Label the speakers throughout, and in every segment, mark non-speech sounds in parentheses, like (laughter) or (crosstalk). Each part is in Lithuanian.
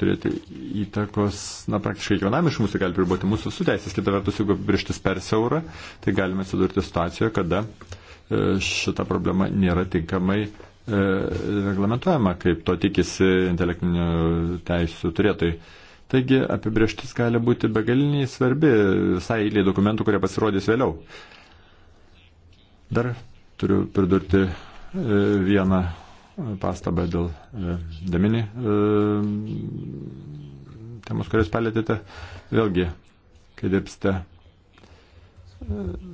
Speaker 1: turėti įtakos, na, praktiškai kiekvienam iš mūsų gali priboti mūsų suteisės. Kita vertus, jeigu brištis per siaurą, tai galime atsidurti situacijoje, kada e, šita problema nėra tinkamai e, reglamentuojama, kaip to tikisi intelektinių teisų turėtojai. Taigi apibrieštis gali būti begaliniai svarbi visai eilė dokumentų, kurie pasirodys vėliau. Dar turiu pridurti e, vieną pastabą dėl e, Demini e, temos, kurias palėtėte. Vėlgi, kai dirbsite e,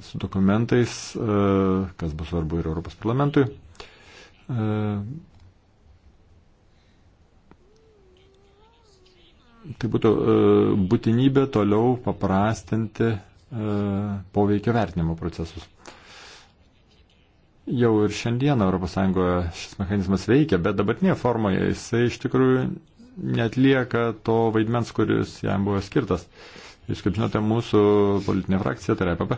Speaker 1: su dokumentais, kas bus svarbu ir Europos parlamentui. Tai būtų būtinybė toliau paprastinti poveikio vertinimo procesus jau ir šiandien ES šis mechanizmas veikia, bet dabartinėje formoje jisai iš tikrųjų netlieka to vaidmens, kuris jam buvo skirtas. Jūs kaip žinote, mūsų politinė frakcija, tai yra EPP,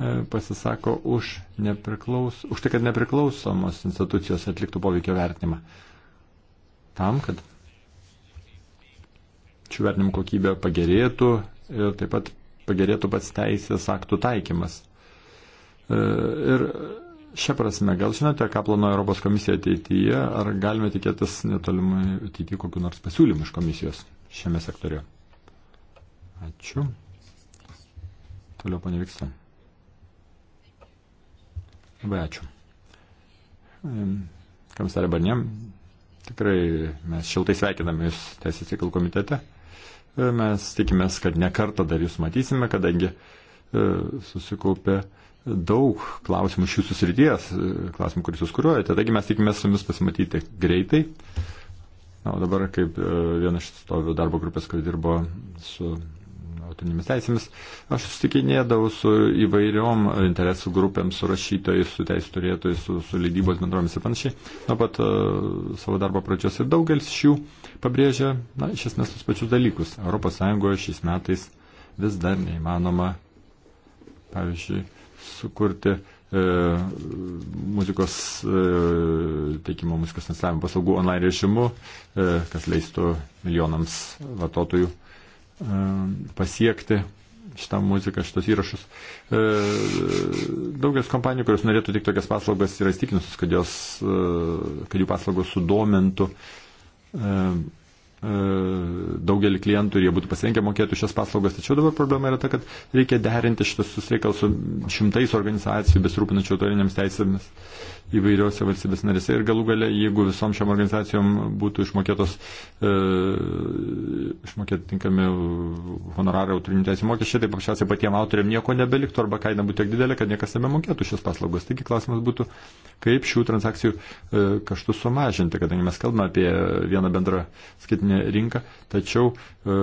Speaker 1: e, pasisako už, nepriklaus, už tai, kad nepriklausomos institucijos atliktų poveikio vertinimą. Tam, kad šių vertinimų kokybė pagerėtų ir taip pat pagerėtų pats teisės aktų taikymas. E, ir Šią prasme, gal žinote, ką planuoja Europos komisija ateityje, ar galime tikėtis netolimai ateityje kokiu nors pasiūlymu iš komisijos šiame sektoriu? Ačiū. Toliau panevyksta. Labai ačiū. Komisarė Barniem, tikrai mes šiltai sveikiname Jūs Teisės reikalų komitete. Mes tikimės, kad ne kartą dar Jūs matysime, kadangi e, susikaupė daug klausimų iš jūsų srities, e, klausimų, kuris jūs kuriuojate. Taigi mes tikimės su jumis pasimatyti greitai. Na, o dabar kaip e, vienas iš stovių darbo grupės, kur dirbo su autorinėmis teisėmis, aš susitikinėdavau su įvairiom interesų grupėm, su rašytojais, su teisų turėtojais, su, su leidybos bendromis ir panašiai. Nuo pat uh, savo darbo pradžios ir daugelis šių pabrėžia, na, iš esmės tos pačius dalykus. ES šiais metais vis dar neįmanoma, pavyzdžiui, uh, sukurti e, muzikos e, teikimo muzikos instaliavimo paslaugų online režimu, e, kas leistų milijonams vartotojų e, pasiekti šitą muziką, šitos įrašus. E, daugias kompanijų, kurios norėtų tik tokias paslaugas, yra įstikinusios, kad, jos, e, kad jų paslaugos sudomintų. E, E, daugelį klientų ir jie būtų pasirinkę mokėti šias paslaugas. Tačiau dabar problema yra ta, kad reikia derinti šitus reikalus su šimtais organizacijų besirūpinančių autorinėms teisėmis įvairiose valstybės narėse ir galų gale, jeigu visom šiam organizacijom būtų išmokėtos, e, išmokėti tinkami honorarai autorinių teisų mokesčiai, tai paprasčiausiai patiem autoriam nieko nebeliktų arba kaina būtų tiek didelė, kad niekas nebemokėtų šios paslaugos. Taigi klausimas būtų, kaip šių transakcijų e, kaštus sumažinti, kadangi mes kalbame apie vieną bendrą skaitinę rinką, tačiau e,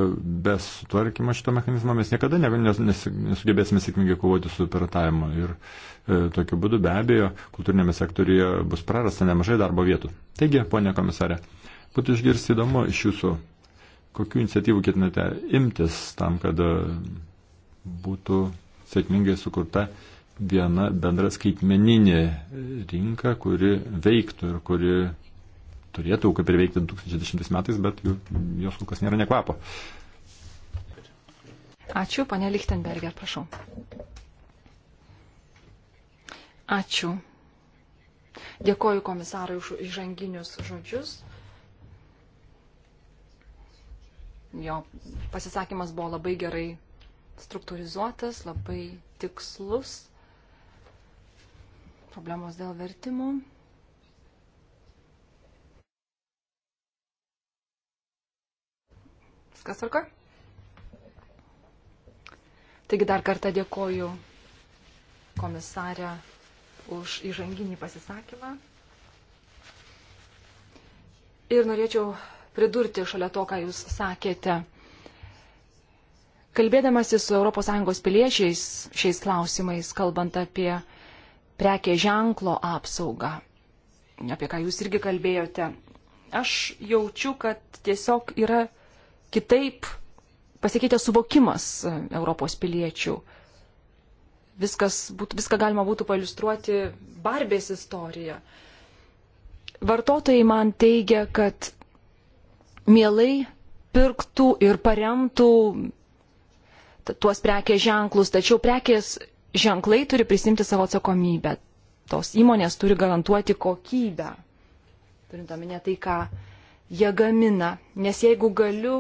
Speaker 1: be sutvarkymo šito mechanizmo mes niekada nesugebėsime sėkmingai kovoti su piratavimu. Ir, e, E, tokiu būdu be abejo kultūrinėme sektorija bus prarasta nemažai darbo vietų. Taigi, ponė komisarė, būtų išgirsti įdomu iš jūsų, kokiu iniciatyvu ketinate imtis tam, kad e, būtų sėkmingai sukurta viena bendra skaitmeninė rinka, kuri veiktų ir kuri turėtų kaip ir veikti 2010 metais, bet jų, jos kol kas nėra nekvapo.
Speaker 2: Ačiū, ponė Lichtenberger, prašau. Ačiū. Dėkoju komisarui už įžanginius žodžius. Jo pasisakymas buvo labai gerai struktūrizuotas, labai tikslus. Problemos dėl vertimų. Viskas tvarka? Taigi dar kartą dėkoju komisarę už įžanginį pasisakymą. Ir norėčiau pridurti šalia to, ką Jūs sakėte. Kalbėdamasi su ES piliečiais šiais klausimais, kalbant apie prekė ženklo apsaugą, apie ką jūs irgi kalbėjote, aš jaučiu, kad tiesiog yra kitaip pasikeitė suvokimas Europos piliečių viskas, būt, viską galima būtų pailustruoti Barbės istoriją. Vartotojai man teigia, kad mielai pirktų ir paremtų tuos prekės ženklus, tačiau prekės ženklai turi prisimti savo atsakomybę. Tos įmonės turi garantuoti kokybę, turint omenyje tai, ką jie gamina. Nes jeigu galiu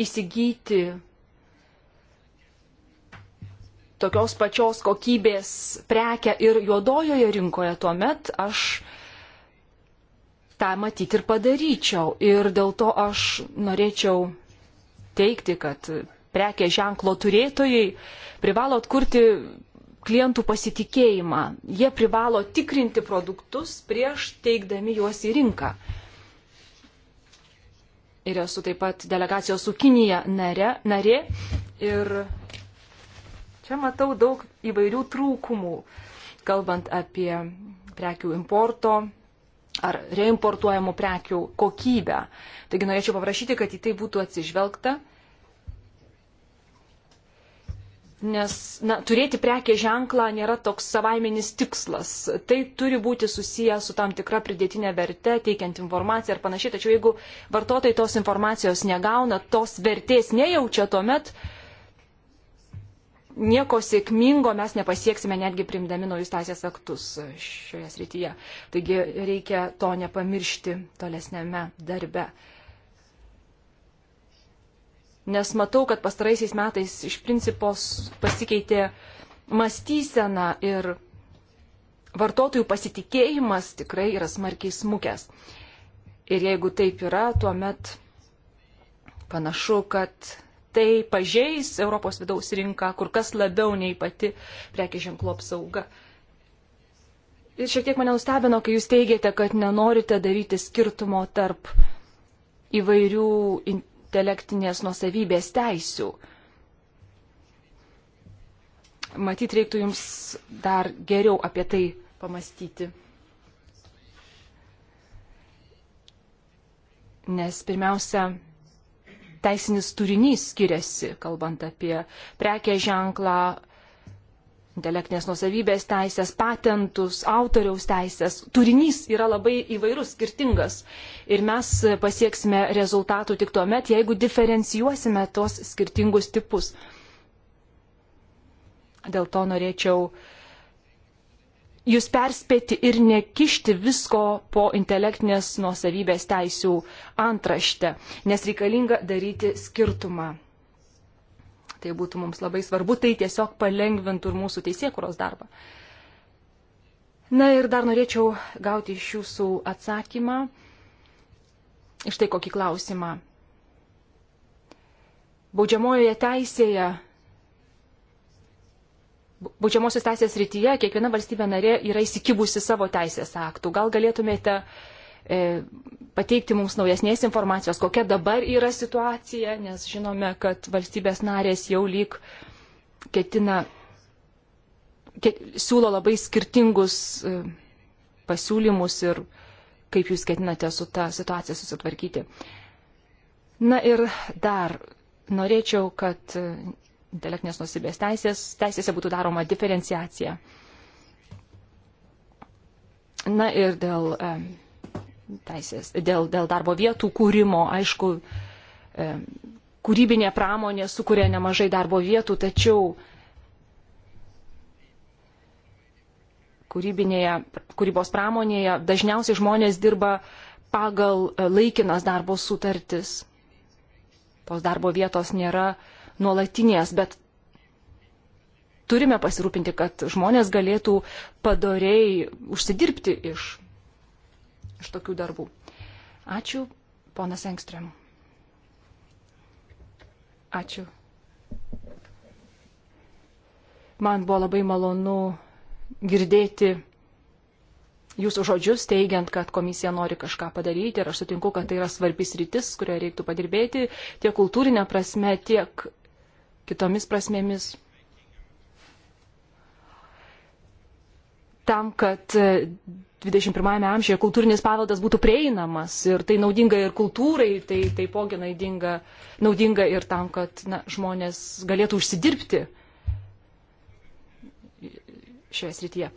Speaker 2: įsigyti tokios pačios kokybės prekę ir juodojoje rinkoje, tuomet aš tą matyti ir padaryčiau. Ir dėl to aš norėčiau teikti, kad prekės ženklo turėtojai privalo atkurti klientų pasitikėjimą. Jie privalo tikrinti produktus prieš teikdami juos į rinką. Ir esu taip pat delegacijos su Kinija nare, narė. Ir Čia matau daug įvairių trūkumų, kalbant apie prekių importo ar reimportuojamų prekių kokybę. Taigi norėčiau paprašyti, kad į tai būtų atsižvelgta. Nes na, turėti prekė ženklą nėra toks savaiminis tikslas. Tai turi būti susiję su tam tikra pridėtinė verte, teikiant informaciją ir panašiai. Tačiau jeigu vartotojai tos informacijos negauna, tos vertės nejaučia, tuomet uh, nieko sėkmingo mes nepasieksime netgi primdami naujus teisės aktus šioje srityje. Taigi reikia to nepamiršti tolesnėme darbe. Nes matau, kad pastaraisiais metais iš principos pasikeitė mąstysena ir vartotojų pasitikėjimas tikrai yra smarkiai smukęs. Ir jeigu taip yra, tuomet panašu, kad tai pažeis Europos vidaus rinką kur kas labiau nei pati prekė ženklų apsauga. Ir šiek tiek mane nustebino, kai jūs teigiate, kad nenorite daryti skirtumo tarp įvairių intelektinės nuosavybės teisių. Matyt, reiktų jums dar geriau apie tai pamastyti. Nes pirmiausia, teisinis turinys skiriasi, kalbant apie prekė ženklą, intelektinės nusavybės teisės, patentus, autoriaus teisės. Turinys yra labai įvairus, skirtingas. Ir mes pasieksime rezultatų tik tuo met, jeigu diferencijuosime tos skirtingus tipus. Dėl to norėčiau uh, jūs perspėti ir nekišti visko po intelektinės nuosavybės teisių antraštę, nes reikalinga daryti skirtumą. Tai būtų mums labai svarbu, tai tiesiog palengvintų ir mūsų teisėkuros darbą. Na ir dar norėčiau gauti iš jūsų atsakymą. Iš tai kokį klausimą. Baudžiamojoje teisėje Būdžiamosios teisės rytyje kiekviena valstybė narė yra įsikibusi savo teisės aktų. Gal galėtumėte e, pateikti mums naujasnės informacijos, kokia dabar yra situacija, nes žinome, kad valstybės narės jau lyg ketina, ket, siūlo labai skirtingus e, pasiūlymus ir kaip jūs ketinate su ta situacija susitvarkyti. Na ir dar norėčiau, kad intelektinės nusibės teisės, teisėse būtų daroma diferenciacija. Na ir dėl, teisės, dėl, dėl darbo vietų kūrimo, aišku, kūrybinė pramonė sukuria nemažai darbo vietų, tačiau kūrybinėje, kūrybos pramonėje dažniausiai žmonės dirba pagal laikinas darbo sutartis. Tos darbo vietos nėra uh, nuolatinės, bet turime pasirūpinti, kad žmonės galėtų padoriai užsidirbti iš, iš tokių darbų. Ačiū, ponas Engstrem. Ačiū. Man buvo labai malonu girdėti jūsų žodžius, teigiant, kad komisija nori kažką padaryti ir aš sutinku, kad tai yra svarbis rytis, kurioje reiktų padirbėti tiek kultūrinė prasme, tiek kitomis prasmėmis. Tam, kad 21 amžiuje kultūrinis paveldas būtų prieinamas ir tai naudinga ir kultūrai, tai taipogi naudinga, naudinga ir tam, kad na, žmonės galėtų užsidirbti šioje srityje.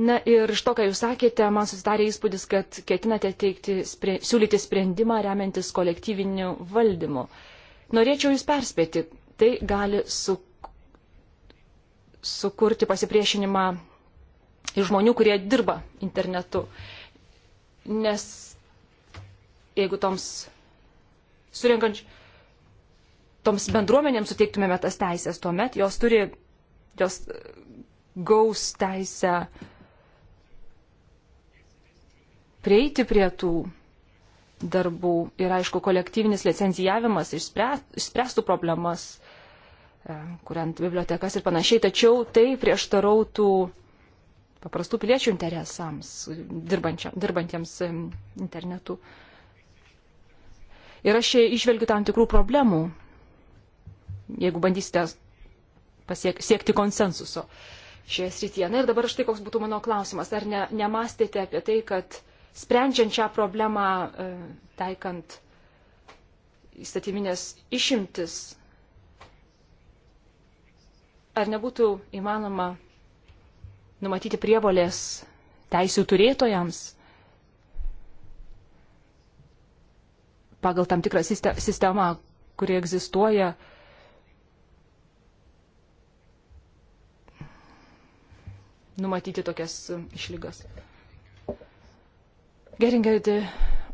Speaker 2: Na ir iš to, ką jūs sakėte, man susidarė įspūdis, kad ketinate teikti, spre, siūlyti sprendimą remiantis kolektyviniu valdymu. Norėčiau jūs perspėti, tai gali su, sukurti pasipriešinimą iš žmonių, kurie dirba internetu. Nes jeigu toms surinkanč, toms bendruomenėms suteiktumėme tas teisės, tuomet jos turi, jos gaus teisę prieiti prie tų darbų ir aišku, kolektyvinis licencijavimas išspręstų problemas E, kuriant bibliotekas ir panašiai, tačiau tai prieštarautų paprastų piliečių interesams, dirbantiems e, internetu. Ir aš čia išvelgiu tam tikrų problemų, jeigu bandysite pasiek, siekti konsensuso šioje srityje. Na ir dabar štai koks būtų mano klausimas. Ar ne, nemastėte apie tai, kad sprendžiant šią problemą, e, taikant įstatyminės išimtis ar nebūtų įmanoma numatyti prievolės teisių turėtojams pagal tam tikrą sistemą, kuri egzistuoja. numatyti tokias išlygas. Geringerdi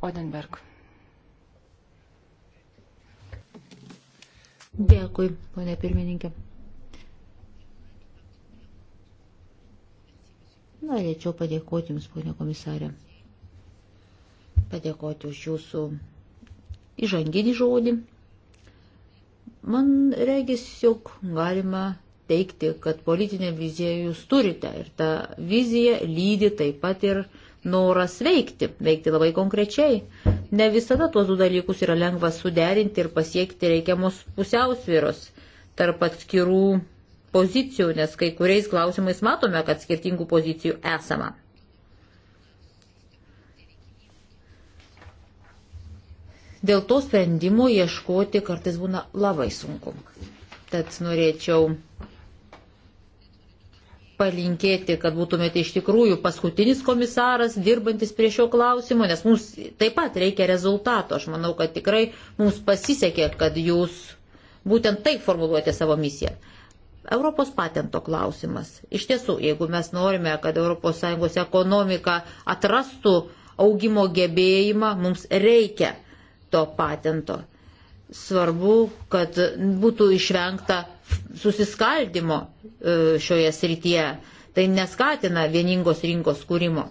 Speaker 2: Odenberg.
Speaker 3: Dėkui, ponė pirmininkė. Norėčiau padėkoti Jums, ponė komisarė. Padėkoti už Jūsų įžanginį žodį. Man regis, jog galima teikti, kad politinę viziją Jūs turite ir ta vizija lydi taip pat ir noras veikti, veikti labai konkrečiai. Ne visada tuos du dalykus yra lengva suderinti ir pasiekti reikiamos pusiausvyros tarp atskirų pozicijų, nes kai kuriais klausimais matome, kad skirtingų pozicijų esama. Dėl to sprendimo ieškoti kartais būna labai sunku. Tad norėčiau palinkėti, kad būtumėte iš tikrųjų paskutinis komisaras, dirbantis prie šio klausimo, nes mums taip pat reikia rezultato. Aš manau, kad tikrai mums pasisekė, kad jūs būtent taip formuluojate savo misiją. Europos patento klausimas. Iš tiesų, jeigu mes norime, kad ES ekonomika atrastų augimo gebėjimą, mums reikia to patento. Svarbu, kad būtų išvengta susiskaldimo e, šioje srityje. Tai neskatina vieningos rinkos kūrimo.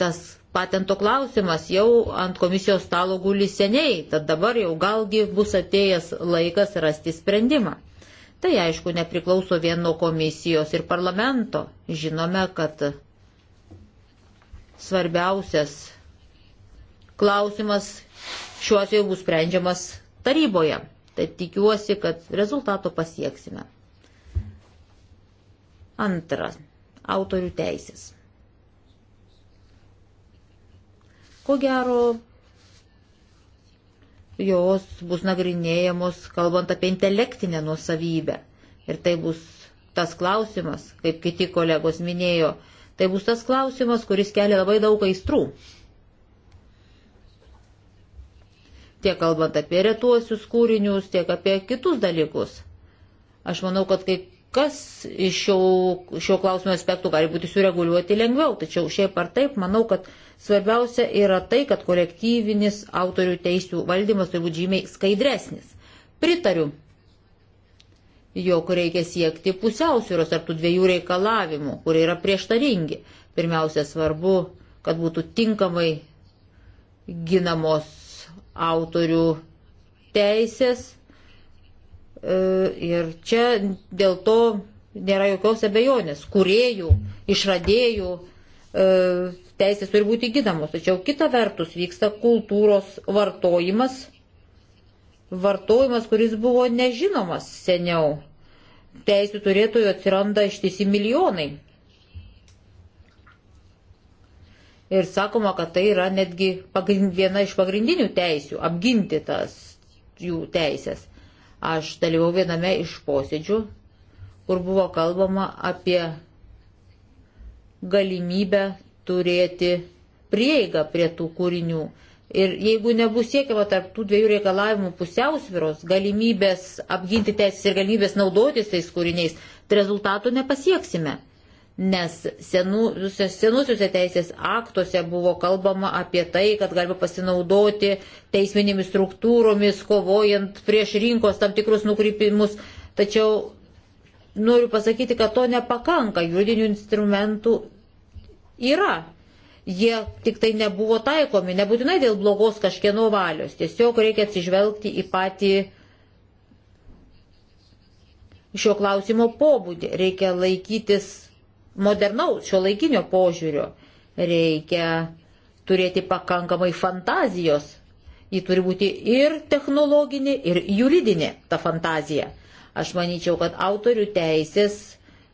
Speaker 3: Tas patento klausimas jau ant komisijos stalo guli seniai, tad dabar jau galgi bus atėjęs laikas rasti sprendimą. Tai aišku nepriklauso vien nuo komisijos ir parlamento. Žinome, kad svarbiausias klausimas šiuo atveju bus sprendžiamas taryboje. Tai tikiuosi, kad rezultato pasieksime. Antras. Autorių teisės. Ko gero, jos bus nagrinėjamos, kalbant apie intelektinę nuosavybę. Ir tai bus tas klausimas, kaip kiti kolegos minėjo, tai bus tas klausimas, kuris kelia labai daug aistrų. Tiek kalbant apie retuosius kūrinius, tiek apie kitus dalykus. Aš manau, kad kai kas iš šio, šio klausimo aspektų gali būti sureguliuoti lengviau, tačiau šiaip ar taip, manau, kad Svarbiausia yra tai, kad kolektyvinis autorių teisų valdymas turi būti žymiai skaidresnis. Pritariu, jog reikia siekti pusiausvyros tarp tų dviejų reikalavimų, kurie yra prieštaringi. Pirmiausia, svarbu, kad būtų tinkamai ginamos autorių teisės. E, ir čia dėl to nėra jokios abejonės. Kuriejų, išradėjų E, teisės turi būti gydamos. Tačiau kita vertus vyksta kultūros vartojimas, vartojimas, kuris buvo nežinomas seniau. Teisų turėtojų atsiranda ištisi milijonai. Ir sakoma, kad tai yra netgi pagrind, viena iš pagrindinių teisių - apginti tas jų teisės. Aš dalyvau viename iš posėdžių, kur buvo kalbama apie galimybę turėti prieigą prie tų kūrinių. Ir jeigu nebus siekiama tarp tų dviejų reikalavimų pusiausviros, galimybės apginti teisės ir galimybės naudotis tais kūriniais, tai rezultato nepasieksime. Nes senu, senusiuose teisės aktuose buvo kalbama apie tai, kad galima pasinaudoti teisminėmis struktūromis, kovojant prieš rinkos tam tikrus nukrypimus. Tačiau noriu pasakyti, kad to nepakanka. Juridinių instrumentų yra. Jie tik tai nebuvo taikomi, nebūtinai dėl blogos kažkieno valios, tiesiog reikia atsižvelgti į patį šio klausimo pobūdį, reikia laikytis modernaus, šio laikinio požiūrio, reikia turėti pakankamai fantazijos, ji turi būti ir technologinė, ir juridinė ta fantazija. Aš manyčiau, kad autorių teisės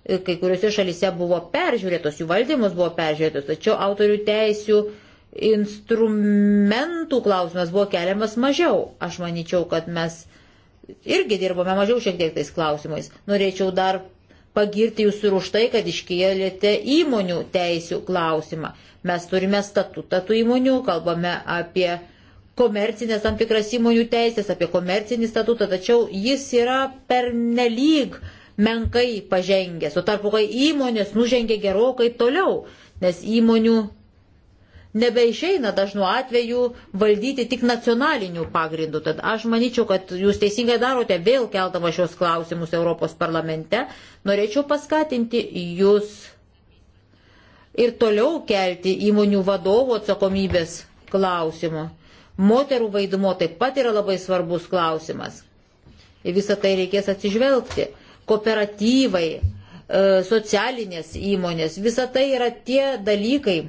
Speaker 3: E, kai kuriuose šalyse buvo peržiūrėtos, jų valdymus buvo peržiūrėtos, tačiau autorių teisių instrumentų klausimas buvo keliamas mažiau. Aš manyčiau, kad mes irgi dirbome mažiau šiek tiek tais klausimais. Norėčiau dar pagirti jūs ir už tai, kad iškėlėte įmonių teisių klausimą. Mes turime statutą tų įmonių, kalbame apie komercinės tam tikras įmonių teisės, apie komercinį statutą, tačiau jis yra pernelyg uh, menkai pažengę, su tarpu, kai įmonės nužengė gerokai toliau, nes įmonių nebeišeina dažnu atveju valdyti tik nacionalinių pagrindų. Tad aš manyčiau, kad jūs teisingai darote vėl keldama šios klausimus Europos parlamente. Norėčiau paskatinti jūs ir toliau kelti įmonių vadovų atsakomybės klausimą. Moterų vaidmo taip pat yra labai svarbus klausimas. Į visą tai reikės atsižvelgti kooperatyvai, e, socialinės įmonės. Visa tai yra tie dalykai,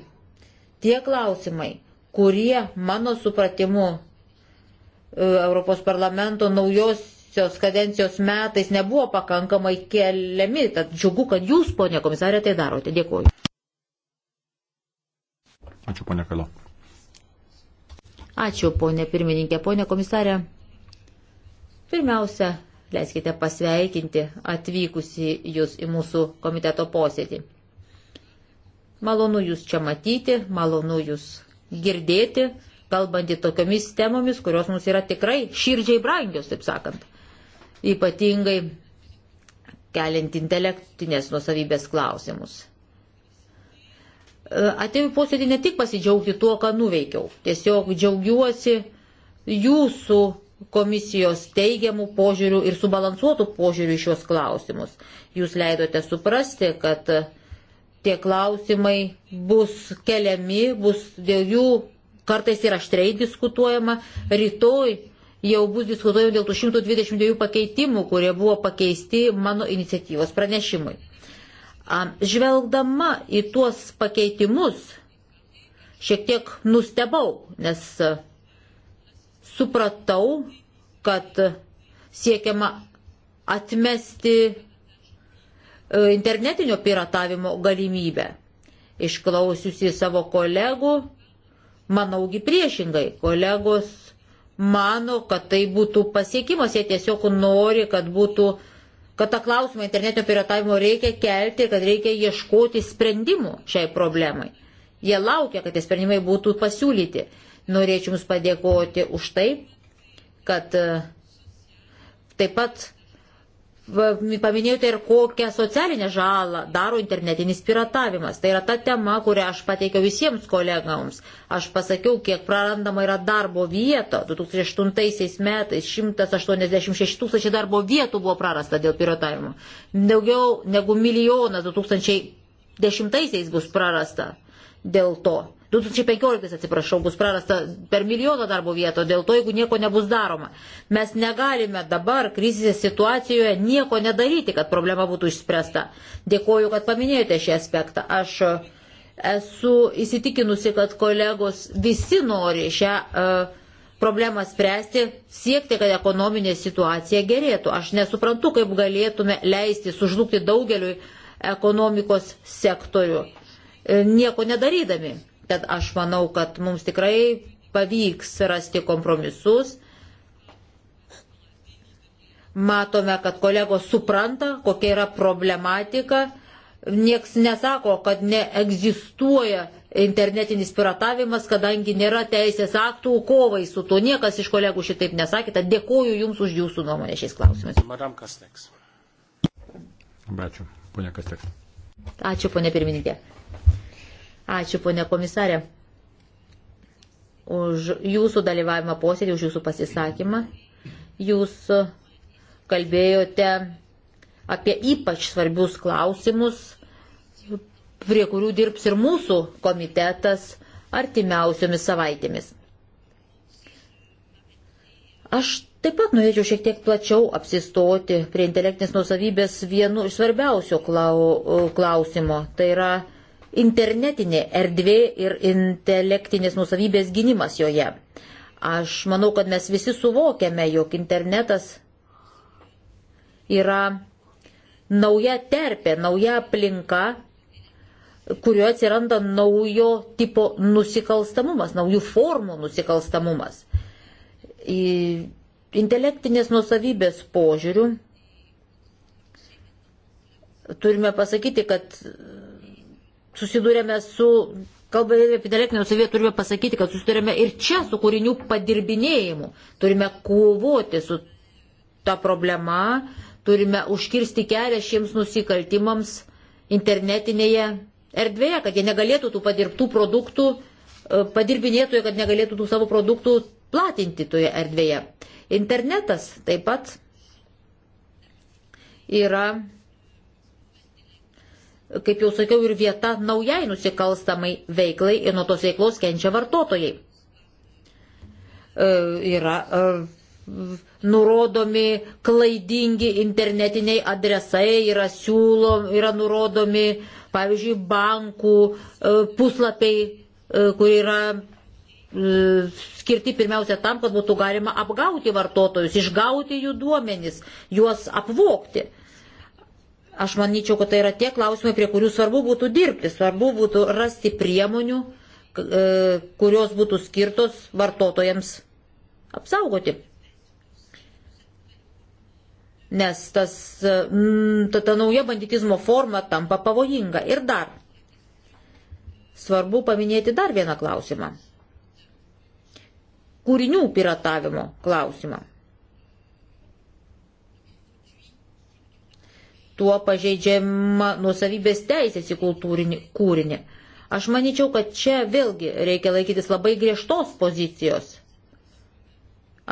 Speaker 3: tie klausimai, kurie mano supratimu e, Europos parlamento naujosios kadencijos metais nebuvo pakankamai keliami. Tad džiugu, kad jūs, ponė komisarė, tai darote. Dėkuoju. Ačiū, ponė Kalo. Ačiū, ponė pirmininkė, ponė komisarė. Pirmiausia, Leiskite pasveikinti atvykusi jūs į mūsų komiteto posėdį. Malonu jūs čia matyti, malonu jūs girdėti, kalbantį tokiomis temomis, kurios mums yra tikrai širdžiai brangios, taip sakant. Ypatingai keliant intelektinės nusavybės klausimus. E, atėjau į posėdį ne tik pasidžiaugti tuo, ką nuveikiau, tiesiog džiaugiuosi jūsų komisijos teigiamų požiūrių ir subalansuotų požiūrių šios klausimus. Jūs leidote suprasti, kad e, tie klausimai bus keliami, bus dėl jų kartais ir aštrei diskutuojama. Rytoj jau bus diskutuojama dėl tų 122 pakeitimų, kurie buvo pakeisti mano iniciatyvos pranešimui. Žvelgdama į tuos pakeitimus, šiek tiek nustebau, nes e, supratau, kad siekiama atmesti e, internetinio piratavimo galimybę. Išklausiusi savo kolegų, manaugi priešingai, kolegos mano, kad tai būtų pasiekimas, jie tiesiog nori, kad būtų, kad tą klausimą internetinio piratavimo reikia kelti, kad reikia ieškoti sprendimų šiai problemai. Jie laukia, kad tie sprendimai būtų pasiūlyti. Norėčiau Jums padėkoti už tai, kad e, taip pat paminėjote ir kokią socialinę žalą daro internetinis piratavimas. Tai yra ta tema, kurią aš pateikiau visiems kolegams. Aš pasakiau, kiek prarandama yra darbo vieto. 2008 metais 186 tūkstančiai darbo vietų buvo prarasta dėl piratavimo. Daugiau negu milijonas 2010 bus prarasta dėl to. 2015 atsiprašau, bus prarasta per milijoną darbo vietų, dėl to, jeigu nieko nebus daroma. Mes negalime dabar krizės situacijoje nieko nedaryti, kad problema būtų išspręsta. Dėkoju, kad paminėjote šį aspektą. Aš e, esu įsitikinusi, kad kolegos visi nori šią. Uh, problemą spręsti, siekti, kad ekonominė situacija gerėtų. Aš nesuprantu, kaip galėtume leisti sužlugti daugeliui ekonomikos sektorių, e, nieko nedarydami. Tad aš manau, kad mums tikrai pavyks rasti kompromisus. Matome, kad kolegos supranta, kokia yra problematika. Niekas nesako, kad neegzistuoja internetinis piratavimas, kadangi nėra teisės aktų kovai su tuo. Niekas iš kolegų šitaip nesakė. Tad dėkoju Jums už Jūsų nuomonę šiais klausimais.
Speaker 1: Madam Kasteks. Ačiū, ponia Kasteks.
Speaker 3: Ačiū, ponia pirmininkė. Ačiū, ponė komisarė, už jūsų dalyvavimą posėdį, už jūsų pasisakymą. Jūs kalbėjote apie ypač svarbius klausimus, prie kurių dirbs ir mūsų komitetas artimiausiomis savaitėmis. Aš taip pat norėčiau šiek tiek plačiau apsistoti prie intelektinės nusavybės vienu iš svarbiausių klausimų. Tai yra internetinė erdvė ir intelektinės nusavybės gynimas joje. Aš manau, kad mes visi suvokiame, jog internetas yra nauja terpė, nauja aplinka, kurioje atsiranda naujo tipo nusikalstamumas, naujų formų nusikalstamumas. Į intelektinės nusavybės požiūrių turime pasakyti, kad susidūrėme su, kalbėdami apie intelektinę nusavybę, turime pasakyti, kad susidūrėme ir čia su kūrinių padirbinėjimu. Turime kovoti su ta problema, turime užkirsti kelią šiems nusikaltimams internetinėje erdvėje, kad jie negalėtų tų padirbtų produktų, e, padirbinėtojai, kad negalėtų tų savo produktų platinti toje erdvėje. Internetas taip pat yra kaip jau sakiau, ir vieta naujai nusikalstamai veiklai ir nuo tos veiklos kenčia vartotojai. E, yra e, nurodomi klaidingi internetiniai adresai, yra, siūlo, yra nurodomi, pavyzdžiui, bankų e, puslapiai, e, kur yra e, skirti pirmiausia tam, kad būtų galima apgauti vartotojus, išgauti jų duomenis, juos apvokti. E, Aš manyčiau, kad tai yra tie klausimai, prie kurių svarbu būtų dirbti, svarbu būtų rasti priemonių, e, kurios būtų skirtos vartotojams apsaugoti. Nes tas, e, ta, ta nauja banditizmo forma tampa pavojinga. Ir dar svarbu paminėti dar vieną klausimą. Kūrinių piratavimo klausimą. tuo pažeidžiama nuosavybės teisės į kultūrinį kūrinį. Aš manyčiau, kad čia vėlgi reikia laikytis labai griežtos pozicijos,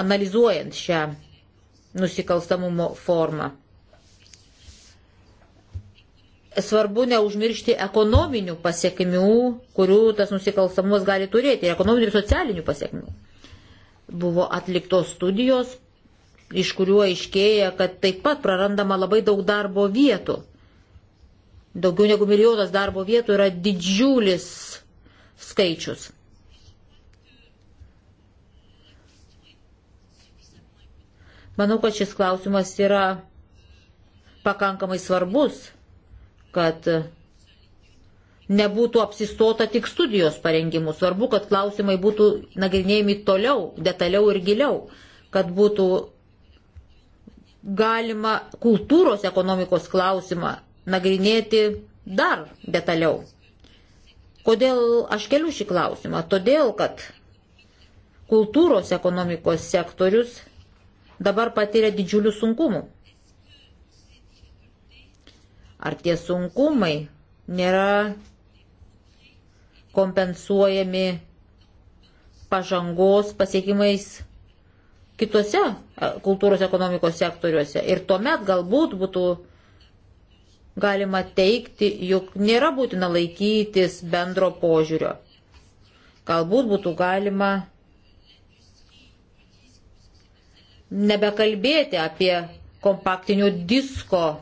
Speaker 3: analizuojant šią nusikalstamumo formą. Svarbu neužmiršti ekonominių pasiekmių, kurių tas nusikalstamumas gali turėti, ir ekonominių ir socialinių pasiekmių. Buvo atliktos studijos, iš kuriuo aiškėja, kad taip pat prarandama labai daug darbo vietų. Daugiau negu milijonas darbo vietų yra didžiulis skaičius. Manau, kad šis klausimas yra pakankamai svarbus, kad nebūtų apsistota tik studijos parengimu. Svarbu, kad klausimai būtų nagrinėjami toliau, detaliau ir giliau, kad būtų galima kultūros ekonomikos klausimą nagrinėti dar detaliau. Kodėl aš keliu šį klausimą? Todėl, kad kultūros ekonomikos sektorius dabar patiria didžiulių sunkumų. Ar tie sunkumai nėra kompensuojami pažangos pasiekimais kitose e, kultūros ekonomikos sektoriuose. Ir tuomet galbūt būtų galima teikti, jog nėra būtina laikytis bendro požiūrio. Galbūt būtų galima nebekalbėti apie kompaktinių disko e,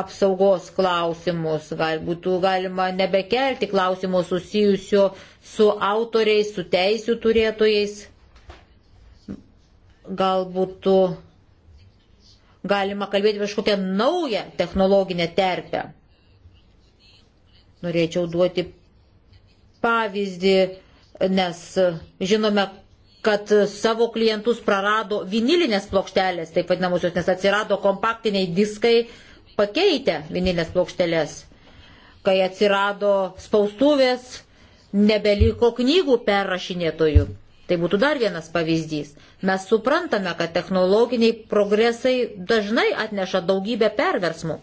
Speaker 3: apsaugos klausimus, gal būtų galima nebekelti klausimų susijusio su autoriais, su teisų turėtojais gal būtų galima kalbėti kažkokią naują technologinę terpę. Norėčiau duoti pavyzdį, nes žinome, kad savo klientus prarado vinilinės plokštelės, taip vadinamosios, nes atsirado kompaktiniai diskai pakeitę vinilinės plokštelės. Kai atsirado spaustuvės, nebeliko knygų perrašinėtojų. Tai būtų dar vienas pavyzdys. Mes suprantame, kad technologiniai progresai dažnai atneša daugybę perversmų.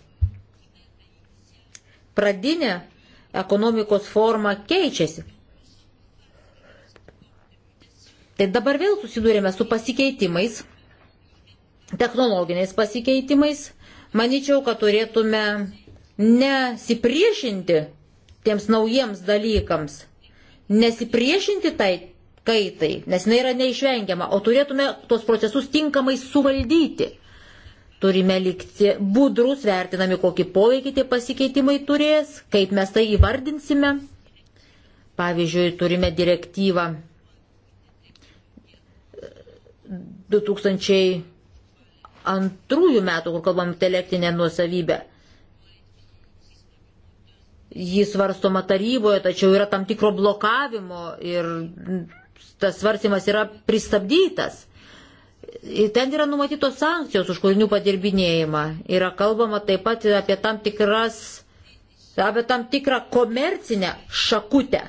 Speaker 3: Pradinė ekonomikos forma keičiasi. Tai dabar vėl susidūrėme su pasikeitimais, technologiniais pasikeitimais. Maničiau, kad turėtume nesipriešinti tiems naujiems dalykams, nesipriešinti tai kaitai, nes jinai yra neišvengiama, o turėtume tos procesus tinkamai suvaldyti. Turime likti budrus, vertinami, kokį poveikį tie pasikeitimai turės, kaip mes tai įvardinsime. Pavyzdžiui, turime direktyvą 2002 metų, kur kalbam intelektinę nuosavybę. Jis varstoma taryboje, tačiau yra tam tikro blokavimo ir tas svarstymas yra pristabdytas. Ten yra numatytos sankcijos už kūrinių padirbinėjimą. Yra kalbama taip pat apie tam, tikras, apie tam tikrą komercinę šakutę.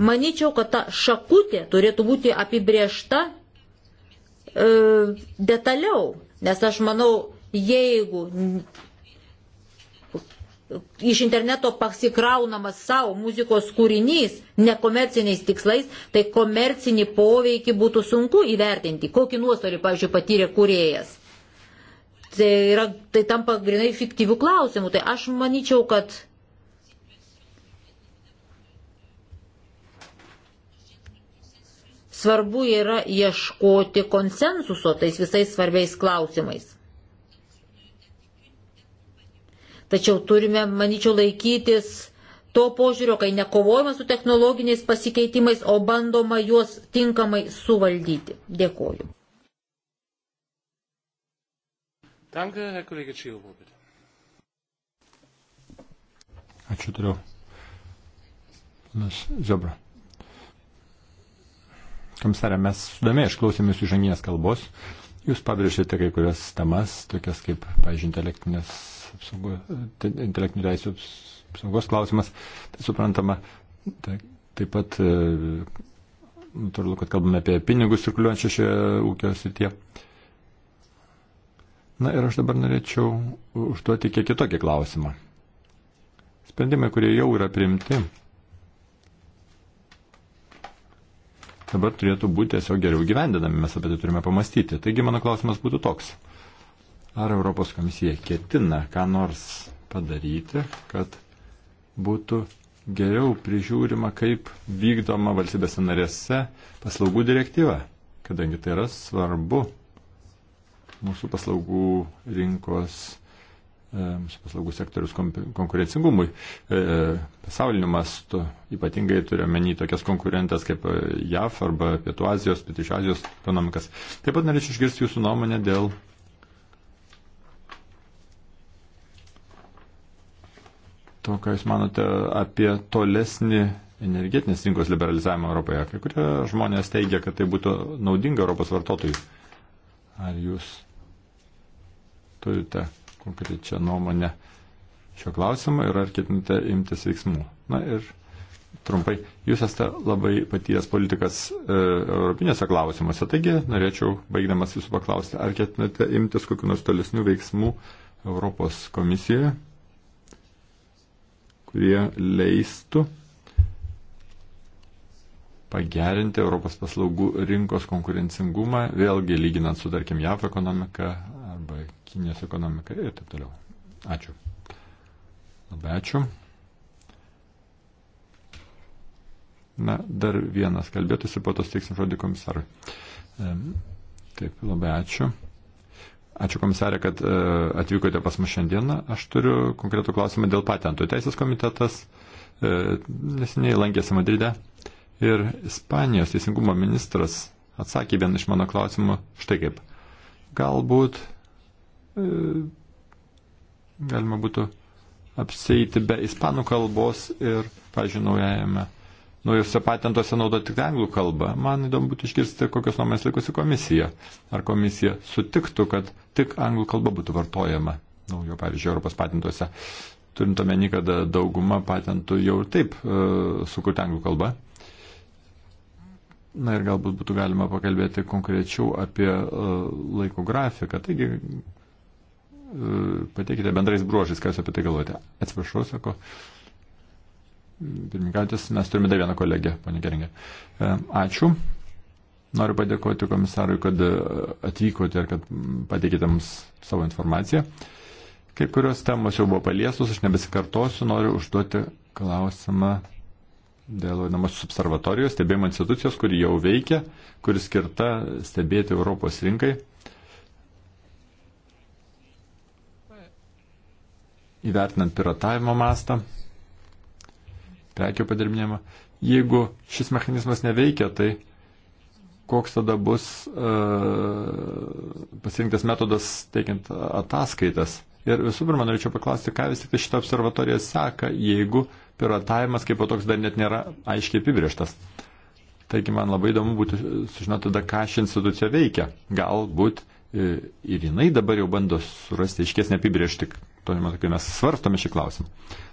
Speaker 3: Maničiau, kad ta šakutė turėtų būti apibriešta e, detaliau, nes aš manau, jeigu iš interneto pasikraunamas savo muzikos kūrinys nekomerciniais tikslais, tai komercinį poveikį būtų sunku įvertinti, kokį nuostolį, pavyzdžiui, patyrė kūrėjas. Tai, yra, tai tampa grinai fiktyvių klausimų. Tai aš manyčiau, kad svarbu yra ieškoti konsensuso tais visais svarbiais klausimais. Tačiau turime, manyčiau, laikytis to požiūrio, kai nekovojama su technologiniais pasikeitimais, o bandoma juos tinkamai suvaldyti. Dėkoju.
Speaker 2: Danke, Herr Kollege Čiovo, bitte.
Speaker 1: Ačiū turiu. Panas Ziobra. Komisarė, mes sudomė išklausėme jūsų žanginės kalbos. Jūs pabrėžėte kai kurias temas, tokias kaip, pažiūrėjau, intelektinės apsaugo, intelektinių teisų apsaugos klausimas, tai suprantama, tai, taip pat e, natūralu, kad kalbame apie pinigus cirkuliuojančią šioje ūkio srityje. Na ir aš dabar norėčiau užduoti kiek kitokį klausimą. Sprendimai, kurie jau yra priimti, dabar turėtų būti tiesiog geriau gyvendinami, mes apie tai turime pamastyti. Taigi mano klausimas būtų toks. Ar Europos komisija ketina ką nors padaryti, kad būtų geriau prižiūrima, kaip vykdoma valstybėse narėse paslaugų direktyva, kadangi tai yra svarbu mūsų paslaugų rinkos, e, mūsų paslaugų sektorius konkurencingumui. E, e, pasauliniu mastu ypatingai turiu menį tokias konkurentės kaip JAF arba Pietų Azijos, Pietų Azijos ekonomikas. Taip pat norėčiau išgirsti jūsų nuomonę dėl to, ką Jūs manote apie tolesnį energetinės rinkos liberalizavimą Europoje. Kai kurie žmonės teigia, kad tai būtų naudinga Europos vartotojui. Ar Jūs turite konkrečią nuomonę šio klausimu ir ar ketinate imtis veiksmų? Na ir trumpai, Jūs esate labai patyręs politikas e, europinėse klausimuose, taigi norėčiau, baigdamas Jūsų paklausti, ar ketinate imtis kokiu nors tolesnių veiksmų Europos komisijoje? kurie leistų pagerinti Europos paslaugų rinkos konkurencingumą, vėlgi lyginant su, tarkim, JAV ekonomika arba Kinijos ekonomika ir taip toliau. Ačiū. Labai ačiū. Na, dar vienas kalbėtųsi, po to steiksim žodį komisarui. Taip, labai ačiū. Ačiū komisarė, kad e, atvykote pas mus šiandieną. Aš turiu konkretų klausimą dėl patentų. Teisės komitetas e, nesiniai lankėsi Madride ir Ispanijos teisingumo ministras atsakė vieną iš mano klausimų štai kaip. Galbūt e, galima būtų apseiti be ispanų kalbos ir, pažiūrėjau, naujajame naujose patentuose naudoti tik anglų kalbą. Man įdomu būtų išgirsti, kokios nuomonės laikosi komisija. Ar komisija sutiktų, kad tik anglų kalba būtų vartojama naujo, nu, pavyzdžiui, Europos patentuose. Turint omeny, kad dauguma patentų jau ir taip e, sukurti anglų kalbą. Na ir galbūt būtų galima pakalbėti konkrečiau apie e, laiko grafiką. Taigi, e, pateikite bendrais bruožais, ką jūs apie tai galvojate. Atsiprašau, sako. E, pirmininkantis, mes turime dar vieną kolegę, ponė Geringė. E, ačiū. Noriu padėkoti komisarui, kad e, atvykote ir kad pateikėte mums savo informaciją. Kaip kurios temos jau buvo paliestos, aš nebesikartosiu, noriu užduoti klausimą dėl vadinamosios observatorijos, stebėjimo institucijos, kuri jau veikia, kuri skirta stebėti Europos rinkai. Įvertinant piratavimo mastą, prekių padirbinėjimą. Jeigu šis mechanizmas neveikia, tai koks tada bus e, pasirinktas metodas teikiant ataskaitas. Ir visų pirma, norėčiau paklausti, ką vis tik tai šitą observatoriją seka, jeigu piratavimas kaip toks dar net nėra aiškiai apibrieštas. Taigi man labai įdomu būtų sužinoti tada, ką ši institucija veikia. Galbūt e, ir jinai dabar jau bando surasti aiškesnį apibriešti, Todėl matau, kai mes svarstome šį klausimą.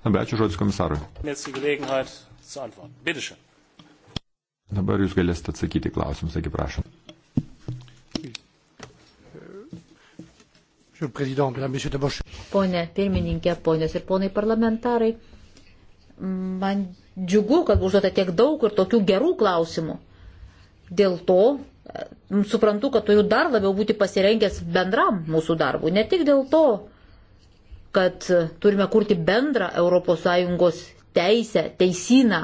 Speaker 1: Labai ačiū žodis komisarui. Dabar jūs galėsite atsakyti klausimus, taigi prašom.
Speaker 3: Pone pirmininkė, ponės ir ponai parlamentarai, man džiugu, kad užduota tiek daug ir tokių gerų klausimų. Dėl to suprantu, kad turiu dar labiau būti pasirengęs bendram mūsų darbui. Ne tik dėl to, kad turime kurti bendrą ES teisę, teisiną,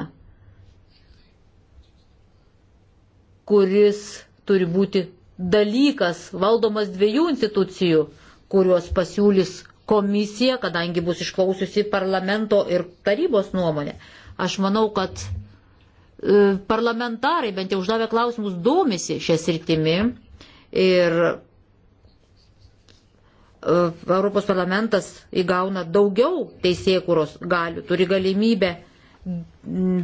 Speaker 3: kuris turi būti dalykas valdomas dviejų institucijų, kuriuos pasiūlys komisija, kadangi bus išklausiusi parlamento ir tarybos nuomonė. Aš manau, kad e, parlamentarai bent jau uždavę klausimus domisi šią sritimį ir E, Europos parlamentas įgauna daugiau teisėkuros galių, turi galimybę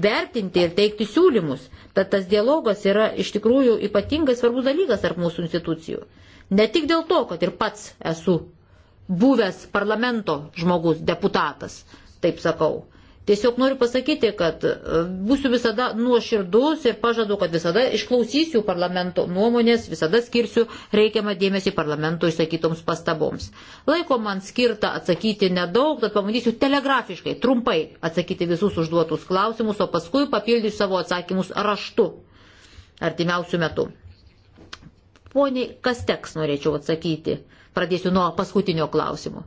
Speaker 3: vertinti ir teikti siūlymus. Tad tas dialogas yra iš tikrųjų ypatingai svarbus dalykas tarp mūsų institucijų. Ne tik dėl to, kad ir pats esu buvęs parlamento žmogus, deputatas, taip sakau, Tiesiog noriu pasakyti, kad e, būsiu visada nuoširdus ir pažadu, kad visada išklausysiu parlamento nuomonės, visada skirsiu reikiamą dėmesį parlamento išsakytoms pastaboms. Laiko man skirta atsakyti nedaug, tad pabandysiu telegrafiškai, trumpai atsakyti visus užduotus klausimus, o paskui papildysiu savo atsakymus raštu artimiausių metų. Poniai, kas teks norėčiau atsakyti? Pradėsiu nuo paskutinio klausimo.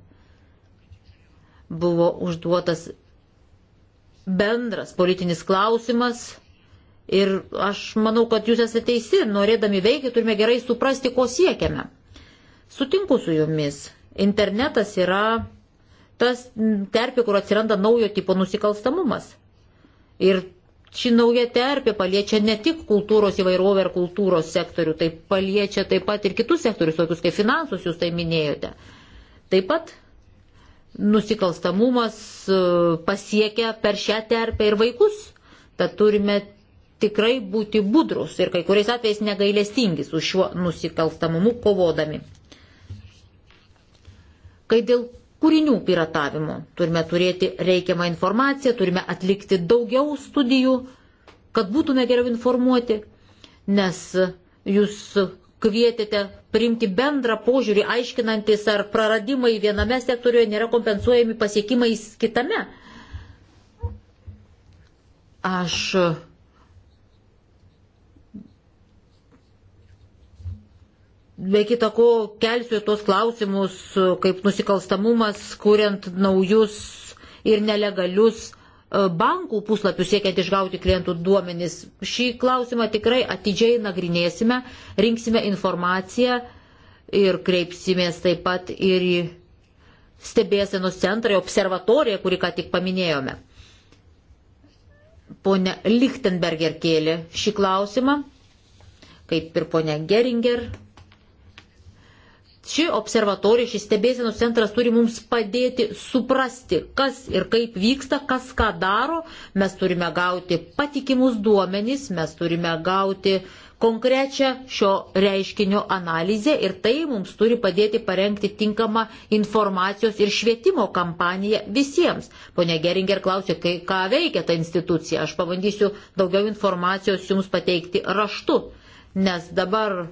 Speaker 3: Buvo užduotas bendras politinis klausimas. Ir aš manau, kad jūs esate teisi, norėdami veikti turime gerai suprasti, ko siekiame. Sutinku su jumis. Internetas yra tas terpė, kur atsiranda naujo tipo nusikalstamumas. Ir ši nauja terpė paliečia ne tik kultūros įvairovę ir kultūros sektorių, tai paliečia taip pat ir kitus sektorius, tokius kaip finansus, jūs tai minėjote. Taip pat nusikalstamumas e, pasiekia per šią terpę ir vaikus. Tad turime tikrai būti budrus ir kai kuriais atvejais negailestingi su šiuo nusikalstamumu kovodami. Kai dėl kūrinių piratavimo turime turėti reikiamą informaciją, turime atlikti daugiau studijų, kad būtume geriau informuoti, nes jūs kvietėte priimti bendrą požiūrį, aiškinantis, ar praradimai viename sektoriuje nėra kompensuojami pasiekimais kitame. Aš be kita ko kelsiu tuos klausimus, kaip nusikalstamumas, kuriant naujus ir nelegalius E, bankų puslapių siekiant išgauti klientų duomenis. Šį klausimą tikrai atidžiai nagrinėsime, rinksime informaciją ir kreipsimės taip pat ir į stebėsenos centrą, observatoriją, kurį ką tik paminėjome. Pone Lichtenberger kėlė šį klausimą, kaip ir pone Geringer ši observatorija, šis stebėsienos centras turi mums padėti suprasti, kas ir kaip vyksta, kas ką daro. Mes turime gauti patikimus duomenys, mes turime gauti konkrečią šio reiškinio analizę ir tai mums turi padėti parengti tinkamą informacijos ir švietimo kampaniją visiems. Pone Geringer klausė, kai, ką veikia ta institucija. Aš pabandysiu daugiau informacijos jums pateikti raštu, nes dabar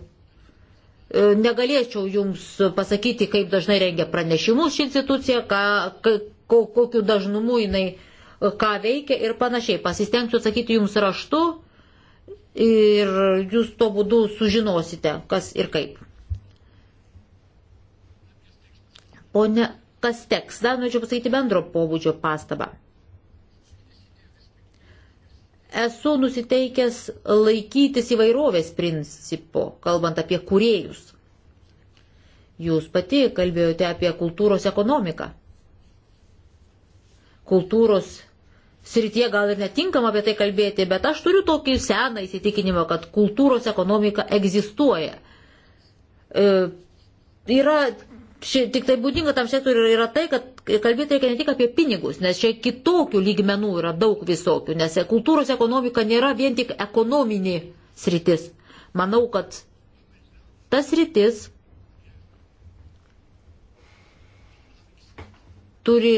Speaker 3: E, negalėčiau Jums pasakyti, kaip dažnai rengia pranešimus ši institucija, ką, ka, kokiu dažnumu jinai e, ką veikia ir panašiai. Pasistengsiu atsakyti Jums raštu ir Jūs tuo būdu sužinosite, kas ir kaip. Pone Kasteks, dar norėčiau pasakyti bendro pobūdžio pastabą esu nusiteikęs laikytis įvairovės principo, kalbant apie kuriejus. Jūs pati kalbėjote apie kultūros ekonomiką. Kultūros srityje gal ir netinkama apie tai kalbėti, bet aš turiu tokį seną įsitikinimą, kad kultūros ekonomika egzistuoja. E, yra Čia tik tai būdinga tam sektoriui yra tai, kad kalbėti reikia ne tik apie pinigus, nes čia kitokių lygmenų yra daug visokių, nes kultūros ekonomika nėra vien tik ekonominė sritis. Manau, kad tas sritis turi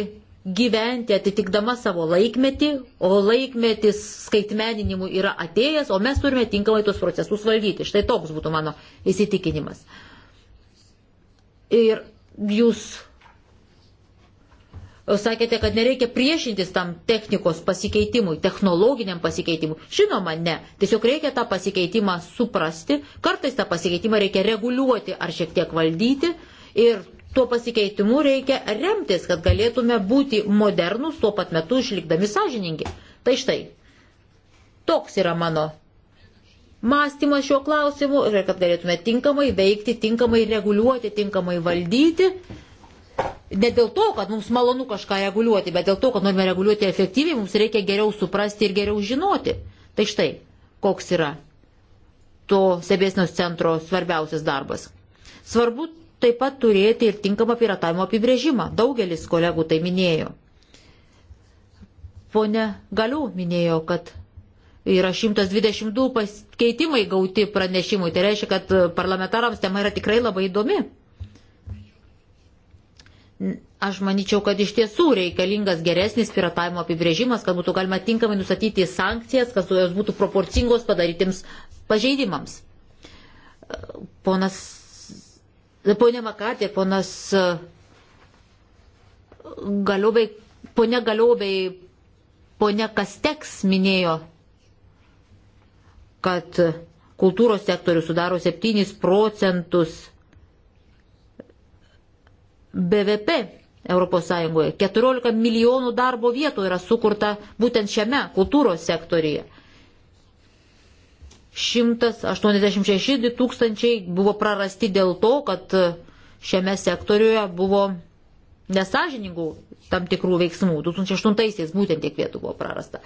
Speaker 3: gyventi atitikdama savo laikmetį, o laikmetis skaitmeninimui yra atėjęs, o mes turime tinkamai tuos procesus valdyti. Štai toks būtų mano įsitikinimas. Ir jūs sakėte, kad nereikia priešintis tam technikos pasikeitimui, technologiniam pasikeitimui. Žinoma, ne. Tiesiog reikia tą pasikeitimą suprasti. Kartais tą pasikeitimą reikia reguliuoti ar šiek tiek valdyti. Ir tuo pasikeitimu reikia remtis, kad galėtume būti modernus tuo pat metu išlikdami sąžiningi. Tai štai. Toks yra mano mąstymą šiuo klausimu ir kad galėtume tinkamai veikti, tinkamai reguliuoti, tinkamai valdyti. Ne dėl to, kad mums malonu kažką reguliuoti, bet dėl to, kad norime reguliuoti efektyviai, mums reikia geriau suprasti ir geriau žinoti. Tai štai, koks yra to stebėsnios centro svarbiausias darbas. Svarbu taip pat turėti ir tinkamą piratavimo apibrėžimą. Daugelis kolegų tai minėjo. Pone Galiu minėjo, kad Yra 122 pasikeitimai gauti pranešimui. Tai reiškia, kad e, parlamentarams tema yra tikrai labai įdomi. Aš manyčiau, kad iš tiesų reikalingas geresnis piratavimo apibrėžimas, kad būtų galima tinkamai nustatyti sankcijas, kad jos būtų proporcingos padarytiems pažeidimams. E, ponas, e, ponė Makatė, ponas Galiubei, ponė Galiubei, ponė Kasteks minėjo kad kultūros sektorius sudaro 7 procentus BVP ES. 14 milijonų darbo vietų yra sukurta būtent šiame kultūros sektorija. 186 tūkstančiai buvo prarasti dėl to, kad šiame sektoriuje buvo nesažiningų tam tikrų veiksmų. 2008-aisiais būtent tiek vietų buvo prarasta.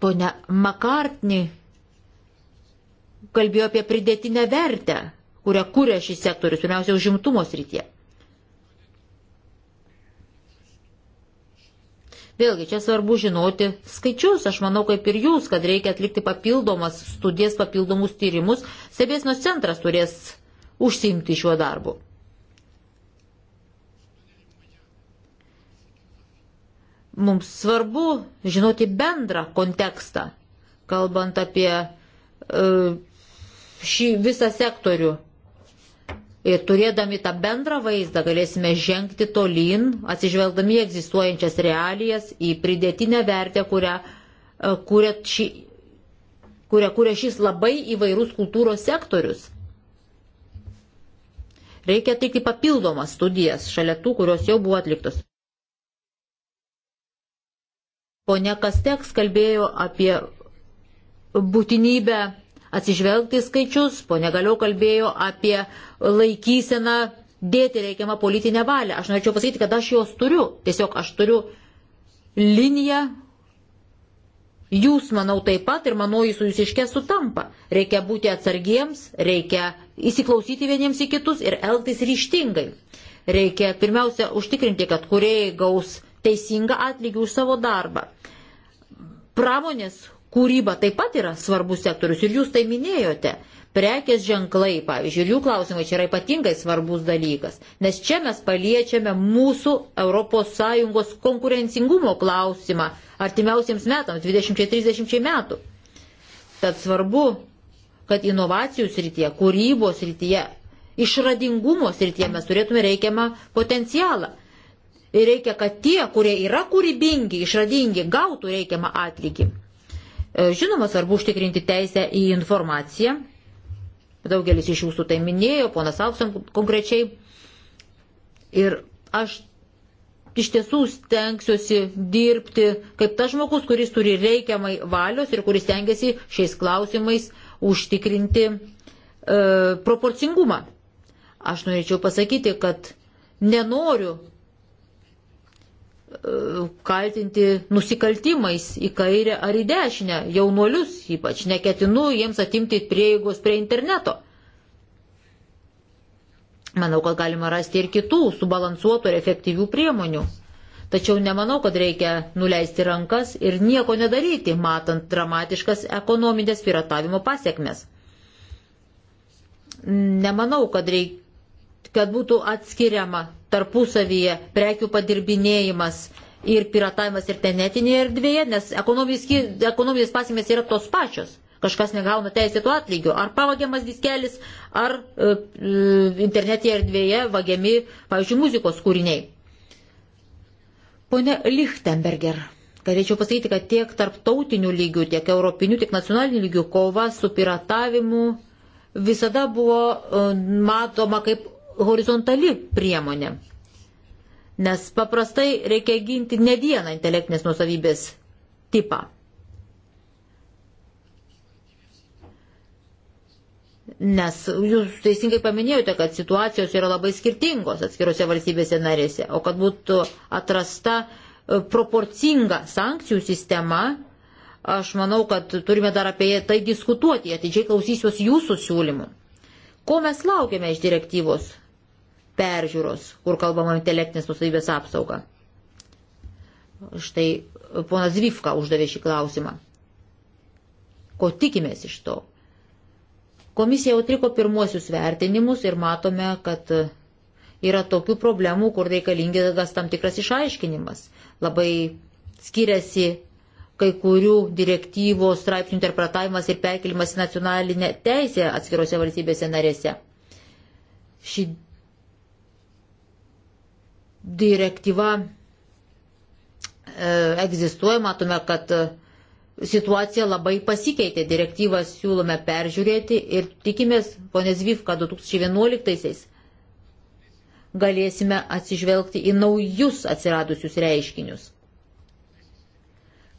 Speaker 3: Pone Makartni kalbėjo apie pridėtinę vertę, kurią kūrė šis sektorius, pirmiausia, užimtumo srityje. Vėlgi, čia svarbu žinoti skaičius, aš manau, kaip ir jūs, kad reikia atlikti papildomas studijas, papildomus tyrimus, stebėsnos centras turės užsimti šiuo darbu. Mums svarbu žinoti bendrą kontekstą, kalbant apie e, šį visą sektorių. Ir turėdami tą bendrą vaizdą galėsime žengti tolyn, atsižvelgdami egzistuojančias realijas į pridėtinę vertę, kurią e, kuria, ši, kuria, kuria šis labai įvairus kultūros sektorius. Reikia atlikti papildomas studijas šalia tų, kurios jau buvo atliktos. Pone Kasteks kalbėjo apie būtinybę atsižvelgti skaičius, pone Galiau kalbėjo apie laikyseną dėti reikiamą politinę valią. Aš norėčiau pasakyti, kad aš jos turiu. Tiesiog aš turiu liniją, jūs, manau, taip pat ir manau, jis jūs iškė sutampa. Reikia būti atsargiems, reikia įsiklausyti vieniems į kitus ir elgtis ryštingai. Reikia pirmiausia užtikrinti, kad kuriejai gaus teisingą atlygį už savo darbą. Pramonės kūryba taip pat yra svarbus sektorius ir jūs tai minėjote. Prekės ženklai, pavyzdžiui, ir jų klausimai čia yra ypatingai svarbus dalykas, nes čia mes paliečiame mūsų ES konkurencingumo klausimą artimiausiems metams, 20-30 metų. Tad svarbu, kad inovacijų srityje, kūrybos srityje, išradingumo srityje mes turėtume reikiamą potencialą. Ir reikia, kad tie, kurie yra kūrybingi, išradingi, gautų reikiamą atlygį. E, žinoma, svarbu užtikrinti teisę į informaciją. Daugelis iš jūsų tai minėjo, ponas Auksan konkrečiai. Ir aš iš tiesų stengsiuosi dirbti kaip tas žmogus, kuris turi reikiamai valios ir kuris tengiasi šiais klausimais užtikrinti e, proporcingumą. Aš norėčiau pasakyti, kad nenoriu kaltinti nusikaltimais į kairę ar į dešinę, jaunuolius ypač, neketinu jiems atimti prieigos prie interneto. Manau, kad galima rasti ir kitų subalansuotų ir efektyvių priemonių. Tačiau nemanau, kad reikia nuleisti rankas ir nieko nedaryti, matant dramatiškas ekonominės piratavimo pasiekmes. Nemanau, kad, reik... kad būtų atskiriama tarpusavyje prekių padirbinėjimas ir piratavimas ir tenetinėje erdvėje, nes ekonominės pasimės yra tos pačios. Kažkas negauna teisėtų atlygių, ar pavagiamas diskelis, ar e, internetinėje erdvėje vagiami, pavyzdžiui, muzikos kūriniai. Pone Lichtenberger, galėčiau pasakyti, kad tiek tarptautinių lygių, tiek europinių, tiek nacionalinių lygių kova su piratavimu visada buvo e, matoma kaip horizontali priemonė. Nes paprastai reikia ginti ne vieną intelektinės nusavybės tipą. Nes jūs teisingai paminėjote, kad situacijos yra labai skirtingos atskirose valstybėse narėse, o kad būtų atrasta e, proporcinga sankcijų sistema, aš manau, kad turime dar apie tai diskutuoti, atidžiai klausysiuos jūsų siūlymų. Ko mes laukiame iš direktyvos? peržiūros, kur kalbama intelektinės nusavybės apsaugą. Štai ponas Zvifka uždavė šį klausimą. Ko tikimės iš to? Komisija jau triko pirmuosius vertinimus ir matome, kad yra tokių problemų, kur reikalingas tam tikras išaiškinimas. Labai skiriasi kai kurių direktyvos straipsnių interpretavimas ir perkelimas į nacionalinę teisę atskirose valstybėse narėse. Ši direktyva e, egzistuoja, matome, kad e, situacija labai pasikeitė. Direktyvą siūlome peržiūrėti ir tikimės, ponė Zvivka, 2011-aisiais galėsime atsižvelgti į naujus atsiradusius reiškinius.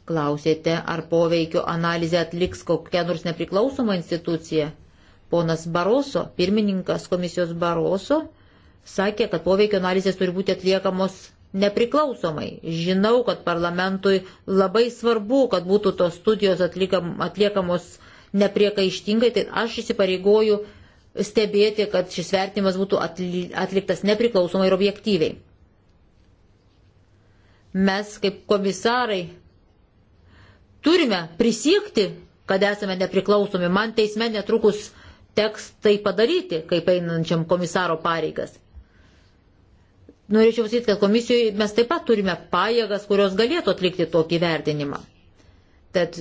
Speaker 3: Klausėte, ar poveikio analizę atliks kokia nors nepriklausoma institucija? Ponas Baroso, pirmininkas komisijos Baroso, sakė, kad poveikio analizės turi būti atliekamos nepriklausomai. Žinau, kad parlamentui labai svarbu, kad būtų tos studijos atlikam, atliekamos nepriekaištingai, tai aš įsipareigoju stebėti, kad šis vertimas būtų atliktas nepriklausomai ir objektyviai. Mes kaip komisarai turime prisiekti, kad esame nepriklausomi. Man teisme netrukus teks tai padaryti, kaip einančiam komisaro pareigas norėčiau pasakyti, kad komisijoje mes taip pat turime pajėgas, kurios galėtų atlikti tokį vertinimą. Tad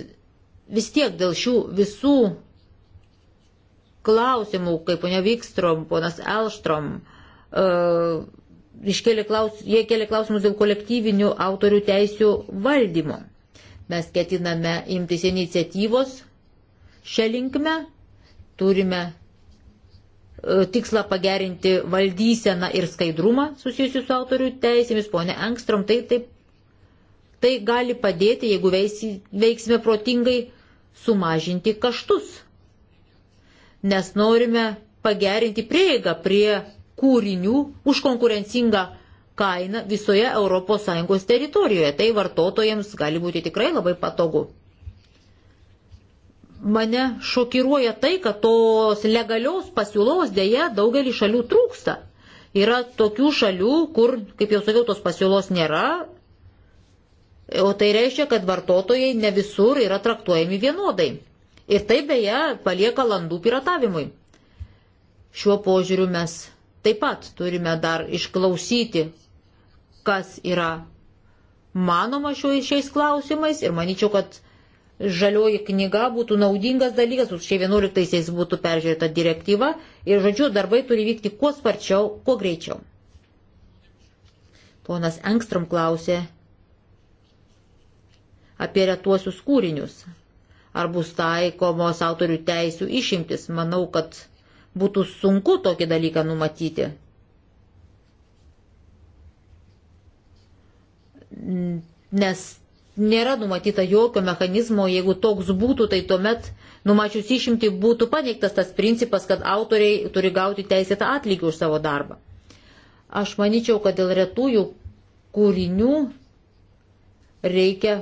Speaker 3: vis tiek dėl šių visų klausimų, kaip ponia Vikstrom, ponas Elštrom, uh, iškėlė klaus, jie kėlė klausimus dėl kolektyvinių autorių teisių valdymo. Mes ketiname imtis iniciatyvos šią linkmę, turime E, tikslą pagerinti valdyseną ir skaidrumą susijusius su autorių teisėmis, ponė Engstrom, tai, tai, tai gali padėti, jeigu veisi, veiksime protingai, sumažinti kaštus. Nes norime pagerinti prieigą prie kūrinių už konkurencingą kainą visoje ES teritorijoje. Tai vartotojams gali būti tikrai labai patogu mane šokiruoja tai, kad tos legalios pasiūlos dėja daugelį šalių trūksta. Yra tokių šalių, kur, kaip jau sakiau, tos pasiūlos nėra, o tai reiškia, kad vartotojai ne visur yra traktuojami vienodai. Ir tai beje palieka landų piratavimui. Šiuo požiūriu mes taip pat turime dar išklausyti, kas yra manoma šiais klausimais ir manyčiau, kad žalioji knyga būtų naudingas dalykas, už čia 11-aisiais būtų peržiūrėta direktyva ir, žodžiu, darbai turi vykti kuo sparčiau, kuo greičiau. Ponas Engstrom klausė apie retuosius kūrinius. Ar bus taikomos autorių teisių išimtis? Manau, kad būtų sunku tokį dalyką numatyti. Nes nėra numatyta jokio mechanizmo, jeigu toks būtų, tai tuomet numačius išimti būtų paneigtas tas principas, kad autoriai turi gauti teisėtą atlygį už savo darbą. Aš manyčiau, kad dėl retųjų kūrinių reikia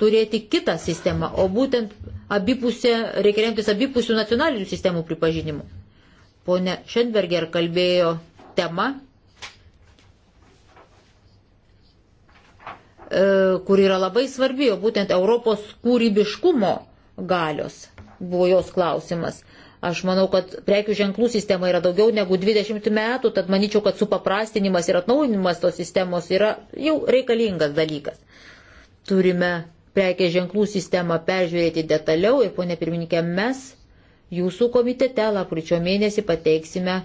Speaker 3: turėti kitą sistemą, o būtent abipusė, reikia remtis abipusių nacionalinių sistemų pripažinimu. Pone Šenberger kalbėjo tema, E, kur yra labai svarbi, jo būtent Europos kūrybiškumo galios buvo jos klausimas. Aš manau, kad prekių ženklų sistema yra daugiau negu 20 metų, tad manyčiau, kad supaprastinimas ir atnaujinimas tos sistemos yra jau reikalingas dalykas. Turime prekės ženklų sistemą peržiūrėti detaliau ir, ponė pirmininkė, mes jūsų komitete lapkričio mėnesį pateiksime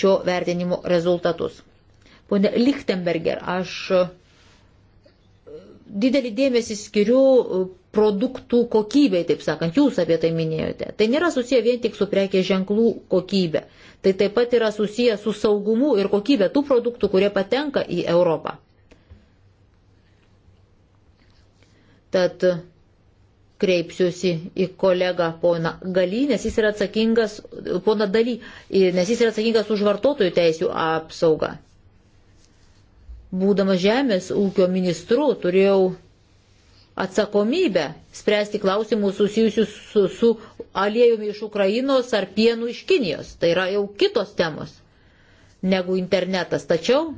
Speaker 3: šio vertinimo rezultatus. Pone Lichtenberger, aš didelį dėmesį skiriu e, produktų kokybei, taip sakant, jūs apie tai minėjote. Tai nėra susiję vien tik su prekės ženklų kokybė. Tai taip pat yra susiję su saugumu ir kokybė tų produktų, kurie patenka į Europą. Tad kreipsiuosi į kolegą poną Galį, nes jis yra atsakingas, poną Dalį, nes jis yra atsakingas už vartotojų teisų apsaugą būdamas žemės ūkio ministru, turėjau atsakomybę spręsti klausimus susijusius su, su aliejumi iš Ukrainos ar pienu iš Kinijos. Tai yra jau kitos temos negu internetas. Tačiau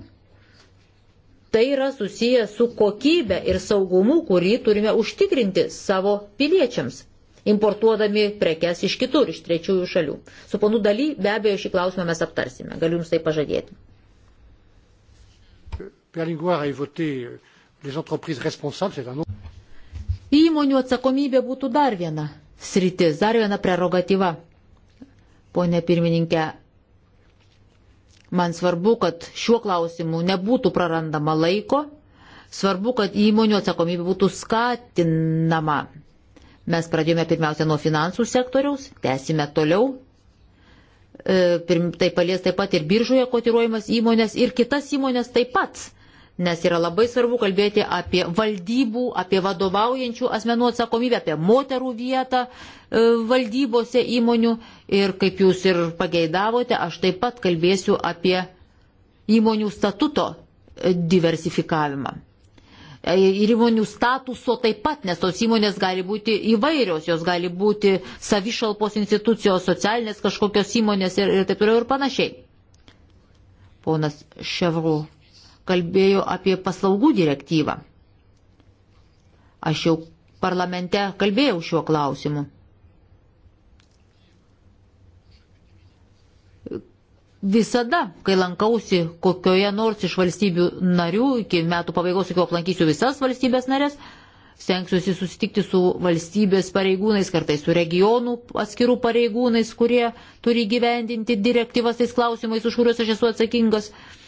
Speaker 3: tai yra susiję su kokybė ir saugumu, kurį turime užtikrinti savo piliečiams importuodami prekes iš kitur, iš trečiųjų šalių. Su ponu daly be abejo šį klausimą mes aptarsime, galiu jums tai pažadėti. Perlinguar a
Speaker 1: évoqué euh, les entreprises responsables, c'est un autre.
Speaker 3: Įmonių atsakomybė būtų dar viena sritis, dar viena prerogatyva. Pone pirmininkė, man svarbu, kad šiuo klausimu nebūtų prarandama laiko, svarbu, kad įmonių atsakomybė būtų skatinama. Mes pradėjome pirmiausia nuo finansų sektoriaus, tęsime toliau. E, tai palies taip pat ir biržoje kotiruojamas įmonės ir kitas įmonės taip pat nes yra labai svarbu kalbėti apie valdybų, apie vadovaujančių asmenų atsakomybę, apie moterų vietą e, valdybose įmonių ir kaip jūs ir pageidavote, aš taip pat kalbėsiu apie įmonių statuto e, diversifikavimą. E, ir įmonių statuso taip pat, nes tos įmonės gali būti įvairios, jos gali būti savišalpos institucijos, socialinės kažkokios įmonės ir, ir taip toliau ir panašiai. Ponas Ševrų kalbėjo apie paslaugų direktyvą. Aš jau parlamente kalbėjau šiuo klausimu. Visada, kai lankausi kokioje nors iš valstybių narių, iki metų pabaigos, kai aplankysiu visas valstybės narės, stengsiuosi susitikti su valstybės pareigūnais, kartais su regionų atskirų pareigūnais, kurie turi gyvendinti direktyvas tais klausimais, už kuriuos aš esu atsakingas. Uh,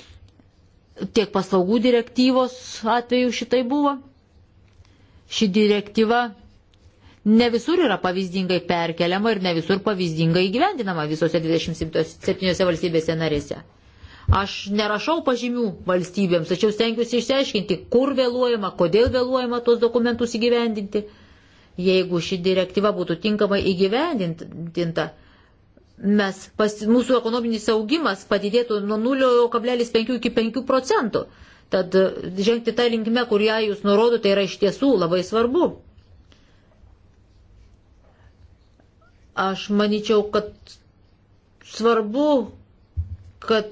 Speaker 3: tiek paslaugų direktyvos atveju šitai buvo. Ši direktyva ne visur yra pavyzdingai perkeliama ir ne visur pavyzdingai įgyvendinama visose 27 valstybėse narėse. Aš nerašau pažymių valstybėms, tačiau stengiuosi išsiaiškinti, kur vėluojama, kodėl vėluojama tuos dokumentus įgyvendinti. Jeigu ši direktyva būtų tinkamai įgyvendinta, mes, pas, mūsų ekonominis augimas padidėtų nuo 0,5 iki 5 procentų. Tad e, žengti tą linkmę, kurią jūs nurodote, tai yra iš tiesų labai svarbu. Aš manyčiau, kad svarbu, kad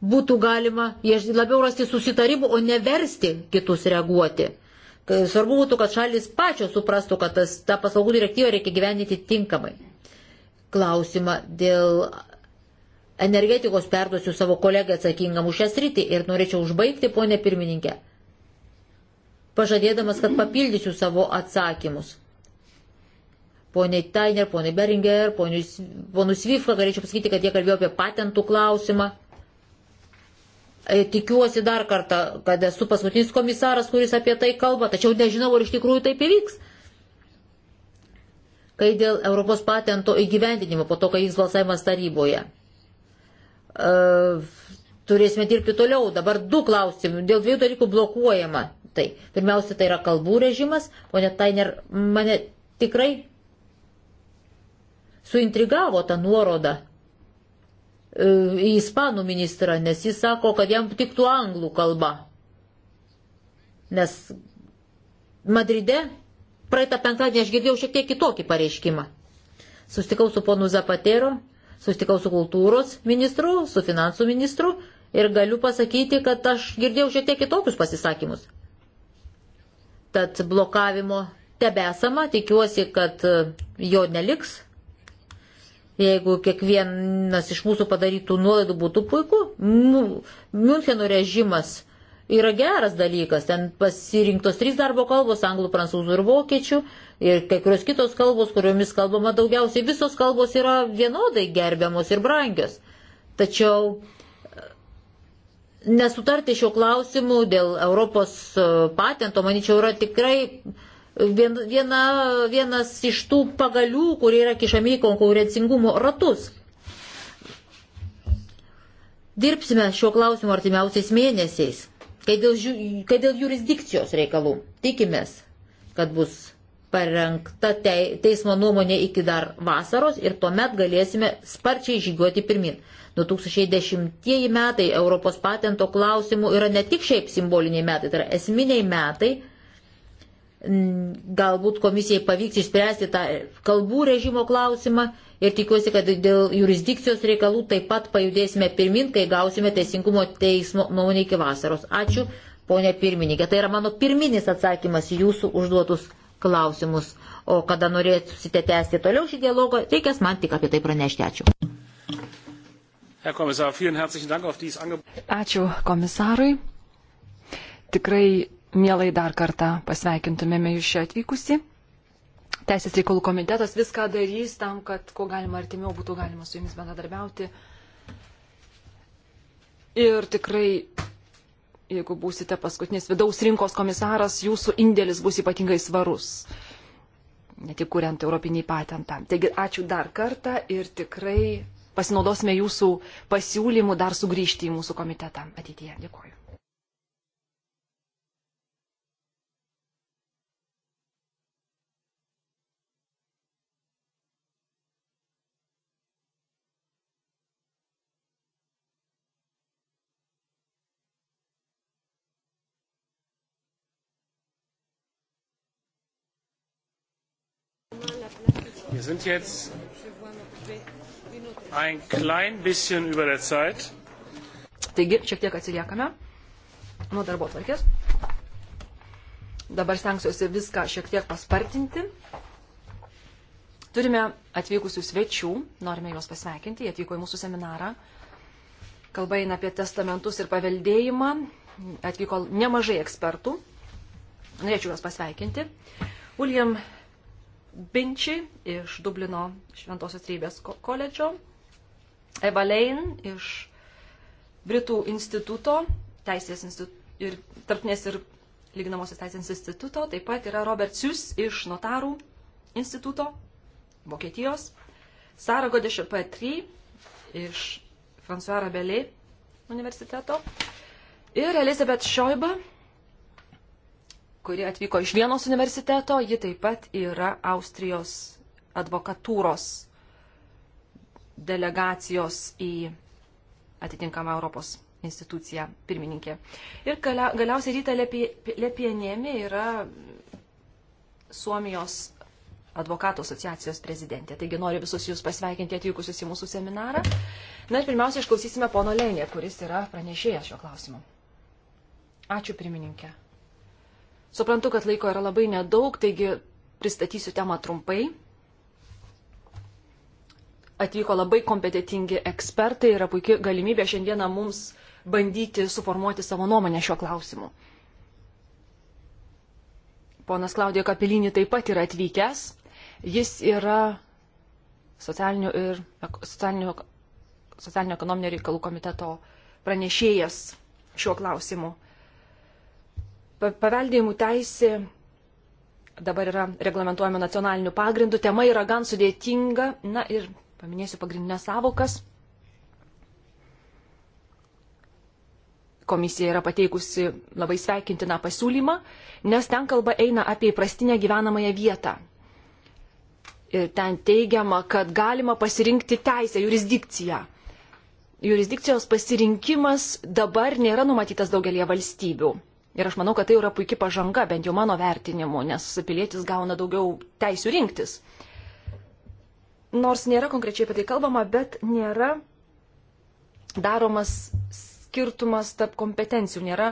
Speaker 3: būtų galima labiau rasti susitarimų, o ne versti kitus reaguoti. Svarbu būtų, kad šalis pačios suprastų, kad tas, tą paslaugų direktyvą reikia gyveninti tinkamai klausimą dėl energetikos perduosiu savo kolegą atsakingam už šią sritį ir norėčiau užbaigti, ponė pirmininkė, pažadėdamas, kad papildysiu savo atsakymus. Pone Tainer, pone Beringer, ponus Vifka, galėčiau pasakyti, kad jie kalbėjo apie patentų klausimą. E, tikiuosi dar kartą, kad esu paskutinis komisaras, kuris apie tai kalba, tačiau nežinau, ar iš tikrųjų taip įvyks kai dėl Europos patento įgyvendinimo po to, kai vyks balsavimas taryboje. E, turėsime dirbti toliau. Dabar du klausimai. Dėl dviejų dalykų blokuojama. Tai pirmiausia, tai yra kalbų režimas. Pone Tainer, mane tikrai suintrigavo tą nuorodą e, į ispanų ministrą, nes jis sako, kad jam tiktų anglų kalba. Nes Madride praeitą penktadienį aš girdėjau šiek tiek kitokį pareiškimą. Sustikau su ponu Zapatero, sustikau su kultūros ministru, su finansų ministru ir galiu pasakyti, kad aš girdėjau šiek tiek kitokius pasisakymus. Tad blokavimo tebesama, tikiuosi, kad e, jo neliks. Jeigu kiekvienas iš mūsų padarytų nuolaidų būtų puiku, nu, Müncheno režimas yra geras dalykas. Ten pasirinktos trys darbo kalbos - anglų, prancūzų ir vokiečių. Ir kai kurios kitos kalbos, kuriomis kalbama daugiausiai, visos kalbos yra vienodai gerbiamos ir brangios. Tačiau e, nesutarti šio klausimu dėl Europos e, patento, manyčiau, yra tikrai viena, vienas iš tų pagalių, kurie yra kišami į konkurencingumo ratus. Dirbsime šiuo klausimu artimiausiais mėnesiais. Kai dėl, ži... kai dėl jurisdikcijos reikalų tikimės, kad bus parengta te, teismo nuomonė iki dar vasaros ir tuomet galėsime sparčiai žygiuoti pirmin. 2010 metai Europos patento klausimų yra ne tik šiaip simboliniai metai, tai yra esminiai metai. Galbūt komisijai pavyks išspręsti tą kalbų režimo klausimą ir tikiuosi, kad dėl jurisdikcijos reikalų taip pat pajudėsime pirmin, kai gausime Teisingumo teismo nuomonę iki vasaros. Ačiū, ponė pirmininkė. Tai yra mano pirminis atsakymas į jūsų užduotus klausimus. O kada norėsite tęsti toliau šį dialogą, reikės man tik apie tai pranešti. Ačiū.
Speaker 2: Ačiū komisarui. Tikrai mielai dar kartą pasveikintumėme jūs čia atvykusi. Teisės reikalų komitetas viską darys tam, kad kuo galima artimiau būtų galima su jumis bendradarbiauti. Ir tikrai, jeigu būsite paskutinis vidaus rinkos komisaras, jūsų indėlis bus ypatingai svarus, ne tik kuriant europinį patentą. Taigi, ačiū dar kartą ir tikrai pasinaudosime jūsų pasiūlymų dar sugrįžti į mūsų komitetą ateityje. Dėkuoju. Wir sind jetzt ein klein bisschen über der Zeit. Taigi, šiek tiek atsiliekame nuo darbo tvarkės. Dabar stengsiuosi viską šiek tiek paspartinti. Turime atvykusių svečių, norime juos pasveikinti, jie atvyko į mūsų seminarą. Kalba eina apie testamentus ir paveldėjimą. Atvyko nemažai ekspertų. Norėčiau juos pasveikinti. William Binči iš Dublino Šventosios Trybės koledžio, Eva Lein iš Britų instituto, Teisės instituto ir tarptinės ir lyginamosios teisės instituto, taip pat yra Robert Sius iš notarų instituto, Vokietijos, Sara Godešė P3 iš François Rabelais universiteto ir Elizabeth Šoiba kuri atvyko iš vienos universiteto, ji taip pat yra Austrijos advokatūros delegacijos į atitinkamą Europos instituciją pirmininkė. Ir galia, galiausiai Ryta Lepienėmi yra Suomijos advokatų asociacijos prezidentė. Taigi noriu visus jūs pasveikinti atvykusius į mūsų seminarą. Na ir pirmiausia, išklausysime pono Lenė, kuris yra pranešėjas šio klausimu. Ačiū pirmininkė. Suprantu, kad laiko yra labai nedaug, taigi pristatysiu temą trumpai. Atvyko labai kompetitingi ekspertai, yra puikia galimybė šiandieną mums bandyti suformuoti savo nuomonę šiuo klausimu. Ponas Klaudijo Kapilinį taip pat yra atvykęs. Jis yra socialinių ir socialinių, socialinio ekonominio reikalų komiteto pranešėjas šiuo klausimu paveldėjimų teisė dabar yra reglamentuojama nacionaliniu pagrindu, tema yra gan sudėtinga, na ir paminėsiu pagrindinės savokas. Komisija yra pateikusi labai sveikintiną pasiūlymą, nes ten kalba eina apie įprastinę gyvenamąją vietą. Ir ten teigiama, kad galima pasirinkti teisę, jurisdikciją. Jurisdikcijos pasirinkimas dabar nėra numatytas daugelie valstybių. Ir aš manau, kad tai yra puikia pažanga, bent jau mano vertinimu, nes pilietis gauna daugiau teisių rinktis. Nors nėra konkrečiai apie tai kalbama, bet nėra daromas skirtumas tarp kompetencijų, nėra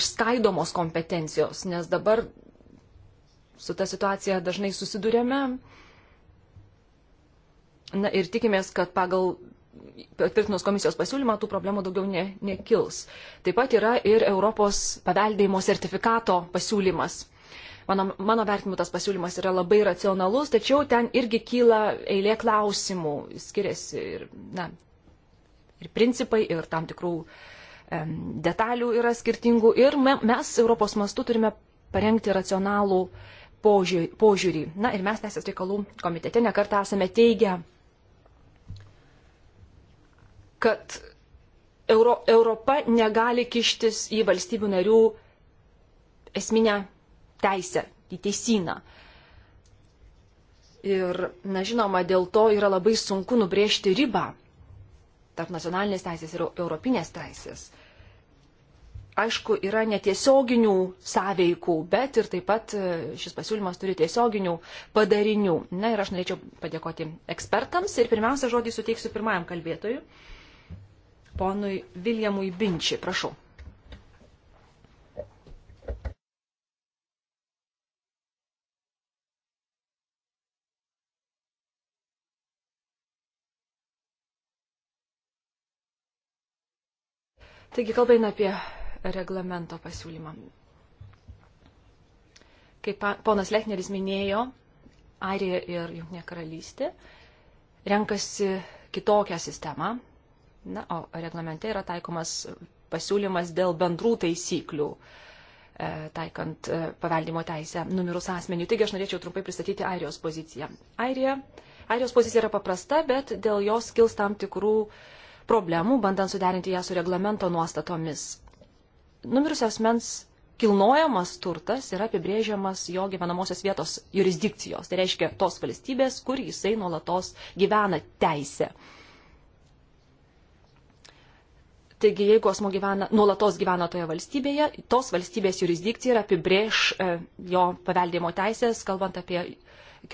Speaker 2: išskaidomos kompetencijos, nes dabar su ta situacija dažnai susidurėme. Na ir tikimės, kad pagal patvirtinus komisijos pasiūlymą, tų problemų daugiau ne, nekils. Taip pat yra ir Europos paveldėjimo sertifikato pasiūlymas. Mano, mano vertimu tas pasiūlymas yra labai racionalus, tačiau ten irgi kyla eilė klausimų, skiriasi ir, na, ir principai, ir tam tikrų em, detalių yra skirtingų. Ir me, mes Europos mastu turime parengti racionalų požiūrį. Na ir mes Teisės reikalų komitete nekartą esame teigę kad Euro, Europa negali kištis į valstybių narių esminę teisę, į teisyną. Ir, na žinoma, dėl to yra labai sunku nubrėžti ribą tarp nacionalinės teisės ir europinės teisės. Aišku, yra netiesioginių sąveikų, bet ir taip pat e, šis pasiūlymas turi tiesioginių padarinių. Na ir aš norėčiau padėkoti ekspertams ir pirmiausia žodį suteiksiu pirmajam kalbėtojui. Uh, ponui Viljamui Binčiui. Prašau. Taigi kalba eina apie reglamento pasiūlymą. Kaip ponas Lechneris minėjo, Airija ir Junktinė karalystė renkasi kitokią sistemą Na, o reglamente yra taikomas pasiūlymas dėl bendrų taisyklių e, taikant e, paveldimo teisę numirus asmeniui. Taigi aš norėčiau trumpai pristatyti Airijos poziciją. Airija, Airijos pozicija yra paprasta, bet dėl jos kils tam tikrų problemų, bandant suderinti ją su reglamento nuostatomis. Numirusio asmens kilnojamas turtas yra apibrėžiamas jo gyvenamosios vietos jurisdikcijos, tai reiškia tos valstybės, kur jisai nuolatos gyvena teisė. Uh, Taigi, jeigu asmo gyvena, nuolatos gyvena toje valstybėje, tos valstybės jurisdikcija yra apibrėž e, jo paveldėjimo teisės, kalbant apie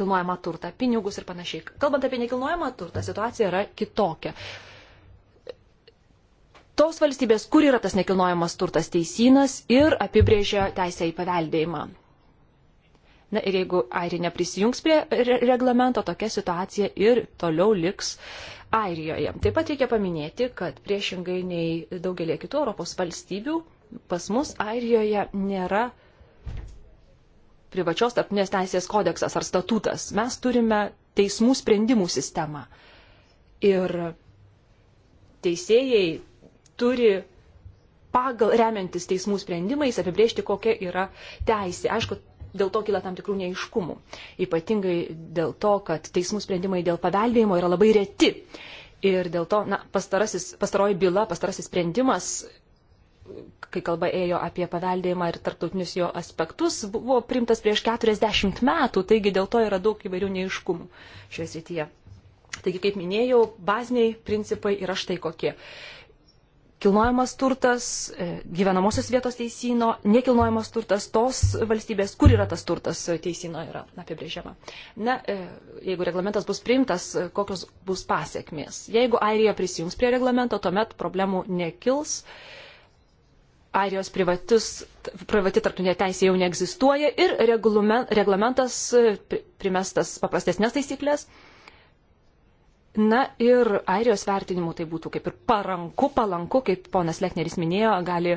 Speaker 2: kilnojamą turtą, pinigus ir panašiai. Kalbant apie nekilnojamą turtą, situacija yra kitokia. Tos valstybės, kur yra tas nekilnojamas turtas teisynas ir apibrėžia teisę į paveldėjimą. Na ir jeigu Airija neprisijungs prie reglamento, tokia situacija ir toliau liks Airijoje. Taip pat reikia paminėti, kad priešingai nei daugelį kitų Europos valstybių, pas mus Airijoje nėra privačios tarpinės teisės kodeksas ar statutas. Mes turime teismų sprendimų sistemą. Ir teisėjai turi pagal remiantis teismų sprendimais apibriežti, kokia yra teisė. Aišku, dėl to kyla tam tikrų neiškumų. Ypatingai dėl to, kad teismų sprendimai dėl paveldėjimo yra labai reti. Ir dėl to, na, pastaroji byla, pastarasis sprendimas, kai kalba ėjo apie paveldėjimą ir tarptautinius jo aspektus, buvo primtas prieš 40 metų, taigi dėl to yra daug įvairių neiškumų šioje srityje. Taigi, kaip minėjau, baziniai principai yra štai kokie kilnojamas turtas, e, gyvenamosios vietos teisino, nekilnojamas turtas tos valstybės, kur yra tas turtas e, teisino yra apibrėžiama. Na, e, jeigu reglamentas bus priimtas, kokios bus pasiekmės. Jeigu Airija prisijungs prie reglamento, tuomet problemų nekils. Airijos privatus, privati tarptautinė teisė jau neegzistuoja ir reglamentas primestas paprastesnės taisyklės Na ir airijos vertinimu tai būtų kaip ir paranku, palanku, kaip ponas Lechneris minėjo, gali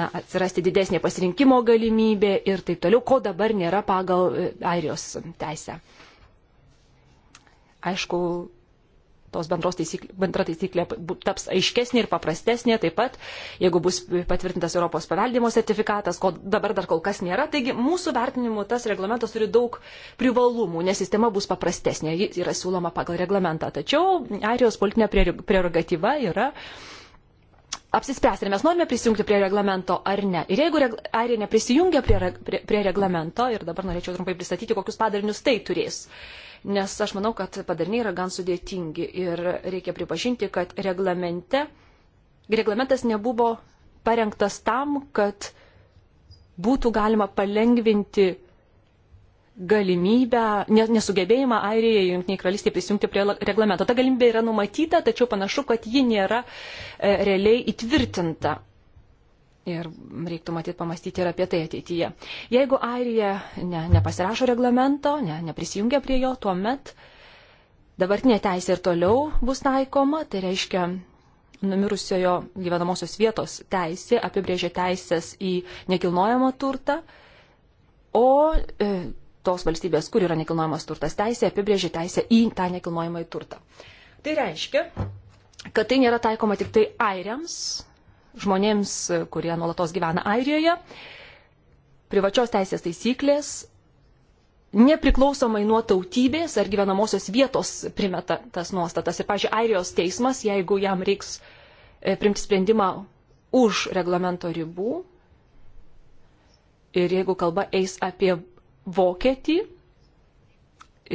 Speaker 2: na, atsirasti didesnė pasirinkimo galimybė ir taip toliau, ko dabar nėra pagal e, airijos teisę. Aišku, tos bendros taisyklė, bendra taisyklė taps aiškesnė ir paprastesnė taip pat, jeigu bus patvirtintas Europos paveldimo sertifikatas, ko dabar dar kol kas nėra. Taigi mūsų vertinimu tas reglamentas turi daug privalumų, nes sistema bus paprastesnė, ji yra siūloma pagal reglamentą. Tačiau Airijos politinė prerogatyva yra. Apsispręsti, ar mes norime prisijungti prie reglamento ar ne. Ir jeigu Airija neprisijungia prie, prie, prie reglamento, ir dabar norėčiau trumpai pristatyti, kokius padarinius tai turės. Uh, nes aš manau, kad padariniai yra gan sudėtingi ir reikia pripažinti, kad reglamente, reglamentas nebuvo parengtas tam, kad būtų galima palengvinti galimybę, nesugebėjimą Airijai, Junktiniai karalystė prisijungti prie reglamento. Ta galimybė yra numatyta, tačiau panašu, kad ji nėra e, realiai įtvirtinta. Ir reiktų matyti pamastyti ir apie tai ateityje. Jeigu Airija ne, nepasirašo reglamento, ne, neprisijungia prie jo, tuomet dabartinė teisė ir toliau bus taikoma, tai reiškia numirusiojo gyvenamosios vietos teisė apibrėžia teisės į nekilnojamą turtą, o e, tos valstybės, kur yra nekilnojamas turtas teisė, apibrėžia teisę į tą nekilnojamą į turtą. Tai reiškia, kad tai nėra taikoma tik tai airiams, žmonėms, kurie nuolatos gyvena Airijoje, privačios teisės taisyklės nepriklausomai nuo tautybės ar gyvenamosios vietos primeta tas nuostatas. Ir, pažiūrėjau, Airijos teismas, jeigu jam reiks e, primti sprendimą už reglamento ribų ir jeigu kalba eis apie vokietį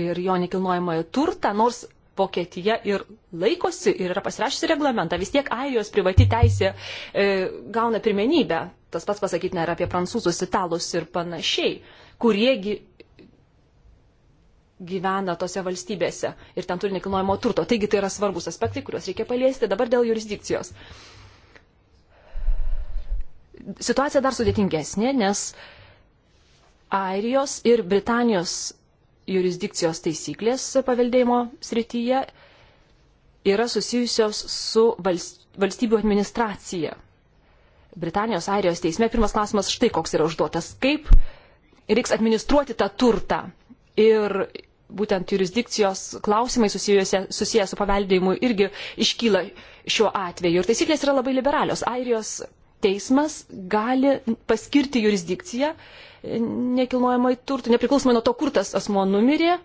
Speaker 2: ir jo nekilnojamąją turtą, nors Vokietija ir laikosi ir yra pasirašysi reglamentą, vis tiek Airijos privati teisė e, gauna pirmenybę. Tas pats pasakyti nėra apie prancūzus, italus ir panašiai, kuriegi gyvena tose valstybėse ir ten turi nekilnojamo turto. Taigi tai yra svarbus aspektai, kuriuos reikia paliesti dabar dėl jurisdikcijos. Situacija dar sudėtingesnė, nes Airijos ir Britanijos jurisdikcijos taisyklės paveldėjimo srityje yra susijusios su valstybių administracija. Britanijos Airijos teisme pirmas klausimas štai koks yra užduotas. Kaip reiks administruoti tą turtą? Ir būtent jurisdikcijos klausimai susiję su paveldėjimu irgi iškyla šiuo atveju. Ir taisyklės yra labai liberalios. Airijos teismas gali paskirti jurisdikciją nekilnojamai turtui, nepriklausomai nuo to, kur tas asmo numirė,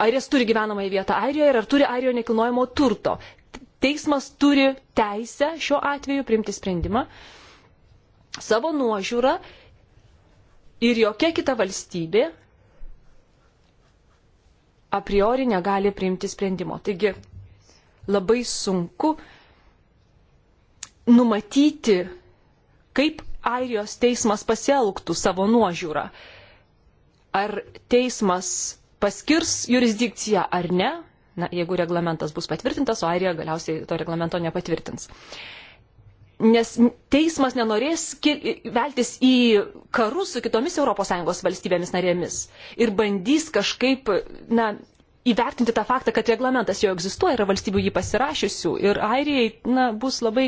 Speaker 2: ar jis turi gyvenamąją vietą Airijoje ir ar turi Airijoje nekilnojamo turto. Teismas turi teisę šiuo atveju priimti sprendimą savo nuožiūrą ir jokia kita valstybė a priori negali priimti sprendimo. Taigi labai sunku numatyti, kaip Airijos teismas pasielgtų savo nuožiūrą. Ar teismas paskirs jurisdikciją ar ne, na, jeigu reglamentas bus patvirtintas, o Airija galiausiai to reglamento nepatvirtins. Nes teismas nenorės veltis į karus su kitomis ES valstybėmis narėmis ir bandys kažkaip, na, įvertinti tą faktą, kad reglamentas jau egzistuoja, yra valstybių jį pasirašysių ir Airijai na, bus labai,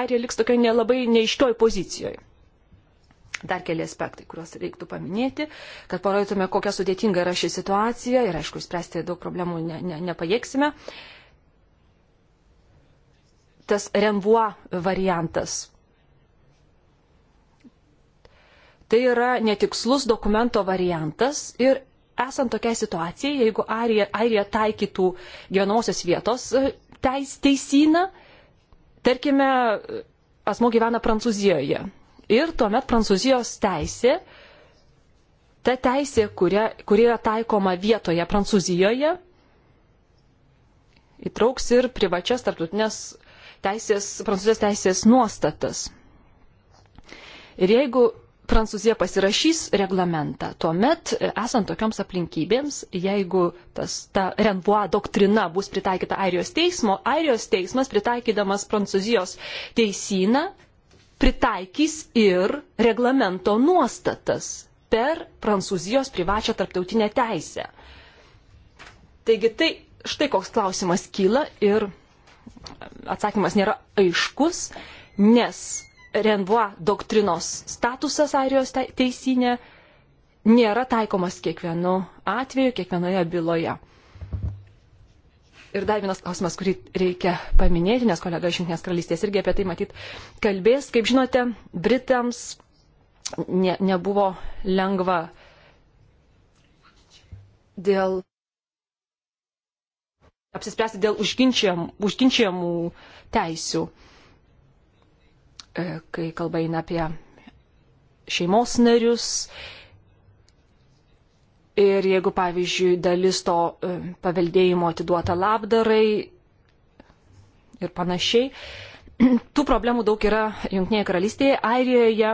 Speaker 2: Airija liks tokioje nelabai neiškioj pozicijoje. Dar keli aspektai, kuriuos reiktų paminėti, kad parodytume, kokia sudėtinga yra ši situacija ir, aišku, spręsti daug problemų ne, ne, nepajėgsime. Tas rembuo variantas. Tai yra netikslus dokumento variantas ir esant tokiai situacijai, jeigu Airija, Airija taikytų gyvenamosios vietos e, teis, teisyną, tarkime, asmo gyvena Prancūzijoje. Ir tuomet Prancūzijos teisė, ta teisė, kuria, kuri yra taikoma vietoje Prancūzijoje, įtrauks ir privačias tarptautinės teisės, prancūzijos teisės nuostatas. Ir jeigu Prancūzija pasirašys reglamentą, tuomet, e, esant tokioms aplinkybėms, jeigu tas, ta Renvoa doktrina bus pritaikyta Airijos teismo, Airijos teismas pritaikydamas Prancūzijos teisyną pritaikys ir reglamento nuostatas per Prancūzijos privačią tarptautinę teisę. Taigi tai štai koks klausimas kyla ir atsakymas nėra aiškus, nes Renvoa doktrinos statusas Airijos teisinė nėra taikomas kiekvienu atveju, kiekvienoje byloje. Ir dar vienas klausimas, kurį reikia paminėti, nes kolega iš Junktinės karalystės irgi apie tai matyt kalbės. Kaip žinote, Britams ne, nebuvo lengva dėl apsispręsti dėl užginčiamų, užginčiamų teisių. E, kai kalba eina apie šeimos narius. Ir jeigu, pavyzdžiui, dalis to e, paveldėjimo atiduota labdarai ir panašiai, (clears throat) tų problemų daug yra Junktinėje karalystėje, Airijoje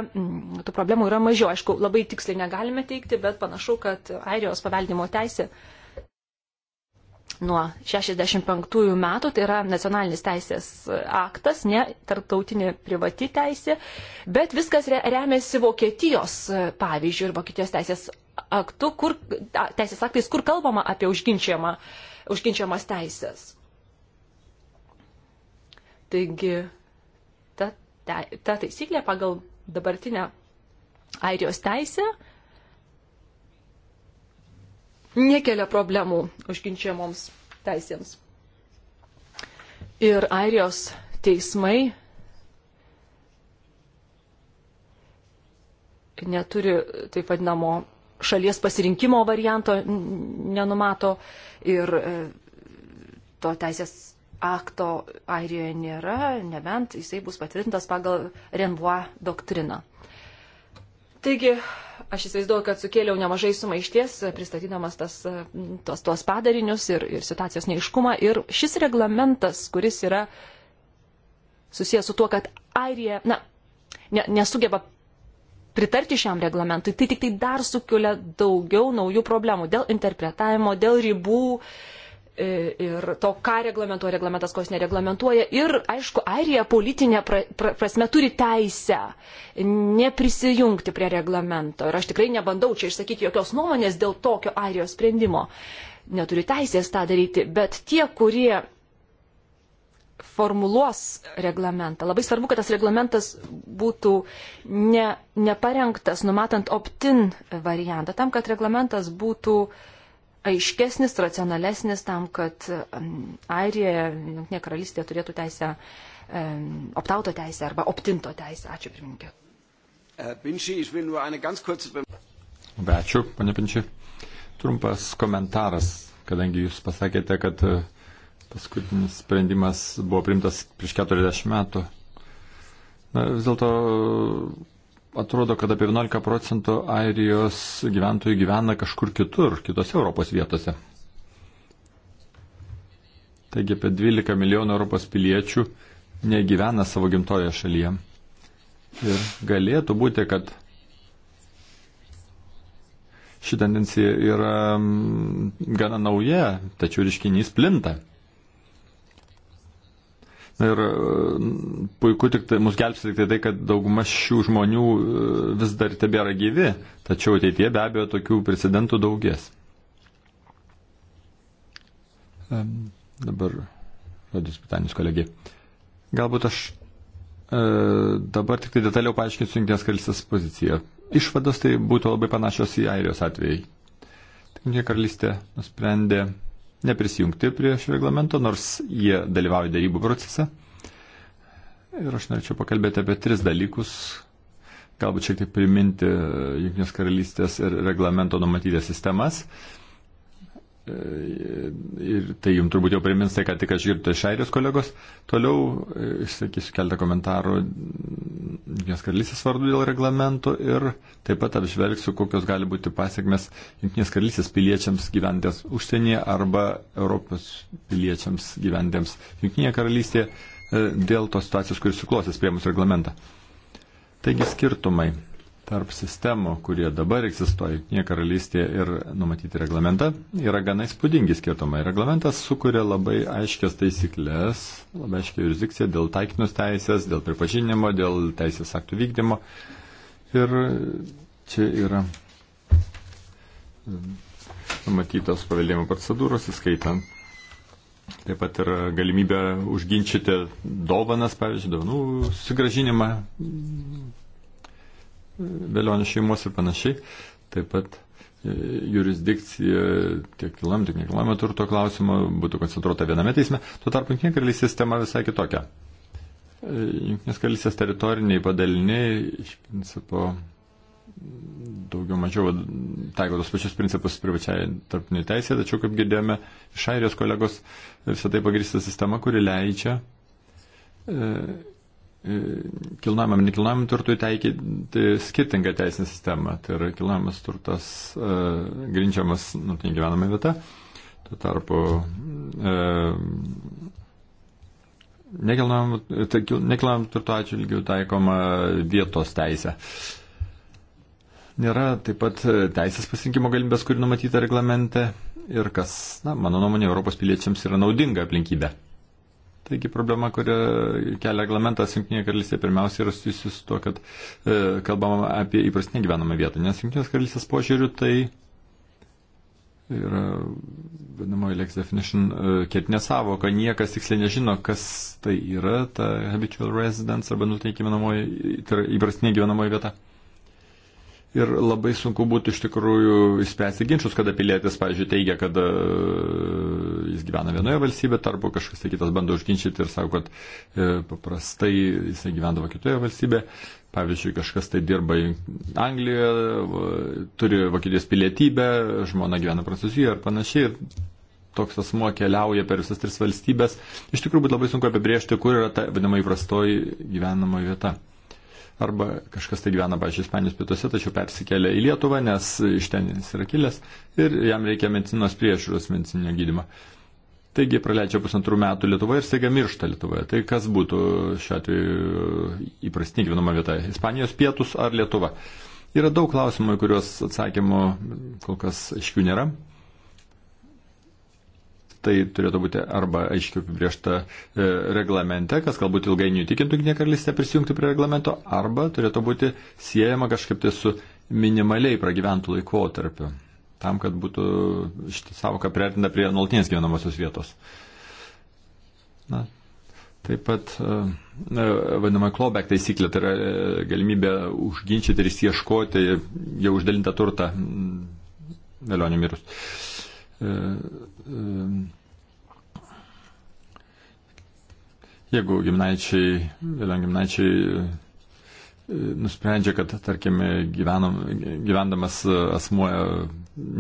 Speaker 2: tų problemų yra mažiau. Aišku, labai tiksliai negalime teikti, bet panašu, kad Airijos paveldimo teisė nuo 65 metų, tai yra nacionalinis teisės aktas, ne tarptautinė privati teisė, bet viskas remiasi Vokietijos e, pavyzdžių ir Vokietijos teisės, aktu, kur, teisės aktais, kur kalbama apie užginčiamą, užginčiamas teisės. Taigi, ta, ta, ta taisyklė pagal dabartinę Airijos teisę nekelia problemų užginčiamoms teisėms. Ir Airijos teismai neturi taip vadinamo šalies pasirinkimo varianto, nenumato ir e, to teisės akto Airijoje nėra, nebent jisai bus patvirtintas pagal Renvois doktriną. Taigi, Aš įsivaizduoju, kad sukėliau nemažai sumaišties, pristatydamas tas, tos, tuos padarinius ir, ir situacijos neiškumą. Ir šis reglamentas, kuris yra susijęs su tuo, kad Airija na, ne, nesugeba pritarti šiam reglamentui, tai tik tai dar sukelia daugiau naujų problemų dėl interpretavimo, dėl ribų. Uh, E, ir to, ką reglamentuoja reglamentas, ko jis nereglamentuoja. Ir, aišku, Airija politinė pra, pra, prasme turi teisę neprisijungti prie reglamento. Ir aš tikrai nebandau čia išsakyti jokios nuomonės dėl tokio Airijos sprendimo. Neturiu teisės tą daryti, bet tie, kurie formuluos reglamentą. Labai svarbu, kad tas reglamentas būtų ne, neparengtas, numatant opt-in variantą, tam, kad reglamentas būtų uh, aiškesnis, racionalesnis tam, kad Airija, Junktinė karalystė turėtų teisę, optauto teisę arba optinto teisę. Ačiū, pirmininkė.
Speaker 1: Ačiū, pane Pinčiai. Trumpas komentaras, kadangi jūs pasakėte, kad e, paskutinis sprendimas buvo primtas prieš 40 metų. Na, vis dėlto atrodo, kad apie 11 procentų Airijos gyventojų gyvena kažkur kitur, kitose Europos vietose. Taigi apie 12 milijonų Europos piliečių negyvena savo gimtoje šalyje. Ir galėtų būti, kad ši tendencija yra mm, gana nauja, tačiau reiškinys plinta. Ir e, puiku tik tai, mus gelbsti tik tai tai, kad dauguma šių žmonių e, vis dar tebėra gyvi, tačiau ateitie be abejo tokių precedentų daugės. Dabar žodis Britanijos kolegiai. Galbūt aš e, dabar tik tai detaliau paaiškinsiu Junktinės karalystės poziciją. Išvados tai būtų labai panašios į Airijos atvejai. Junktinė karalystė nusprendė neprisijungti prie šio reglamento, nors jie dalyvauja darybų procese. Ir aš norėčiau pakalbėti apie tris dalykus, galbūt šiek tiek priminti Junkinės karalystės ir reglamento numatytas sistemas. Uh, E, ir tai jums turbūt jau primins tai, ką tik aš girdėjau iš airijos kolegos. Toliau e, išsakysiu keletą komentarų Junktinės karalystės vardu dėl reglamento ir taip pat apžvelgsiu, kokios gali būti pasiekmes Junktinės karalystės piliečiams gyventės užsienyje arba Europos piliečiams gyventėms Junktinėje karalystėje e, dėl tos situacijos, kuris suklosės prie mūsų reglamentą. Taigi skirtumai tarp sistemų, kurie dabar egzistuoja Junktinėje karalystėje ir numatyti reglamentą, yra gana įspūdingi skirtumai. Reglamentas sukuria labai aiškias taisyklės, labai aiškia jurisdikcija dėl taikinus teisės, dėl pripažinimo, dėl teisės aktų vykdymo. Ir čia yra um, numatytos paveldėjimo procedūros, įskaitant Taip pat ir galimybę užginčyti dovanas, pavyzdžiui, dovanų sugražinimą vėlionių šeimos ir panašiai. Taip pat e, jurisdikcija tiek kilam, tiek nekilamo turto klausimo būtų koncentruota viename teisme. Tuo tarpu Junktinė karalystė sistema visai kitokia. E, Junktinės karalystės teritoriniai padaliniai iš principo daugiau mažiau taiko tos pačius principus privačiai tarpiniai teisė, tačiau, kaip girdėjome iš airijos kolegos, visą tai pagrįsta sistema, kuri leidžia e, E, kilnojamam ir nekilnojamam turtui taikyti skirtingą teisinę sistemą. Tai yra kilnojamas turtas e, grindžiamas nutinė gyvenama vieta. Tuo tarpu e, nekilnojamam tai turto atžvilgių taikoma vietos teisė. Nėra taip pat teisės pasirinkimo galimybės, kuri numatyta reglamente ir kas, na, mano nuomonė, Europos piliečiams yra naudinga aplinkybė. Taigi problema, kurią kelia reglamentas Junktinėje karalystėje, pirmiausia yra susijusi su to, kad e, kalbama apie įprastinę gyvenamą vietą, nes Junktinės karalystės požiūrių tai yra vadinamoji Lex Definition e, ketinė savoka, niekas tiksliai nežino, kas tai yra ta habitual residence arba nuteikime tai įprastinė gyvenamoji vieta. Ir labai sunku būtų iš tikrųjų įspręsti ginčius, kada pilietis, pavyzdžiui, teigia, kad e, jis gyvena vienoje valstybėje, arba kažkas tai kitas bando užginčyti ir sako, kad e, paprastai jisai gyvendavo kitoje valstybėje. Pavyzdžiui, kažkas tai dirba Anglijoje, turi Vokietijos pilietybę, žmona gyvena Prancūzijoje ir panašiai. Ir toks asmuo keliauja per visas tris valstybės. Iš tikrųjų, būtų labai sunku apibriežti, kur yra ta vadinama įprastoji gyvenamoji vieta arba kažkas tai gyvena, pažiūrėjau, Ispanijos pietuose, tačiau persikelia į Lietuvą, nes iš ten jis yra kilęs ir jam reikia medicinos priežiūros, medicininio gydimo. Taigi praleidžia pusantrų metų Lietuvoje ir staiga miršta Lietuvoje. Tai kas būtų šiuo atveju įprastinė gyvenama vieta - Ispanijos pietus ar Lietuva? Yra daug klausimų, į kuriuos atsakymų kol kas aiškių nėra tai turėtų būti arba aiškiai apibriešta e, reglamente, kas galbūt ilgainiui tikintų Junktinė karalystė prisijungti prie reglamento, arba turėtų būti siejama kažkaip tai su minimaliai pragyventų laikotarpiu, tam, kad būtų šitą savoką priartinta prie nuolatinės gyvenamosios vietos. Na, Taip pat e, e, vadinama clawback taisyklė, tai yra galimybė užginčyti ir išieškoti jau uždalintą turtą vėliau nemirus. E, e, jeigu gimnaičiai, vėliau gimnaičiai nusprendžia, kad, tarkime, gyvenam, gyvendamas e, asmuo e,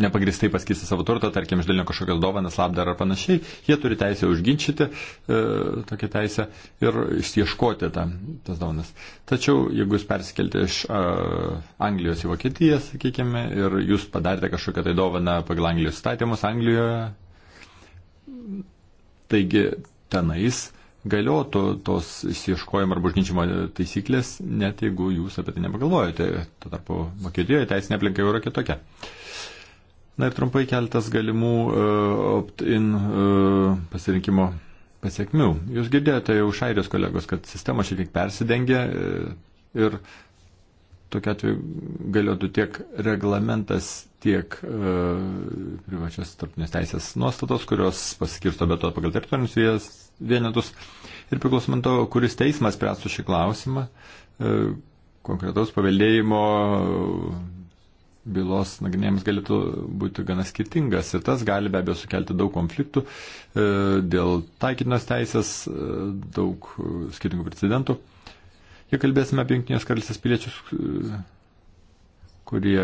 Speaker 1: nepagristai paskirsti savo turtą, tarkim, išdalino kažkokias dovanas, labdarą ar panašiai, jie turi teisę užginčyti e, tokią teisę ir išieškoti tą, tas dovanas. Tačiau, jeigu jūs persikelti iš e, Anglijos į Vokietiją, sakykime, ir jūs padarėte kažkokią tai dovaną pagal Anglijos statymus Anglijoje, taigi tenais galiotų tos išieškojimo arba užginčimo taisyklės, net jeigu jūs apie tai nepagalvojate. Tuo tarpu Vokietijoje teisinė aplinka jau yra kitokia. Na ir trumpai keltas galimų uh, opt-in uh, pasirinkimo pasiekmių. Jūs girdėjote jau iš airijos kolegos, kad sistema šiek tiek persidengia e, ir tokia atveju galėtų tiek reglamentas, tiek uh, privačios tarpinės teisės nuostatos, kurios paskirsto be to pagal teritorinius vėjas vienetus. Ir priklausomant to, kuris teismas spręstų šį klausimą, e, konkretaus paveldėjimo e, bylos nagrinėjimas galėtų būti gana skirtingas ir tas gali be abejo sukelti daug konfliktų e, dėl taikytinos teisės, daug skirtingų precedentų. Jei kalbėsime apie Junktinės karalystės piliečius, kurie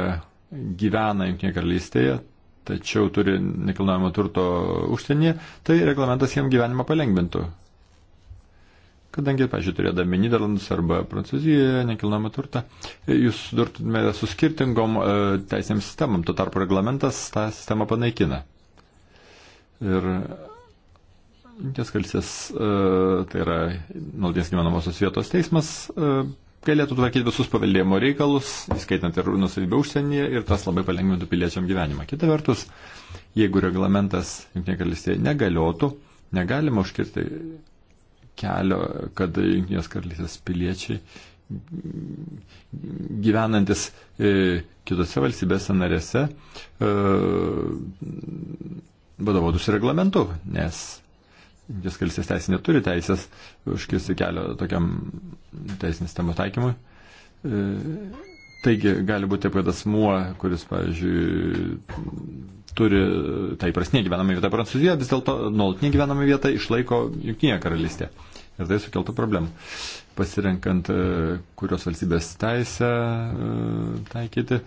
Speaker 1: gyvena Junktinėje karalystėje, tačiau turi nekilnojamo turto užsienyje, tai reglamentas jiem gyvenimą palengvintų. Kadangi, pažiūrėjau, turėdami Niderlandus arba Prancūzijoje nekilnojamo turtą, jūs sudurtumėte su skirtingom e, teisėms sistemam, tuo tarpu reglamentas tą sistemą panaikina. Ir Jungtinės kalsės, e, tai yra nuolatinės gyvenamosios vietos teismas, e, galėtų tvarkyti visus paveldėjimo reikalus, įskaitant ir nusavybę užsienyje, ir tas labai palengvintų piliečiam gyvenimą. Kita vertus, jeigu reglamentas Junktinė karalystėje negaliotų, negalima užkirti kelio, kad Junktinės karalystės piliečiai gyvenantis e, kitose valstybėse narėse e, vadovautųsi reglamentu, nes Indijos karalystės teisė neturi teisės užkirsti kelio tokiam teisinės temos taikymui. E, taigi gali būti taip, kad asmuo, kuris, pavyzdžiui, turi tai prasnė gyvenamą vietą Prancūzijoje, vis dėlto nuolatinė gyvenamą vietą išlaiko Junktinėje karalystėje. Ir tai sukeltų problemų. Pasirenkant, e, kurios valstybės teisę e, taikyti,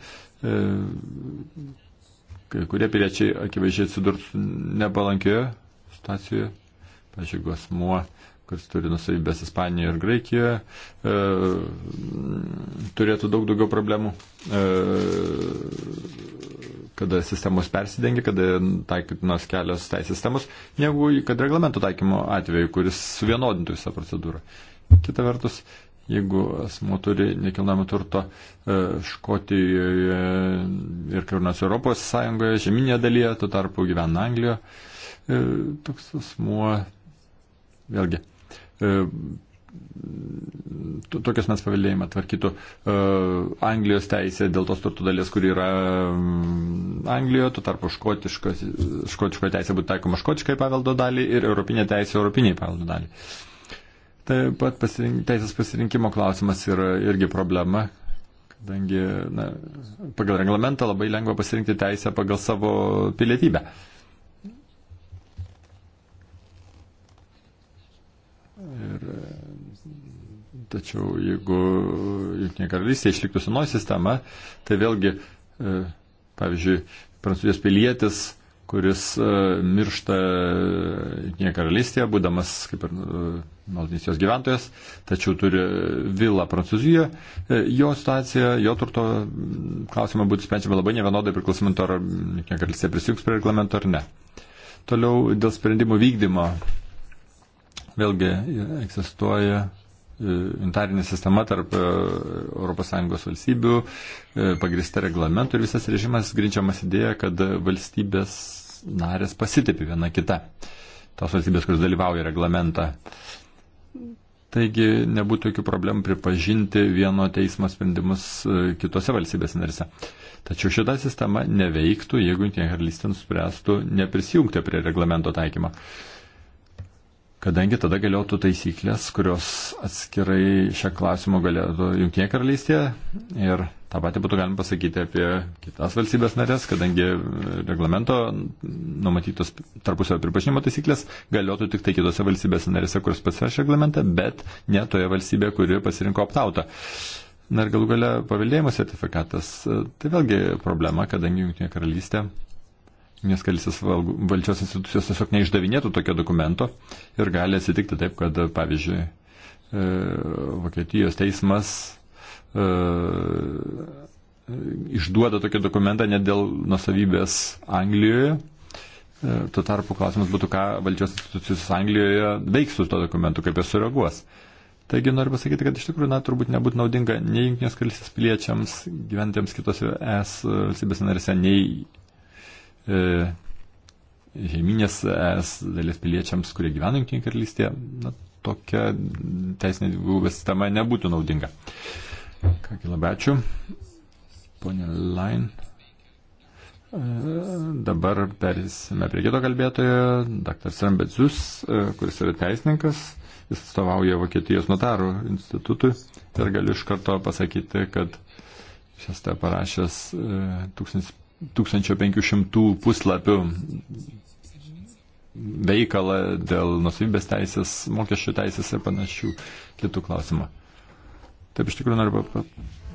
Speaker 1: kai kurie piliečiai akivaizdžiai atsidurs nepalankioje situacijoje pažiūrėjau, asmuo, kuris turi nusavybės Ispanijoje ir Graikijoje, e, turėtų daug daugiau problemų, e, kada sistemos persidengia, kada taikytinos kelios teisės sistemos, negu kad reglamento taikymo atveju, kuris suvienodintų visą procedūrą. Kita vertus, jeigu asmo turi nekilnojamo turto e, Škotijoje ir Kaunas Europos Sąjungoje, žemynėje dalyje, tuo tarpu gyvena Anglijoje, e, toks asmuo vėlgi e, tokios mes paveldėjimą tvarkytų e, Anglijos teisė dėl tos turtų dalies, kur yra mm, Anglijoje, tu tarpu škotiško teisė būtų taikoma škotiškai paveldo dalį ir europinė teisė europiniai paveldo dalį. Taip pat pasirink, teisės pasirinkimo klausimas yra irgi problema, kadangi na, pagal reglamentą labai lengva pasirinkti teisę pagal savo pilietybę. Uh, Tačiau jeigu Junktinė karalystė išliktų senoji sistema, tai vėlgi, e, pavyzdžiui, prancūzijos pilietis, kuris e, miršta e, Junktinėje karalystėje, būdamas kaip ir nuolatinis jos gyventojas, tačiau turi vilą Prancūzijoje, jo situacija, jo turto klausimai būtų sprendžiama labai nevienodai priklausomant, ar Junktinė karalystė prisijungs prie reglamento ar ne. Toliau dėl sprendimų vykdymo Vėlgi egzistuoja e, unitarinė sistema tarp e, ES valstybių, e, pagrista reglamentų ir visas režimas grindžiamas idėja, kad valstybės narės pasitipi viena kita. Tos valstybės, kuris dalyvauja reglamentą. Taigi nebūtų jokių problemų pripažinti vieno teismo sprendimus kitose valstybės narise. Tačiau šita sistema neveiktų, jeigu Jungtinė karalystė nuspręstų neprisijungti prie reglamento taikymo. Uh, kadangi tada galėtų taisyklės, kurios atskirai šią klausimą galėtų Junktinė karalystė ir tą patį būtų galima pasakyti apie kitas valstybės narės, kadangi reglamento numatytos tarpusio pripažinimo taisyklės galėtų tik tai kitose valstybėse narėse, kurios pasirašė reglamentą, bet ne toje valstybėje, kuri pasirinko aptautą. Na ir galų gale paveldėjimo sertifikatas, tai vėlgi problema, kadangi Junktinė karalystė Nes karalystės valdžios institucijos tiesiog neišdavinėtų tokio dokumento ir gali atsitikti taip, kad, pavyzdžiui, e, Vokietijos teismas e, išduoda tokį dokumentą net dėl nusavybės Anglijoje. E, tuo tarpu klausimas būtų, ką valdžios institucijos Anglijoje veiks su to dokumentu, kaip jie sureaguos. Taigi noriu pasakyti, kad iš tikrųjų, na, turbūt nebūtų naudinga nei Junktinės karalystės piliečiams, gyventiems kitose es valstybės narėse, nei E, žemynės es dalies piliečiams, kurie gyvena Junktinėje karalystėje, na, tokia teisinė dvigubė sistema nebūtų naudinga. Kągi labai ačiū. Pone Lain. E, dabar perėsime prie kito kalbėtojo, dr. Sambedzius, e, kuris yra teisininkas, jis atstovauja Vokietijos notarų institutui ir galiu iš karto pasakyti, kad šias te parašęs 1000 1500 puslapių veikalą dėl nusavybės teisės, mokesčių teisės ir panašių kitų klausimų. Taip iš tikrųjų noriu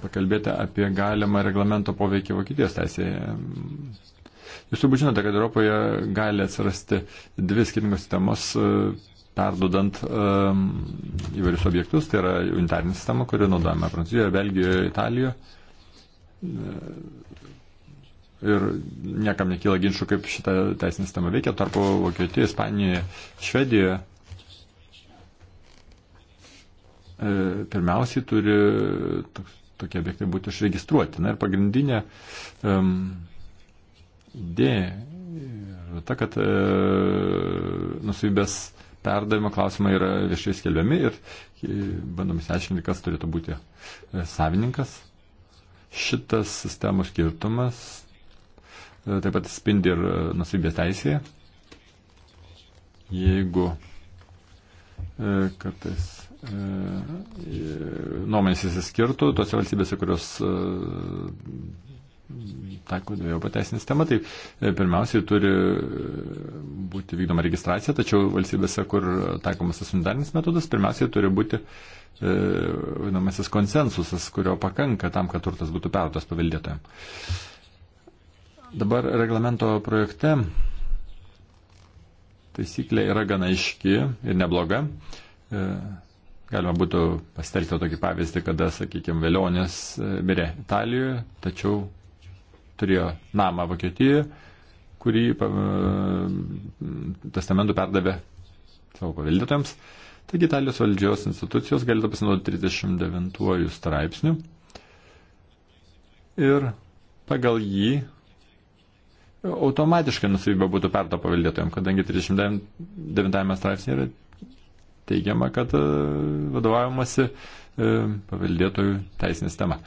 Speaker 1: pakalbėti apie galimą reglamento poveikį Vokietijos teisėje. Jūs turbūt žinote, kad Europoje gali atsirasti dvi skirtingos sistemos, e, perdodant um, įvairius objektus, tai yra unitarinė sistema, kuri naudojama Prancūzijoje, Belgijoje, Italijoje. E, ir niekam nekyla ginčių, kaip šitą teisinį sistemą veikia, tarpu Vokietijoje, Ispanijoje, Švedijoje. E, pirmiausiai turi tokie objektai būti išregistruoti. Na ir pagrindinė um, idėja yra ta, kad e, nusivybės perdavimo klausimai yra viešai skelbiami ir e, bandom įsiaiškinti, kas turėtų būti e, savininkas. Šitas sistemos skirtumas E, taip pat spindi ir e, nusibės teisėje. Jeigu e, kartais nuomonės įsiskirtų tose valstybėse, kurios taiko dviejų pateisinį sistemą, tai pirmiausiai turi būti vykdoma registracija, tačiau valstybėse, kur taikomas tas unitarinis metodas, pirmiausiai turi būti vadinamasis konsensusas, kurio pakanka tam, kad turtas būtų perduotas paveldėtojams. Dabar reglamento projekte taisyklė yra gana iški ir nebloga. E, galima būtų pasitelkti tokį pavyzdį, kada, sakykime, Velionis e, mirė Italijoje, tačiau turėjo namą Vokietijoje, kurį e, testamentu perdavė savo paveldėtojams. Taigi Italijos valdžios institucijos galėtų pasinaudoti 39 straipsnių ir pagal jį automatiškai nusavybė būtų perto paveldėtojams, kadangi 39 straipsnė yra teigiama, kad e, vadovaujamasi e, paveldėtojų teisinė sistema.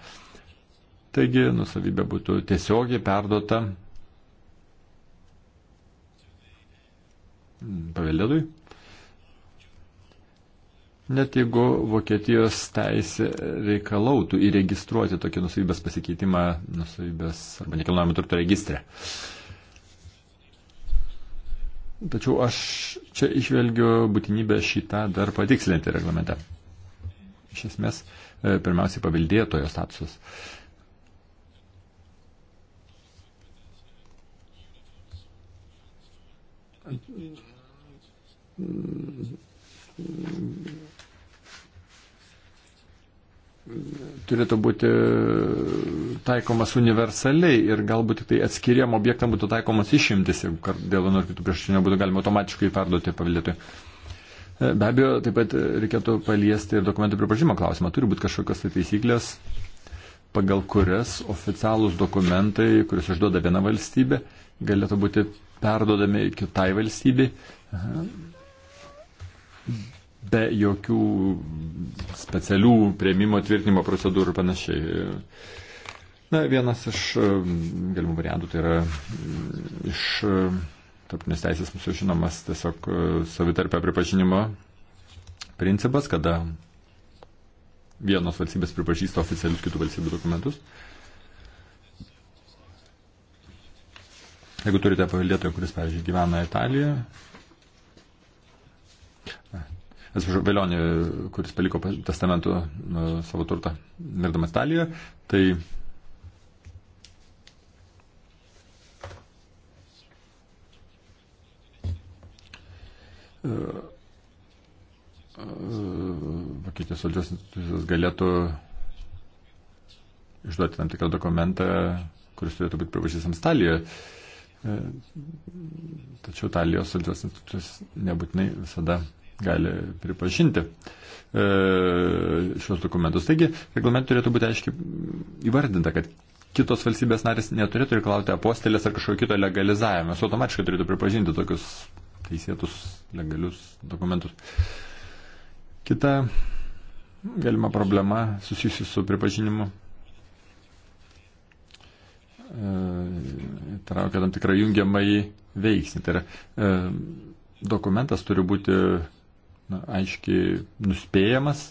Speaker 1: Taigi nusavybė būtų tiesiogiai perduota paveldėtojui. Net jeigu Vokietijos teisė reikalautų įregistruoti tokį nusavybės pasikeitimą nusavybės arba nekilnojamo turto registrę. Uh, Tačiau aš čia išvelgiu būtinybę šitą dar patikslinti reglamente. Iš esmės, e, pirmiausiai paveldėtojo statusas. Mm turėtų būti taikomas universaliai ir galbūt tik tai atskiriam objektam būtų taikomas išimtis, jeigu dėl vienų ar kitų priešų nebūtų galima automatiškai perduoti pavėlėtui. E, be abejo, taip pat reikėtų paliesti ir dokumentų pripažimo klausimą. Turi būti kažkokios tai taisyklės, pagal kurias oficialūs dokumentai, kuriuos išduoda viena valstybė, galėtų būti perduodami kitai valstybei be jokių specialių prieimimo tvirtinimo procedūrų ir panašiai. Na, vienas iš e, galimų variantų tai yra e, iš e, tarpinės teisės mūsų žinomas tiesiog savitarpio pripažinimo principas, kada vienos valstybės pripažįsta oficialius kitų valstybių dokumentus. Jeigu turite pavildėtoją, kuris, pavyzdžiui, gyvena Italijoje, atsiprašau, Velionį, kuris paliko testamentu savo turtą mirdamas Italijoje, tai e, e, Vokietijos valdžios institucijos galėtų išduoti tam tikrą dokumentą, kuris turėtų būti pripažįstamas Italijoje. E, tačiau Italijos valdžios institucijos nebūtinai visada gali pripažinti e, šios dokumentus. Taigi, reglament turėtų būti aiškiai įvardinta, kad kitos valstybės narės neturėtų reikalauti apostelės ar kažkokio kito legalizavimo. Jos automatiškai turėtų pripažinti tokius teisėtus legalius dokumentus. Kita galima problema susijusi su pripažinimu e, traukia tam tikrą jungiamąjį veiksnį. Tai yra, e, dokumentas turi būti na, aiškiai nuspėjamas.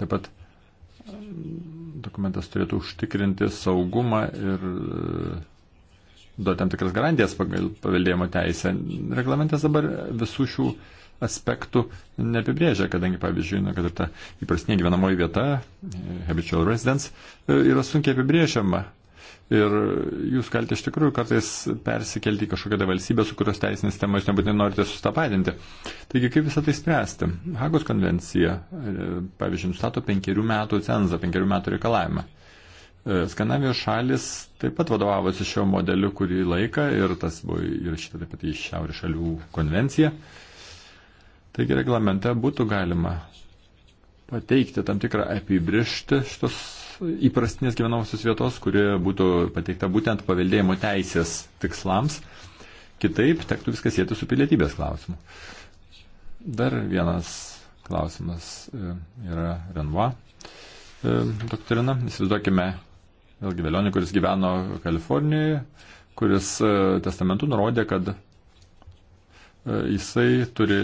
Speaker 1: Taip pat mm, dokumentas turėtų užtikrinti saugumą ir e, duoti tam tikras garantijas pagal paveldėjimo teisę. Reglamentas dabar visų šių aspektų neapibrėžia, kadangi, pavyzdžiui, na, kad ir ta įprastinė gyvenamoji vieta, e, habitual residence, e, yra sunkiai apibrėžiama. Ir jūs galite iš tikrųjų kartais persikelti į kažkokią tai valstybę, su kurios teisinė sistema jūs nebūtinai norite sustapatinti. Taigi kaip visą tai spręsti? Hagos konvencija, e, pavyzdžiui, nustato penkerių metų cenzą, penkerių metų reikalavimą. E, Skandinavijos šalis taip pat vadovavosi šio modeliu kurį laiką ir tas buvo įrašyta taip pat į Šiaurės šalių konvenciją. Taigi reglamente būtų galima pateikti tam tikrą apibrištį šitos įprastinės gyvenamosios vietos, kuri būtų pateikta būtent paveldėjimo teisės tikslams. Kitaip tektų viskas sėti su pilietybės klausimu. Dar vienas klausimas e, yra Renva e, doktrina. Įsivaizduokime vėlgi Velionį, kuris gyveno Kalifornijoje, kuris e, testamentu nurodė, kad jisai turi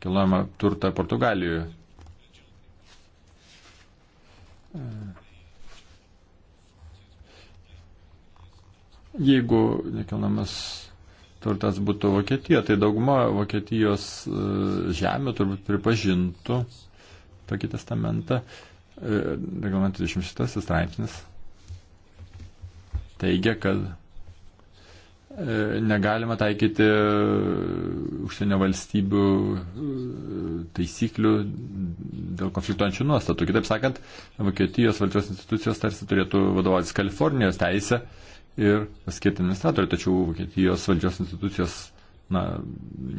Speaker 1: kilnojamą turtą Portugalijoje. Jeigu nekilnamas turtas būtų Vokietija, tai dauguma Vokietijos e, žemė turbūt pripažintų tokį testamentą. E, reglamentas 26 straipsnis teigia, kad negalima taikyti užsienio valstybių e, taisyklių dėl konfliktuojančių nuostatų. Kitaip sakant, Vokietijos valdžios institucijos tarsi turėtų vadovautis Kalifornijos teisę ir paskirti administratorių, tačiau Vokietijos valdžios institucijos na,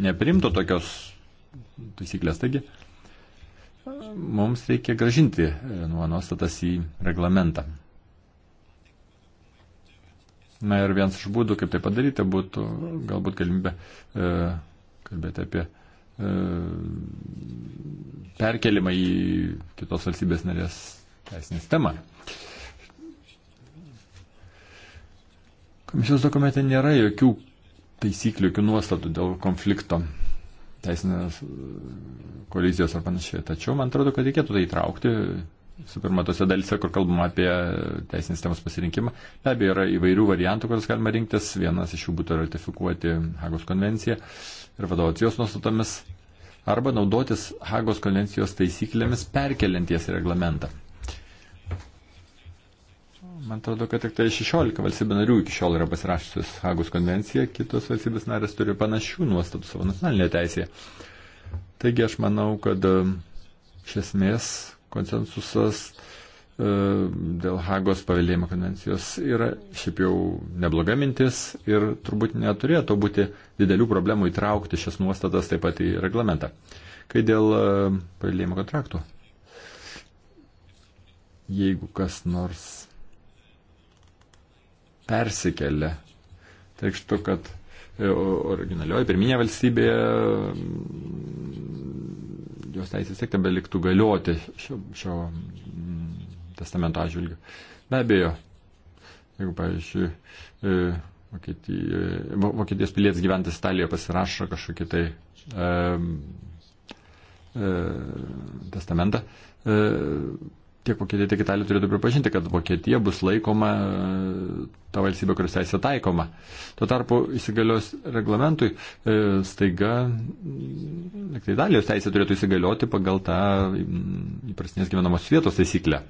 Speaker 1: neprimto tokios taisyklės. Taigi, mums reikia gražinti e, nuo nuostatas į reglamentą. Na ir vienas iš būdų, kaip tai padaryti, būtų galbūt galimybė e, kalbėti apie e, perkelimą į kitos valstybės narės teisinį sistemą. Komisijos dokumente nėra jokių taisyklių, jokių nuostatų dėl konflikto teisinės e, koalicijos ar panašiai. Tačiau man atrodo, kad reikėtų tai įtraukti visų pirma, tose dalyse, kur kalbama apie teisinės temos pasirinkimą. Be abejo, yra įvairių variantų, kuriuos galima rinktis. Vienas iš jų būtų ratifikuoti Hagos konvenciją ir vadovautis jos nuostatomis, arba naudotis Hagos konvencijos taisyklėmis perkelianties reglamentą. Man atrodo, kad tik tai 16 valstybių narių iki šiol yra pasirašusios Hagos konvenciją, kitos valstybės narės turi panašių nuostatų savo nacionalinėje teisėje. Taigi aš manau, kad e, iš esmės konsensusas e, dėl Hagos paveldėjimo konvencijos yra šiaip jau nebloga mintis ir turbūt neturėtų būti didelių problemų įtraukti šias nuostatas taip pat į reglamentą. Kai dėl e, paveldėjimo kontraktų, jeigu kas nors persikelia, tai reikštų, kad originalioje, pirminėje valstybėje jos teisės tiek tebeliktų galioti šio, šio mm, testamento atžvilgiu. Be abejo, jeigu, pavyzdžiui, e, Vokietijos, e, Vokietijos pilietis gyventis Italijoje pasirašo kažkokį tai e, e, testamentą, e, tiek Vokietija, tiek Italija turėtų pripažinti, kad Vokietija bus laikoma ta valstybė, kurios teisė taikoma. Tuo tarpu įsigalios reglamentui e, staiga, tai Italijos teisė turėtų įsigalioti pagal tą įprastinės gyvenamos vietos taisyklę.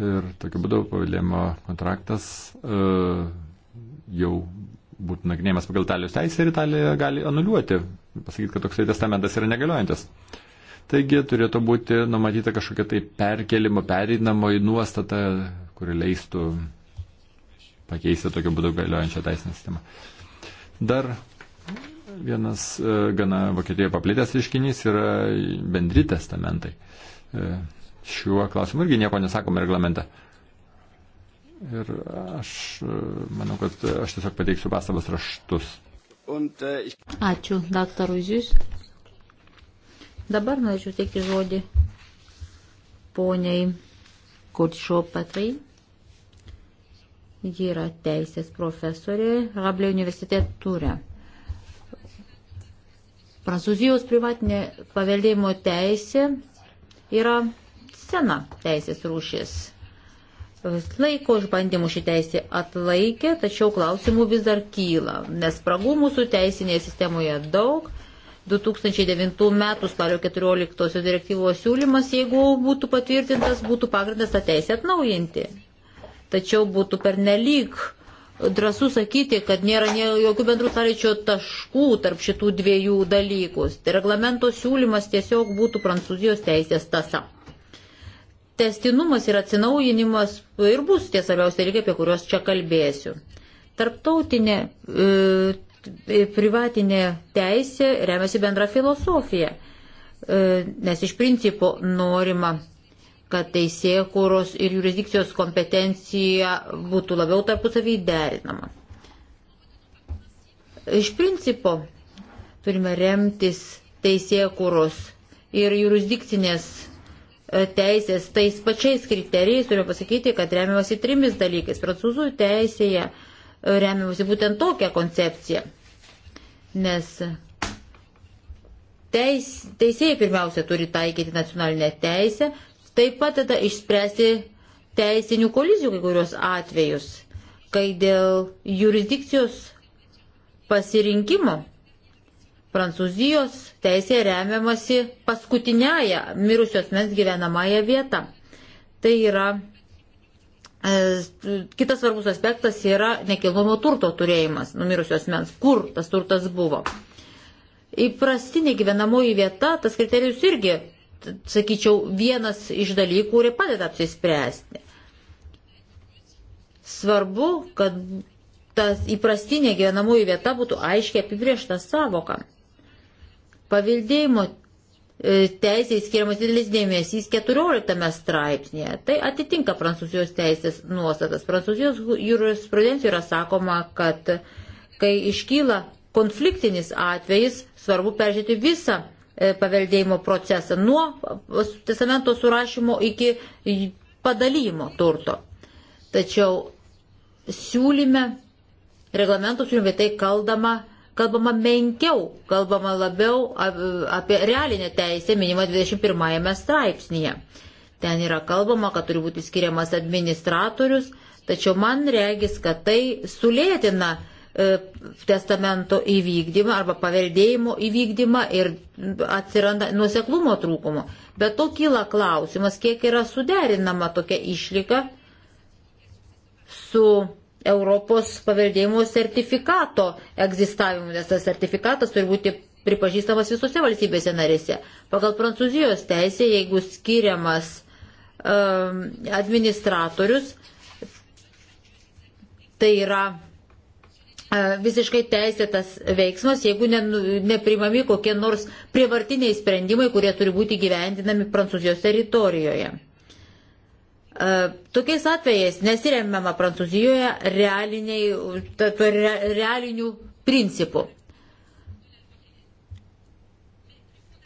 Speaker 1: Ir tokiu būdu pavėlėjimo kontraktas e, jau būtų nagrinėjimas pagal Italijos teisę ir Italija gali anuliuoti, pasakyti, kad toksai testamentas yra negaliojantis. Uh, Taigi turėtų būti numatyta kažkokia tai perkelimo, pereinamo į nuostatą, kuri leistų pakeisti tokiu būdu galiojančią teisinę sistemą. Dar vienas e, gana Vokietijoje paplitęs reiškinys yra bendri testamentai. E, šiuo klausimu irgi nieko nesakome reglamente. Ir aš e, manau, kad aš tiesiog pateiksiu pastabas raštus.
Speaker 3: Ačiū daktarui Žiūs. Dabar norėčiau teikti žodį poniai Kurčio Petrai. Ji yra teisės profesorė Rablio universitete Turė. Prancūzijos privatinė paveldėjimo teisė yra sena teisės rūšis. Laiko išbandymų šį teisę atlaikė, tačiau klausimų vis dar kyla, nes spragų mūsų teisinėje sistemoje daug 2009 metų spalio 14 direktyvos siūlymas, jeigu būtų patvirtintas, būtų pagrindas tą teisę atnaujinti. Tačiau būtų pernelyg drąsų sakyti, kad nėra jokių bendrų sąlyčio taškų tarp šitų dviejų dalykų. Tai reglamento siūlymas tiesiog būtų prancūzijos teisės tasa. Testinumas ir atsinaujinimas ir bus tie svarbiausi dalykai, apie kuriuos čia kalbėsiu. Tarptautinė e, privatinė teisė remiasi bendra filosofija, e, nes iš principo norima, kad teisėkūros ir jurisdikcijos kompetencija būtų labiau tarpusavį derinama. Iš principo turime remtis teisėkūros ir jurisdikcinės e, teisės tais pačiais kriterijais, turiu pasakyti, kad remiamasi trimis dalykais. Prancūzų teisėje remiamasi būtent tokią koncepciją. Nes teis, teisėjai pirmiausia turi taikyti nacionalinę teisę, tai padeda išspręsti teisinių kolizijų kai kurios atvejus, kai dėl jurisdikcijos pasirinkimo Prancūzijos teisė remiamasi paskutiniaja mirusios mens gyvenamąją vietą. Tai yra E, kitas svarbus aspektas yra nekilnojamo turto turėjimas numirusios mens, kur tas turtas buvo. Įprastinė gyvenamoji vieta, tas kriterijus irgi, sakyčiau, vienas iš dalykų, kurie padeda apsispręsti. Svarbu, kad tas įprastinė gyvenamoji vieta būtų aiškiai apibriešta savoka. Paveldėjimo E, teisėjai skiriamas didelis dėmesys 14 straipsnėje. Tai atitinka prancūzijos teisės nuostatas. Prancūzijos jurisprudencijoje yra sakoma, kad kai iškyla konfliktinis atvejis, svarbu peržiūrėti visą e, paveldėjimo procesą nuo e, testamento surašymo iki padalymo turto. Tačiau siūlyme, reglamentų siūlyme tai kaldama kalbama menkiau, kalbama labiau apie realinę teisę minimą 21 straipsnėje. Ten yra kalbama, kad turi būti skiriamas administratorius, tačiau man regis, kad tai sulėtina e, testamento įvykdymą arba paveldėjimo įvykdymą ir atsiranda nuoseklumo trūkumo. Bet to kyla klausimas, kiek yra suderinama tokia išlyga su Europos paveldėjimo sertifikato egzistavimu, nes tas sertifikatas turi būti pripažįstamas visose valstybėse narėse. Pagal Prancūzijos teisę, jeigu skiriamas um, administratorius, tai yra uh, visiškai teisėtas veiksmas, jeigu ne, neprimami kokie nors prievartiniai sprendimai, kurie turi būti gyvendinami Prancūzijos teritorijoje. E, tokiais atvejais nesiremiama Prancūzijoje realinių principų.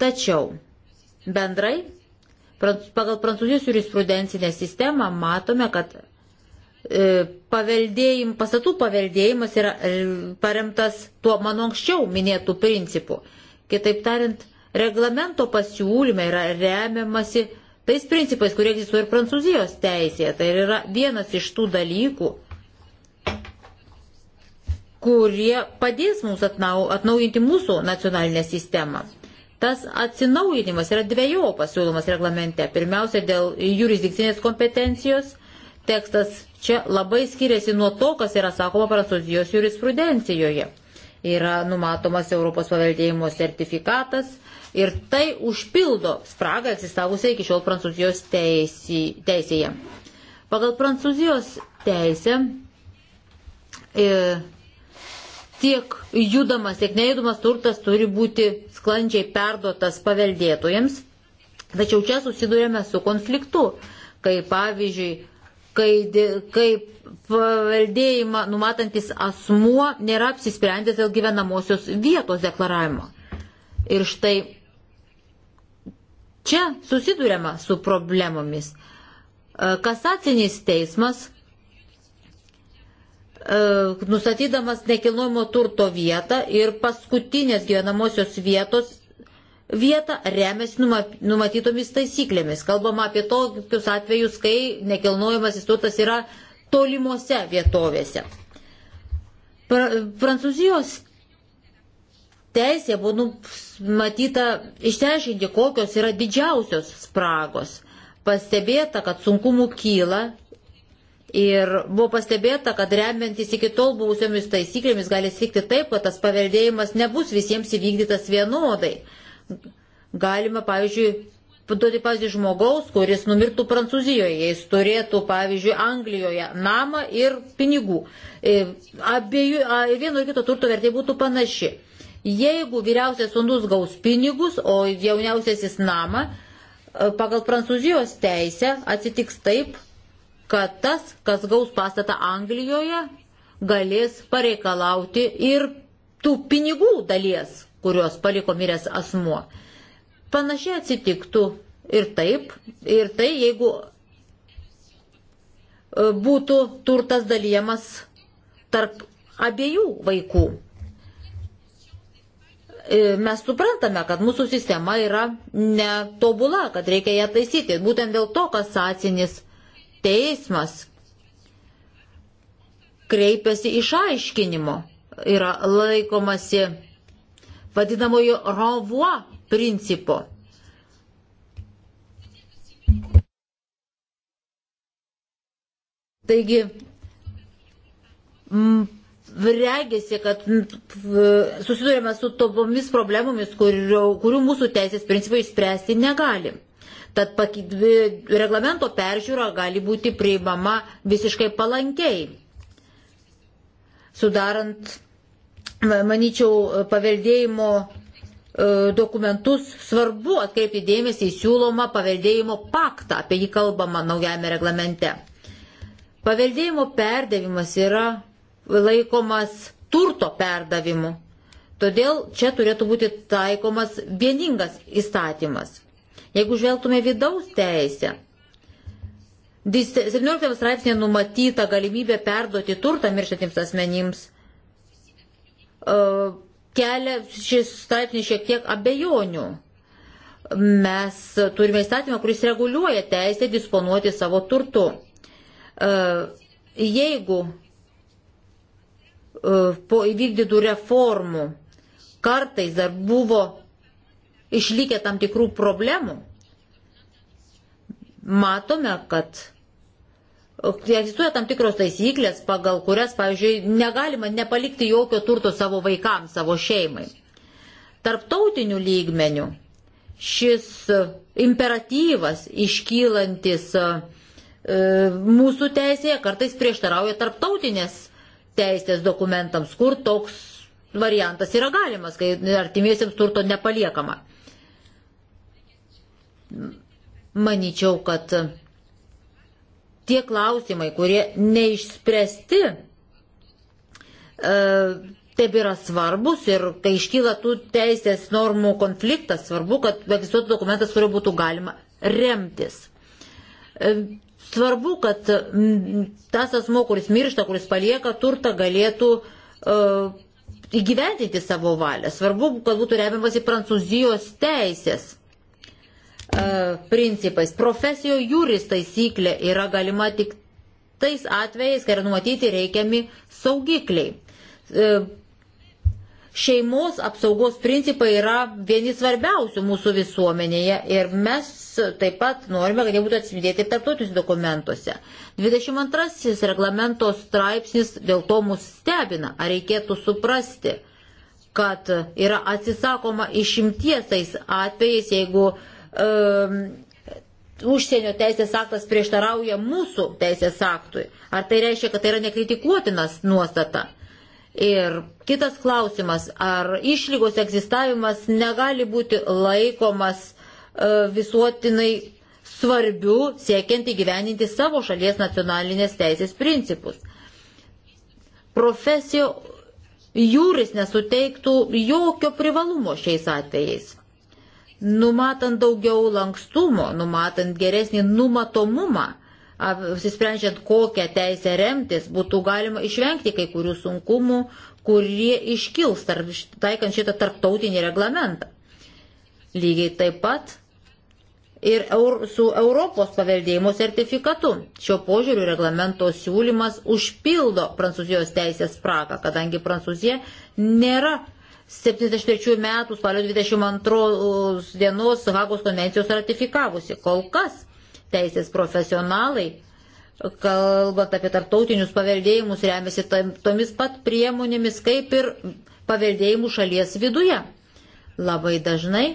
Speaker 3: Tačiau bendrai pagal Prancūzijos jurisprudencinę sistemą matome, kad e, paveldėjim, pastatų paveldėjimas yra e, paremtas tuo mano anksčiau minėtų principų. Kitaip tariant, reglamento pasiūlyme yra remiamasi tais principais, kurie egzistuoja ir Prancūzijos teisėje. Tai yra vienas iš tų dalykų, kurie padės mums atnau, atnaujinti mūsų nacionalinę sistemą. Tas atsinaujinimas yra dviejopas siūlomas reglamente. Pirmiausia, dėl jurisdikcinės kompetencijos tekstas čia labai skiriasi nuo to, kas yra sakoma Prancūzijos jurisprudencijoje. Yra numatomas Europos paveldėjimo sertifikatas, Ir tai užpildo spragą egzistavusią iki šiol Prancūzijos teisį, teisėje. Pagal Prancūzijos teisę e, tiek judamas, tiek nejudamas turtas turi būti sklandžiai perduotas paveldėtojams. Tačiau čia susidurėme su konfliktu, kai pavyzdžiui, kai, kai paveldėjimą numatantis asmuo nėra apsisprendęs dėl gyvenamosios vietos deklaravimo. Ir štai Čia susidurėma su problemomis. E, kasacinis teismas, e, nustatydamas nekilnojimo turto vietą ir paskutinės gyvenamosios vietos vietą remiasi numatytomis taisyklėmis. Kalbama apie tokius atvejus, kai nekilnojamas turtas yra tolimose vietovėse. Prancūzijos teisėje buvo numatyta išsiaiškinti, kokios yra didžiausios spragos. Pastebėta, kad sunkumų kyla ir buvo pastebėta, kad remiantis iki tol buvusiomis taisyklėmis gali stikti taip, kad tas paveldėjimas nebus visiems įvykdytas vienodai. Galima, pavyzdžiui, duoti pavyzdį žmogaus, kuris numirtų Prancūzijoje, jis turėtų, pavyzdžiui, Anglijoje namą ir pinigų. E, abiejų, vieno ir kito turto vertė būtų panaši Jeigu vyriausias sūnus gaus pinigus, o jauniausiasis namą, e, pagal prancūzijos teisę atsitiks taip, kad tas, kas gaus pastatą Anglijoje, galės pareikalauti ir tų pinigų dalies, kurios paliko miręs asmuo. Panašiai atsitiktų ir taip, ir tai, jeigu e, būtų turtas dalyjamas tarp abiejų vaikų. E, mes suprantame, kad mūsų sistema yra netobula, kad reikia ją taisyti. Būtent dėl to kasacinis teismas kreipiasi išaiškinimo. Yra laikomasi vadinamojo rovua principo. Taigi, m, regėsi, kad susidurėme su tobomis problemomis, kurių, kurių mūsų teisės principai išspręsti negali. Tad reglamento peržiūra gali būti priimama visiškai palankiai, sudarant, manyčiau, paveldėjimo e, dokumentus svarbu atkreipti dėmesį į siūlomą paveldėjimo paktą, apie jį kalbama naujame reglamente. Paveldėjimo perdavimas yra laikomas turto perdavimu. Todėl čia turėtų būti taikomas vieningas įstatymas. Jeigu žvelgtume vidaus teisę, 17 straipsnė numatyta galimybė perduoti turtą mirštantiems asmenims e, kelia šis straipsnis šiek tiek abejonių. Mes turime įstatymą, kuris reguliuoja teisę disponuoti savo turtu. E, jeigu E, po įvykdytų reformų kartais dar buvo išlikę tam tikrų problemų, matome, kad egzistuoja tam tikros taisyklės, pagal kurias, pavyzdžiui, negalima nepalikti jokio turto savo vaikams, savo šeimai. Tarptautinių lygmenių šis imperatyvas iškylantis e, mūsų teisėje kartais prieštarauja tarptautinės teisės dokumentams, kur toks variantas yra galimas, kai artimiesiems turto nepaliekama. Maničiau, kad tie klausimai, kurie neišspręsti, e, taip yra svarbus ir kai iškyla tų teisės normų konfliktas, svarbu, kad egzistuotų dokumentas, kuriuo būtų galima remtis. E, Svarbu, kad mm, tas asmo, kuris miršta, kuris palieka turtą, galėtų uh, e, įgyventinti savo valią. Svarbu, kad būtų remiamas į prancūzijos teisės uh, principais. Profesijo juris taisyklė yra galima tik tais atvejais, kai yra numatyti reikiami saugikliai. Uh, Šeimos apsaugos principai yra vieni svarbiausių mūsų visuomenėje ir mes taip pat norime, kad jie būtų atspindėti ir tarptautiniuose dokumentuose. 22 reglamento straipsnis dėl to mus stebina, ar reikėtų suprasti, kad yra atsisakoma išimties tais atvejais, jeigu um, užsienio teisės aktas prieštarauja mūsų teisės aktui. Ar tai reiškia, kad tai yra nekritikuotinas nuostata? Ir kitas klausimas, ar išlygos egzistavimas negali būti laikomas e, visuotinai svarbiu siekiant įgyveninti savo šalies nacionalinės teisės principus. Profesijo jūris nesuteiktų jokio privalumo šiais atvejais. Numatant daugiau lankstumo, numatant geresnį numatomumą, apsisprendžiant kokią teisę remtis, būtų galima išvengti kai kurių sunkumų, kurie iškils tarp, taikant šitą tarptautinį reglamentą. Lygiai taip pat ir eur, su Europos paveldėjimo sertifikatu. Šio požiūrių reglamento siūlymas užpildo Prancūzijos teisės spragą, kadangi Prancūzija nėra 73 metų spalio 22 dienos Hagos konvencijos ratifikavusi. Kol kas teisės profesionalai, kalbant apie tarptautinius paveldėjimus, remiasi tomis pat priemonėmis kaip ir paveldėjimų šalies viduje. Labai dažnai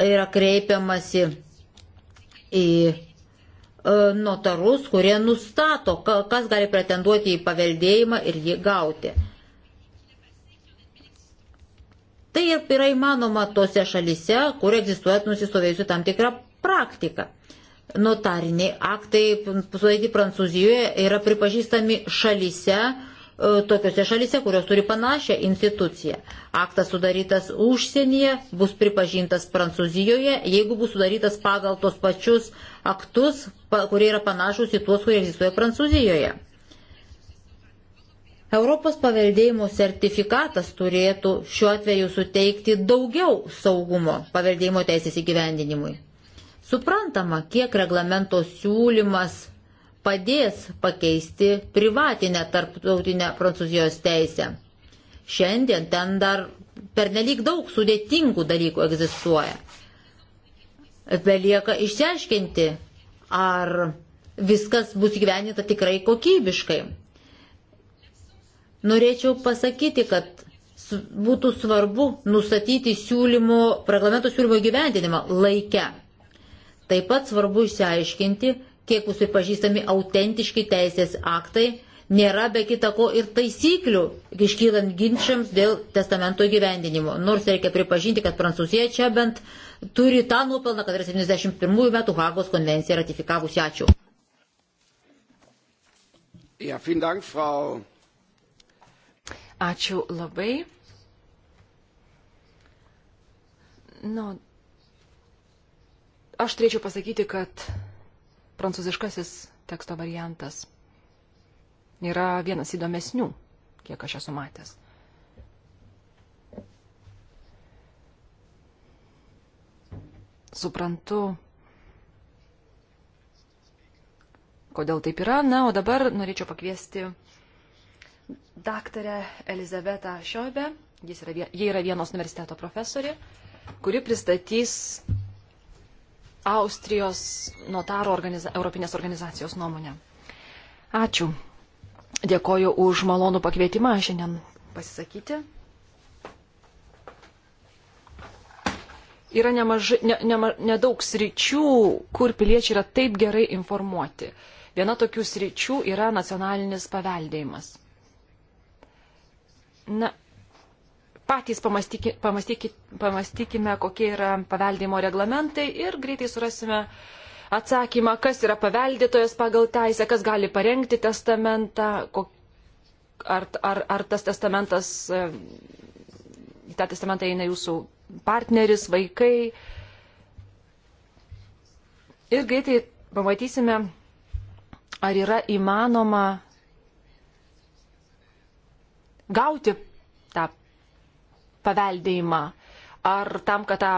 Speaker 3: yra kreipiamasi į e, notarus, kurie nustato, kas gali pretenduoti į paveldėjimą ir jį gauti. Tai ir yra įmanoma tose šalise, kur egzistuoja nusistovėjusi tam tikra praktika. Notariniai aktai sudėti Prancūzijoje yra pripažįstami šalyse, e, tokiuose šalyse, kurios turi panašią instituciją. Aktas sudarytas užsienyje bus pripažintas Prancūzijoje, jeigu bus sudarytas pagal tos pačius aktus, kurie yra panašus į tuos, kurie egzistuoja Prancūzijoje. Europos paveldėjimo sertifikatas turėtų šiuo atveju suteikti daugiau saugumo paveldėjimo teisės įgyvendinimui. Suprantama, kiek reglamento siūlymas padės pakeisti privatinę tarptautinę Prancūzijos teisę. Šiandien ten dar pernelyg daug sudėtingų dalykų egzistuoja. Belieka išsiaiškinti, ar viskas bus gyveninta tikrai kokybiškai. Norėčiau pasakyti, kad būtų svarbu nustatyti siūlymo, reglamento siūlymo gyvendinimą laikę Taip pat svarbu išsiaiškinti, kiek bus pripažįstami autentiški teisės aktai, nėra be kita ko ir taisyklių iškylant ginčiams dėl testamento gyvendinimo. Nors reikia pripažinti, kad Prancūzija čia bent turi tą nuopelną, kad yra 71 metų Hagos konvenciją ratifikavusi. Ačiū.
Speaker 1: Ja, dank, Frau...
Speaker 2: Ačiū labai. Nu, Aš turėčiau pasakyti, kad prancūziškasis teksto variantas yra vienas įdomesnių, kiek aš esu matęs. Suprantu, kodėl taip yra. Na, o dabar norėčiau pakviesti daktarę Elizavetą Šioibę. Ji yra vienos universiteto profesorė, kuri pristatys Austrijos notaro organiza Europinės organizacijos nuomonę. Ačiū. Dėkoju už malonų pakvietimą šiandien pasisakyti. Yra nemažai, ne, ne, nedaug sričių, kur piliečiai yra taip gerai informuoti. Viena tokių sričių yra nacionalinis paveldėjimas. Na, patys pamastyki, pamastyki, pamastykime, kokie yra paveldimo reglamentai ir greitai surasime atsakymą, kas yra paveldėtojas pagal teisę, kas gali parengti testamentą, ar, ar, ar tas testamentas, e, į tą testamentą eina jūsų partneris, vaikai. Ir greitai pamatysime, ar yra įmanoma gauti paveldėjimą. Ar tam, kad tą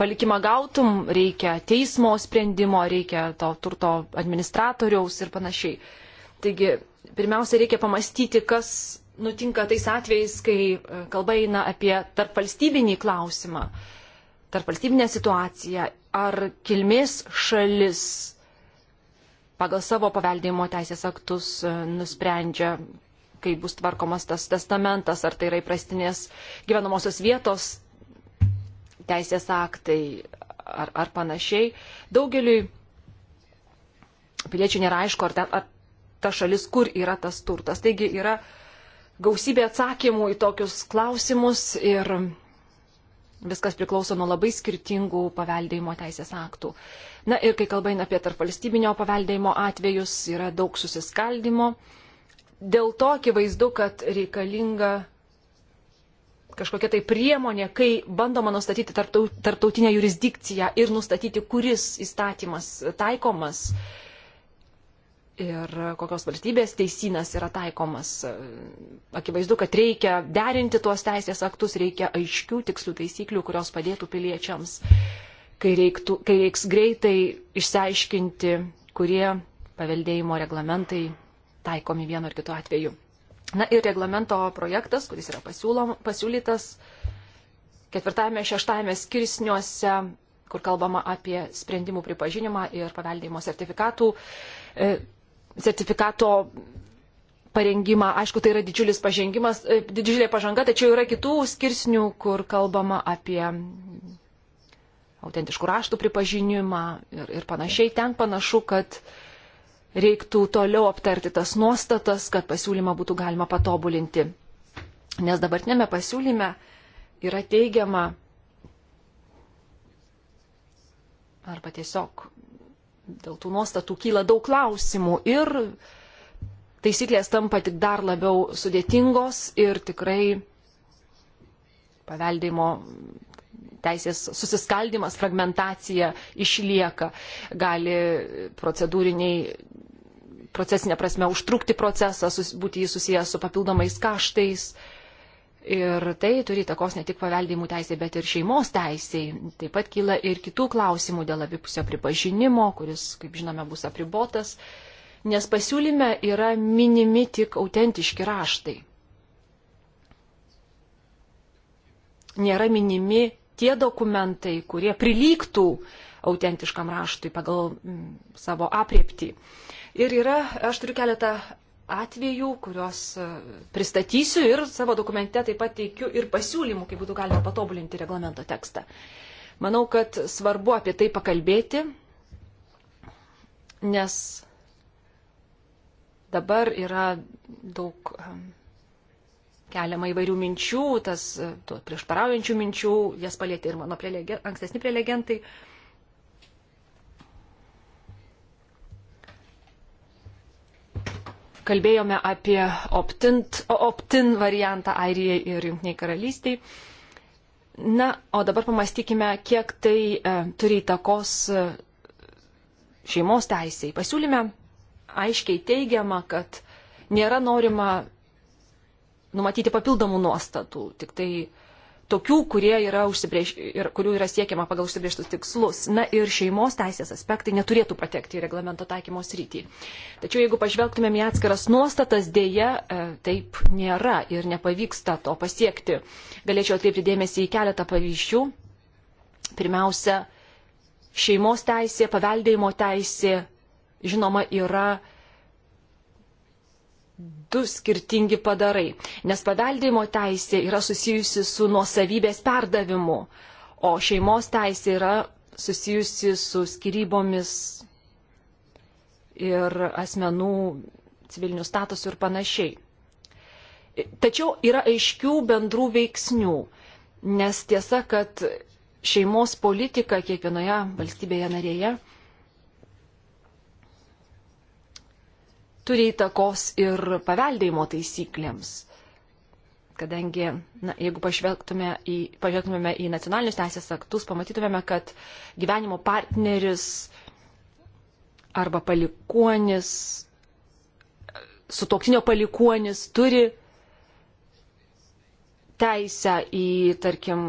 Speaker 2: palikimą gautum, reikia teismo sprendimo, reikia to turto administratoriaus ir panašiai. Taigi, pirmiausia, reikia pamastyti, kas nutinka tais atvejais, kai e, kalba eina apie tarpvalstybinį klausimą, tarpvalstybinę situaciją, ar kilmės šalis pagal savo paveldėjimo teisės aktus e, nusprendžia, kaip bus tvarkomas tas testamentas, ar tai yra įprastinės gyvenamosios vietos teisės aktai ar, ar panašiai. Daugeliui piliečių nėra aišku, ar, ten, ar ta šalis, kur yra tas turtas. Taigi yra gausybė atsakymų į tokius klausimus ir viskas priklauso nuo labai skirtingų paveldėjimo teisės aktų. Na ir kai kalba eina apie tarpvalstybinio paveldėjimo atvejus, yra daug susiskaldimo. Uh, dėl to akivaizdu, kad reikalinga kažkokia tai priemonė, kai bandoma nustatyti tarptautinę jurisdikciją ir nustatyti, kuris įstatymas taikomas ir kokios valstybės teisynas yra taikomas. Akivaizdu, kad reikia derinti tuos teisės aktus, reikia aiškių tikslių taisyklių, kurios padėtų piliečiams, kai, reiktų, kai reiks greitai išsiaiškinti, kurie paveldėjimo reglamentai taikomi vienu ar kitu atveju. Na ir reglamento projektas, kuris yra pasiūlom, pasiūlytas ketvirtame, šeštame skirsniuose, kur kalbama apie sprendimų pripažinimą ir paveldėjimo sertifikatų, e, sertifikato parengimą. Aišku, tai yra didžiulis pažengimas, e, didžiulė pažanga, tačiau yra kitų skirsnių, kur kalbama apie autentiškų raštų pripažinimą ir, ir panašiai. Ten panašu, kad uh, reiktų toliau aptarti tas nuostatas, kad pasiūlymą būtų galima patobulinti. Nes dabartinėme pasiūlyme yra teigiama arba tiesiog dėl tų nuostatų kyla daug klausimų ir taisyklės tampa tik dar labiau sudėtingos ir tikrai paveldėjimo teisės susiskaldimas, fragmentacija išlieka, gali procedūriniai, procesinė prasme užtrukti procesą, būti jis susijęs su papildomais kaštais. Ir tai turi takos ne tik paveldėjimų teisė, bet ir šeimos teisėjai. Taip pat kyla ir kitų klausimų dėl abipusio pripažinimo, kuris, kaip žinome, bus apribotas, nes pasiūlyme yra minimi tik autentiški raštai. nėra minimi tie dokumentai, kurie prilygtų autentiškam raštui pagal m, mm, savo apriepti. Ir yra, aš turiu keletą atvejų, kuriuos e, pristatysiu ir savo dokumente taip pat teikiu ir pasiūlymų, kaip būtų galima patobulinti reglamento tekstą. Manau, kad svarbu apie tai pakalbėti, nes dabar yra daug e, keliama įvairių minčių, tas e, prieštaraujančių minčių, jas palėtė ir mano prelege, ankstesni prelegentai. Kalbėjome apie opt-in opt variantą Airijai ir Junktiniai karalystiai. Na, o dabar pamastykime, kiek tai e, turi įtakos e, šeimos teisiai. Pasiūlyme aiškiai teigiama, kad nėra norima numatyti papildomų nuostatų, tik tai tokių, yra užsibrėž... ir, kurių yra siekiama pagal užsibrieštus tikslus. Na ir šeimos teisės aspektai neturėtų patekti į reglamento taikymo sritį. Tačiau jeigu pažvelgtumėm į atskiras nuostatas, dėja e, taip nėra ir nepavyksta to pasiekti. Galėčiau atkreipti dėmesį į keletą pavyzdžių. Pirmiausia, šeimos teisė, paveldėjimo teisė, žinoma, yra du skirtingi padarai, nes paveldėjimo teisė yra susijusi su nuosavybės perdavimu, o šeimos teisė yra susijusi su skirybomis ir asmenų civilinių statusų ir panašiai. Tačiau yra aiškių bendrų veiksnių, nes tiesa, kad šeimos politika kiekvienoje valstybėje narėje turi įtakos ir paveldėjimo taisyklėms. Kadangi, na, jeigu pažvelgtume į, pažvelgtume į nacionalinius teisės aktus, pamatytumėme, kad gyvenimo partneris arba palikuonis, sutoktinio palikuonis turi teisę į, tarkim,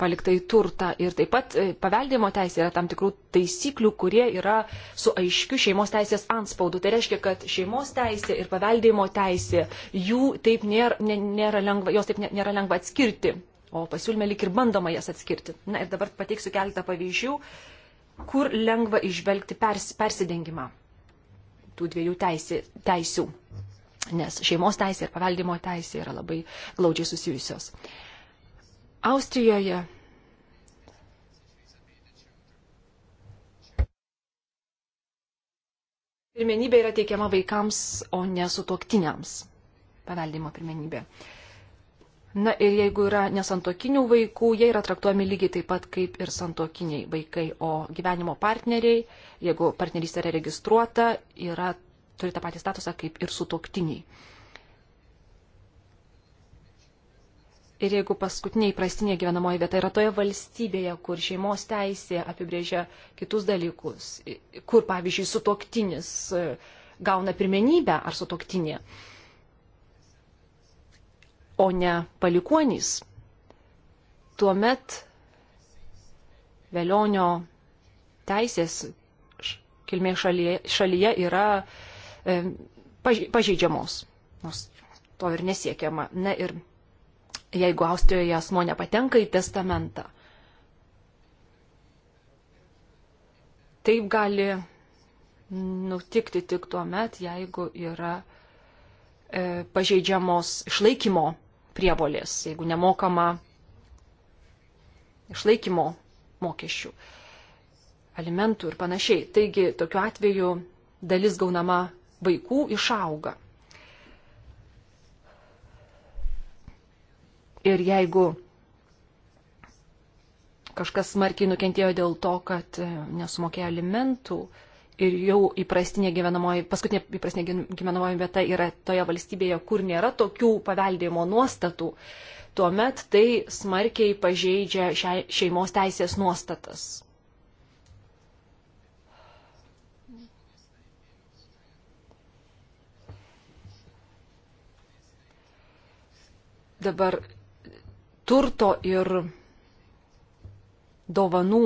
Speaker 2: paliktai turtą. Ir taip pat e, paveldimo teisė yra tam tikrų taisyklių, kurie yra su aiškiu šeimos teisės anspaudu. Tai reiškia, kad šeimos teisė ir paveldimo teisė, jų taip nėra, nėra lengva, jos taip nėra lengva atskirti. O pasiūlyme lik ir bandoma jas atskirti. Na ir dabar pateiksiu keletą pavyzdžių, kur lengva išvelgti pers, persidengimą tų dviejų teisė, teisių. Nes šeimos teisė ir paveldimo teisė yra labai glaudžiai susijusios. Uh, Austrijoje pirmenybė yra teikiama vaikams, o ne sutuoktiniams. Paveldimo pirmenybė. Na ir jeigu yra nesantokinių vaikų, jie yra traktuojami lygiai taip pat kaip ir santokiniai vaikai, o gyvenimo partneriai, jeigu partnerystė yra registruota, yra, turi tą patį statusą kaip ir sutuoktiniai. Ir jeigu paskutinė įprastinė gyvenamoji vieta yra toje valstybėje, kur šeimos teisė apibrėžia kitus dalykus, kur, pavyzdžiui, sutoktinis e, gauna pirmenybę ar sutoktinė, o ne palikuonys, tuomet velionio teisės kilmės šalyje, šalyje yra e, pažeidžiamos, nors to ir nesiekiama. Na ir jeigu Austrijoje asmo nepatenka į testamentą. Taip gali nutikti tik tuo met, jeigu yra e, pažeidžiamos išlaikymo prievolės, jeigu nemokama išlaikymo mokesčių, alimentų ir panašiai. Taigi tokiu atveju dalis gaunama vaikų išauga. Ir jeigu kažkas smarkiai nukentėjo dėl to, kad e, nesumokėjo alimentų ir jau įprastinė gyvenamoji, paskutinė įprastinė gyvenamoji vieta yra toje valstybėje, kur nėra tokių paveldėjimo nuostatų, tuomet tai smarkiai pažeidžia šeimos teisės nuostatas. Dabar turto ir dovanų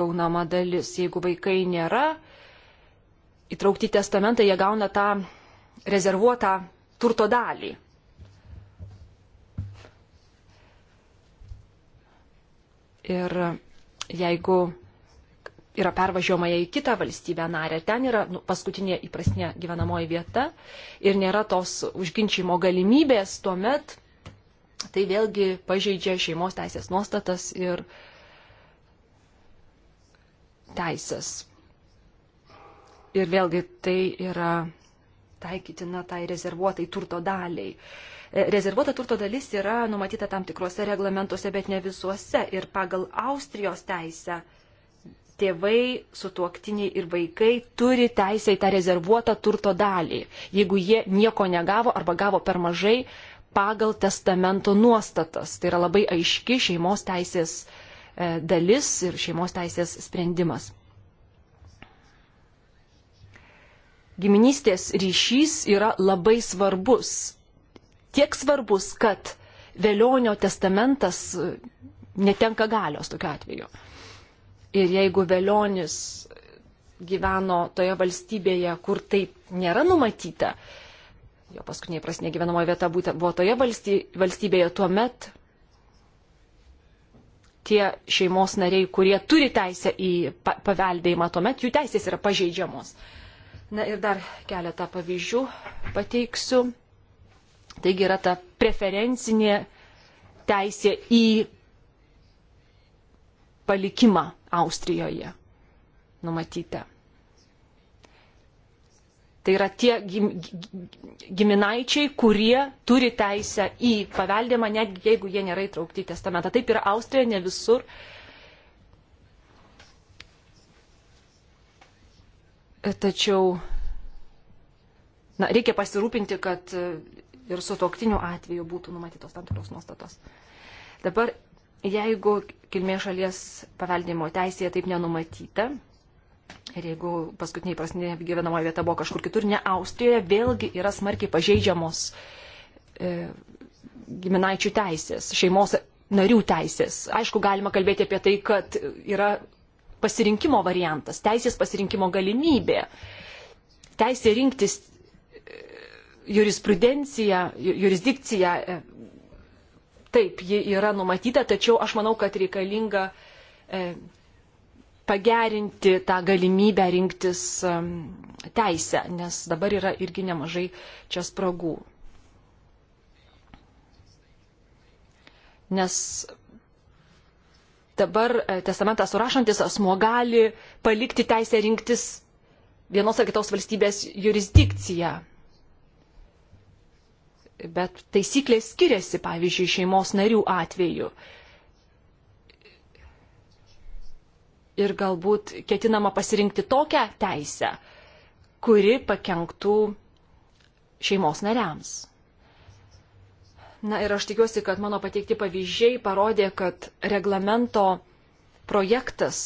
Speaker 2: gaunama dalis. Jeigu vaikai nėra įtraukti testamentą, jie gauna tą rezervuotą turto dalį. Ir jeigu yra pervažiuojama į kitą valstybę narę, ten yra nu, paskutinė įprastinė gyvenamoji vieta ir nėra tos užginčymo galimybės, tuomet tai vėlgi pažeidžia šeimos teisės nuostatas ir teisės. Ir vėlgi tai yra taikytina tai rezervuotai turto daliai. E, rezervuota turto dalis yra numatyta tam tikrose reglamentuose, bet ne visuose. Ir pagal Austrijos teisę tėvai, sutuoktiniai ir vaikai turi teisę į tą rezervuotą turto dalį, jeigu jie nieko negavo arba gavo per mažai pagal testamento nuostatas. Tai yra labai aiški šeimos teisės e, dalis ir šeimos teisės sprendimas. Giminystės ryšys yra labai svarbus. Tiek svarbus, kad vėlionio testamentas e, netenka galios tokiu atveju. Ir jeigu velionis gyveno toje valstybėje, kur taip nėra numatyta, jo paskutinė prasinė gyvenamoji vieta būtent buvo toje valstybėje, tuomet tie šeimos nariai, kurie turi teisę į paveldėjimą, tuomet jų teisės yra pažeidžiamos. Na ir dar keletą pavyzdžių pateiksiu. Taigi yra ta preferencinė teisė į palikimą Austrijoje numatytą. Tai yra tie giminaičiai, kurie turi teisę į paveldimą, net jeigu jie nėra įtraukti į testamentą. Taip yra Austrija, ne visur. Tačiau na, reikia pasirūpinti, kad ir su toktiniu atveju būtų numatytos tam tikros nuostatos. Dabar Jeigu kilmės šalies paveldimo teisėje taip nenumatyta, ir jeigu paskutinė įprastinė gyvenamoji vieta buvo kažkur kitur, ne Austrijoje, vėlgi yra smarkiai pažeidžiamos e, giminaičių teisės, šeimos narių teisės. Aišku, galima kalbėti apie tai, kad yra pasirinkimo variantas, teisės pasirinkimo galimybė, teisė rinktis e, jurisprudenciją, jurisdikciją, e, Taip, ji yra numatyta, tačiau aš manau, kad reikalinga e, pagerinti tą galimybę rinktis teisę, nes dabar yra irgi nemažai čia spragų. Nes dabar e, testamentą surašantis asmo gali palikti teisę rinktis vienos ar kitos valstybės jurisdikciją bet taisyklės skiriasi, pavyzdžiui, šeimos narių atveju. Ir galbūt ketinama pasirinkti tokią teisę, kuri pakenktų šeimos nariams. Na ir aš tikiuosi, kad mano pateikti pavyzdžiai parodė, kad reglamento projektas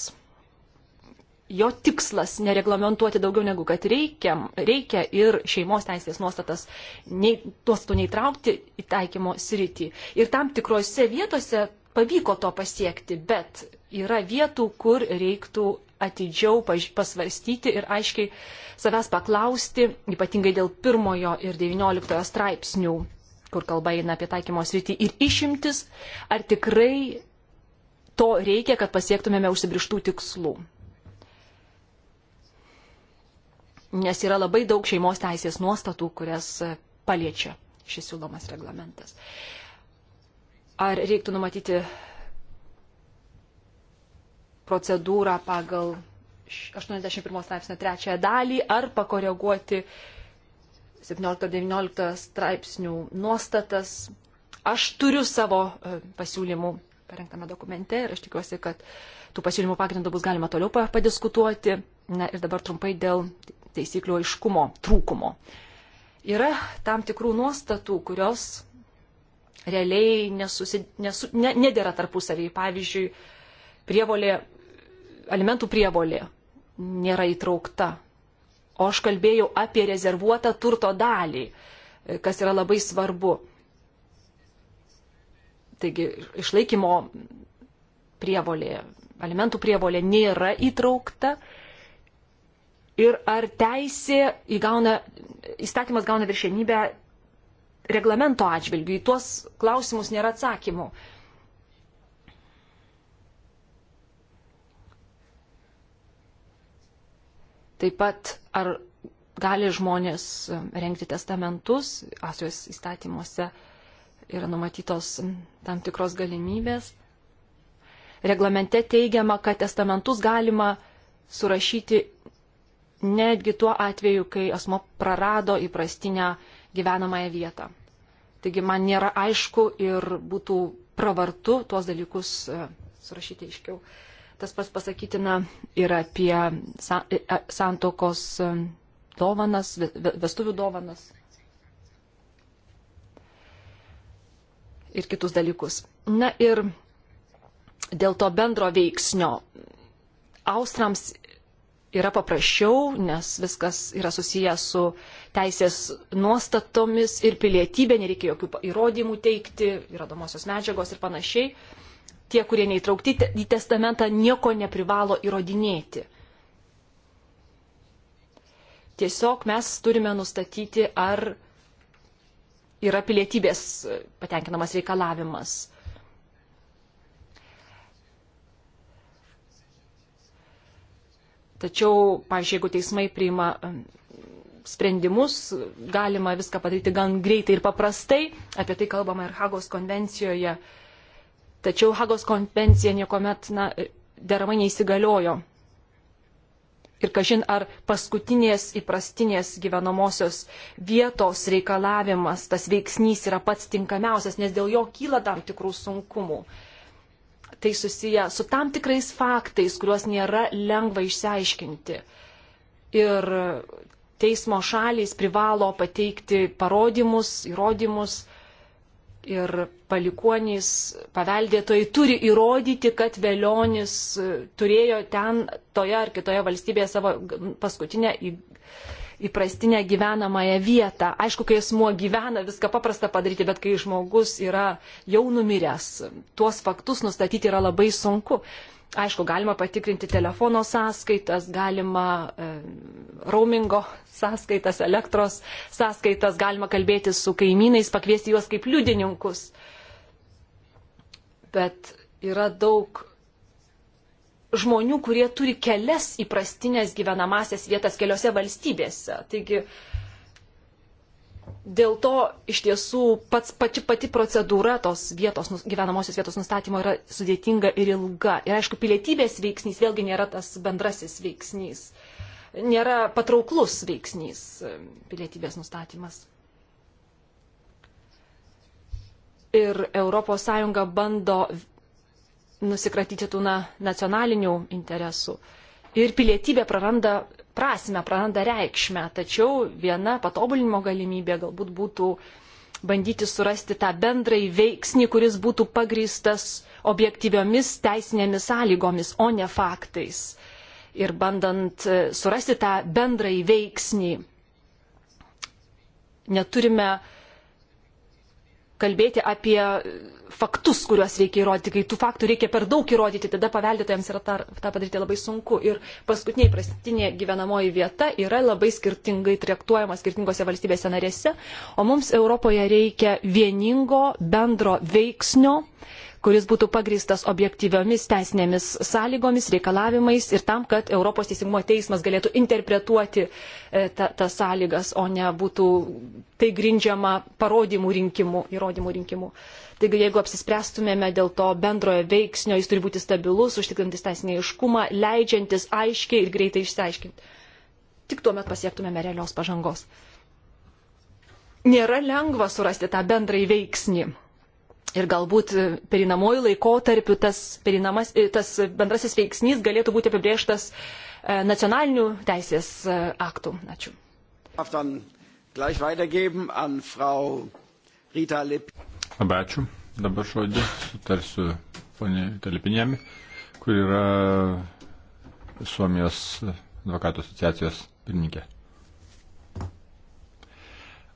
Speaker 2: jo tikslas nereglamentuoti daugiau negu kad reikia, reikia ir šeimos teisės nuostatas nei, nuostatų neįtraukti į taikymo sritį. Ir tam tikrose vietose pavyko to pasiekti, bet yra vietų, kur reiktų atidžiau pasvarstyti ir aiškiai savęs paklausti, ypatingai dėl pirmojo ir devinioliktojo straipsnių, kur kalba eina apie taikymo sritį ir išimtis, ar tikrai to reikia, kad pasiektumėme užsibrištų tikslų. nes yra labai daug šeimos teisės nuostatų, kurias e, paliečia šis siūlomas reglamentas. Ar reiktų numatyti procedūrą pagal 81 straipsnio trečiąją dalį ar pakoreguoti 17-19 straipsnių nuostatas. Aš turiu savo e, pasiūlymų parengtame dokumente ir aš tikiuosi, kad tų pasiūlymų pagrindų bus galima toliau padiskutuoti. Na ir dabar trumpai dėl taisyklių aiškumo trūkumo. Yra tam tikrų nuostatų, kurios realiai nesusi, nesu, ne, nedėra tarpusavį. Pavyzdžiui, prievolė, alimentų prievolė nėra įtraukta. O aš kalbėjau apie rezervuotą turto dalį, kas yra labai svarbu. Taigi išlaikymo prievolė, alimentų prievolė nėra įtraukta ir ar teisė įgauna, įstatymas gauna viršenybę reglamento atžvilgių. Į tuos klausimus nėra atsakymų. Taip pat, ar gali žmonės renkti testamentus, asijos įstatymuose yra numatytos tam tikros galimybės. Reglamente teigiama, kad testamentus galima surašyti netgi tuo atveju, kai asmo prarado įprastinę gyvenamąją vietą. Taigi man nėra aišku ir būtų pravartu tuos dalykus e, surašyti aiškiau. Tas pats pasakytina ir apie e, e, santokos dovanas, vestuvių dovanas ir kitus dalykus. Na ir dėl to bendro veiksnio austrams yra paprasčiau, nes viskas yra susiję su teisės nuostatomis ir pilietybė, nereikia jokių įrodymų teikti, yra domosios medžiagos ir panašiai. Tie, kurie neįtraukti į testamentą, nieko neprivalo įrodinėti. Tiesiog mes turime nustatyti, ar yra pilietybės patenkinamas reikalavimas. Tačiau, pažiūrėjau, jeigu teismai priima sprendimus, galima viską padaryti gan greitai ir paprastai, apie tai kalbama ir Hagos konvencijoje. Tačiau Hagos konvencija niekuomet na, deramai neįsigaliojo. Ir kažin ar paskutinės įprastinės gyvenamosios vietos reikalavimas, tas veiksnys yra pats tinkamiausias, nes dėl jo kyla tam tikrų sunkumų tai susiję su tam tikrais faktais, kuriuos nėra lengva išsiaiškinti. Ir teismo šalys privalo pateikti parodymus, įrodymus ir palikuonys paveldėtojai turi įrodyti, kad velionis turėjo ten toje ar kitoje valstybėje savo paskutinę įprastinę gyvenamąją vietą. Aišku, kai asmuo gyvena, viską paprasta padaryti, bet kai žmogus yra jau numiręs, tuos faktus nustatyti yra labai sunku. Aišku, galima patikrinti telefono sąskaitas, galima e, roamingo sąskaitas, elektros sąskaitas, galima kalbėti su kaimynais, pakviesti juos kaip liudininkus. Bet yra daug žmonių, kurie turi kelias įprastinės gyvenamasias vietas keliose valstybėse. Taigi dėl to iš tiesų pats, pati, pati procedūra tos vietos, gyvenamosios vietos nustatymo yra sudėtinga ir ilga. Ir aišku, pilietybės veiksnys vėlgi nėra tas bendrasis veiksnys. Nėra patrauklus veiksnys pilietybės nustatymas. Ir ES bando nusikratyti tų na, nacionalinių interesų. Ir pilietybė praranda prasme, praranda reikšmę. Tačiau viena patobulinimo galimybė galbūt būtų bandyti surasti tą bendrąjį veiksnį, kuris būtų pagristas objektyviomis teisinėmis sąlygomis, o ne faktais. Ir bandant e, surasti tą bendrąjį veiksnį, neturime uh, kalbėti apie faktus, kuriuos reikia įrodyti. Kai tų faktų reikia per daug įrodyti, tada paveldėtojams yra tą, tą padaryti labai sunku. Ir paskutinė įprastinė gyvenamoji vieta yra labai skirtingai traktuojama skirtingose valstybėse narėse, o mums Europoje reikia vieningo bendro veiksnio, kuris būtų pagristas objektyviomis teisinėmis sąlygomis, reikalavimais ir tam, kad Europos teisingumo teismas galėtų interpretuoti e, tas sąlygas, o ne būtų tai grindžiama parodymų rinkimu, įrodymų rinkimu. Taigi, jeigu apsispręstumėme dėl to bendrojo veiksnio, jis turi būti stabilus, užtikrintis teisinį aiškumą, leidžiantis aiškiai ir greitai išsiaiškinti. Tik tuomet pasiektumėme realios pažangos. Nėra lengva surasti tą bendrąjį veiksnį ir galbūt perinamojų laikotarpių tas, e, tas bendrasis veiksnys galėtų būti apibrieštas e, nacionalinių teisės e, aktų.
Speaker 1: Ačiū. Labai ačiū. Dabar žodį sutarsiu ponė Talipinėmi, kur yra Suomijos advokatų asociacijos pirmininkė.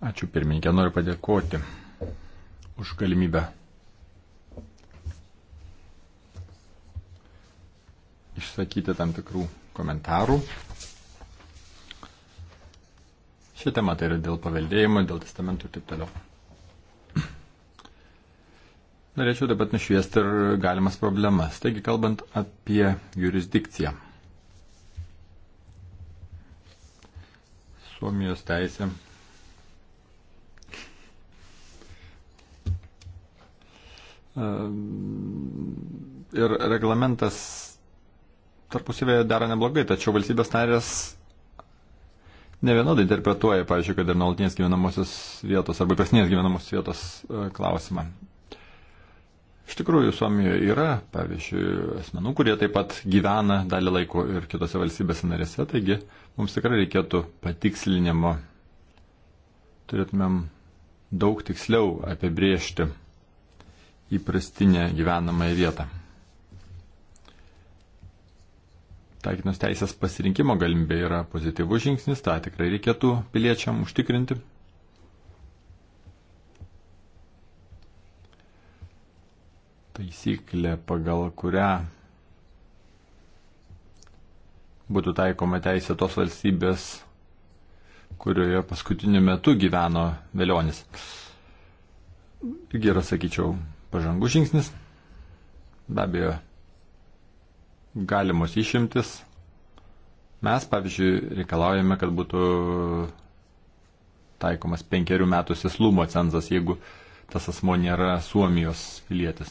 Speaker 1: Ačiū pirmininkė, noriu padėkoti už galimybę išsakyti tam tikrų komentarų. Ši tema tai yra dėl paveldėjimo, dėl testamentų ir taip toliau. Norėčiau taip pat nušviesti ir galimas problemas. Taigi, kalbant apie jurisdikciją. Suomijos teisė. Ehm, ir reglamentas tarpusavėje dera neblogai, tačiau valstybės narės nevienodai interpretuoja, pavyzdžiui, kad ir nuolatinės gyvenamosios vietos arba prasnės gyvenamosios vietos e, klausimą. Iš tikrųjų, Suomijoje yra, pavyzdžiui, asmenų, kurie taip pat gyvena dalį laiko ir kitose valstybėse narėse, taigi mums tikrai reikėtų patikslinimo. Turėtumėm daug tiksliau apibriežti įprastinę gyvenamąją vietą. taikinos teisės pasirinkimo galimybė yra pozityvus žingsnis, tą tikrai reikėtų piliečiam užtikrinti. Taisyklė, pagal kurią būtų taikoma teisė tos valstybės, kurioje paskutiniu metu gyveno Velionis. Irgi yra, sakyčiau, pažangų žingsnis. Be abejo, galimos išimtis. Mes, pavyzdžiui, reikalaujame, kad būtų taikomas penkerių metų sislumo cenzas, jeigu tas asmo nėra Suomijos pilietis.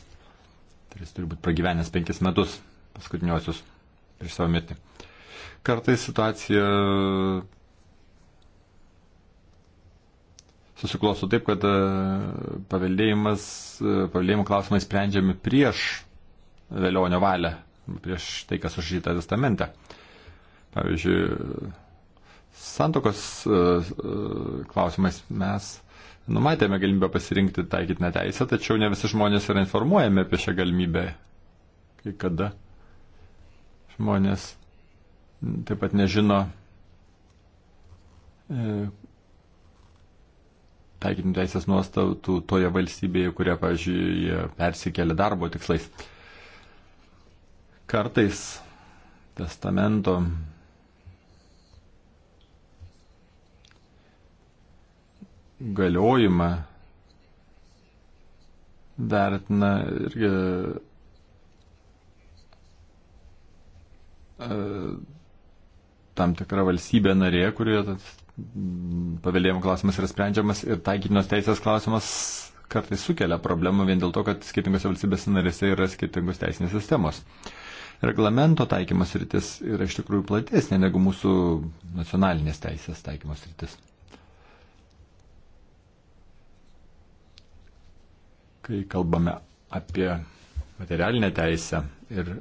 Speaker 1: Tai jis turi būti pragyvenęs penkis metus paskutiniosius prieš savo mirtį. Kartais situacija susiklosto taip, kad e, paveldėjimas, e, paveldėjimo klausimai sprendžiami prieš vėlionio valią prieš tai, kas užžyta testamente. Pavyzdžiui, santokos e, e, klausimais mes numatėme galimybę pasirinkti taikytinę teisę, tačiau ne visi žmonės yra informuojami apie šią galimybę. Kai kada žmonės taip pat nežino e, taikinių teisės nuostatų toje valstybėje, kurie, pavyzdžiui, persikėlė darbo tikslais. E, Kartais testamento galiojimą vertina irgi e, tam tikra valstybė narė, kurioje paveldėjimo klausimas yra sprendžiamas ir taikytinos teisės klausimas kartais sukelia problemų vien dėl to, kad skirtingose valstybėse narėse yra skirtingos teisinės sistemos. Uh, reglamento taikymas rytis yra iš tikrųjų platesnė negu mūsų nacionalinės teisės taikymas rytis. Kai kalbame apie materialinę teisę ir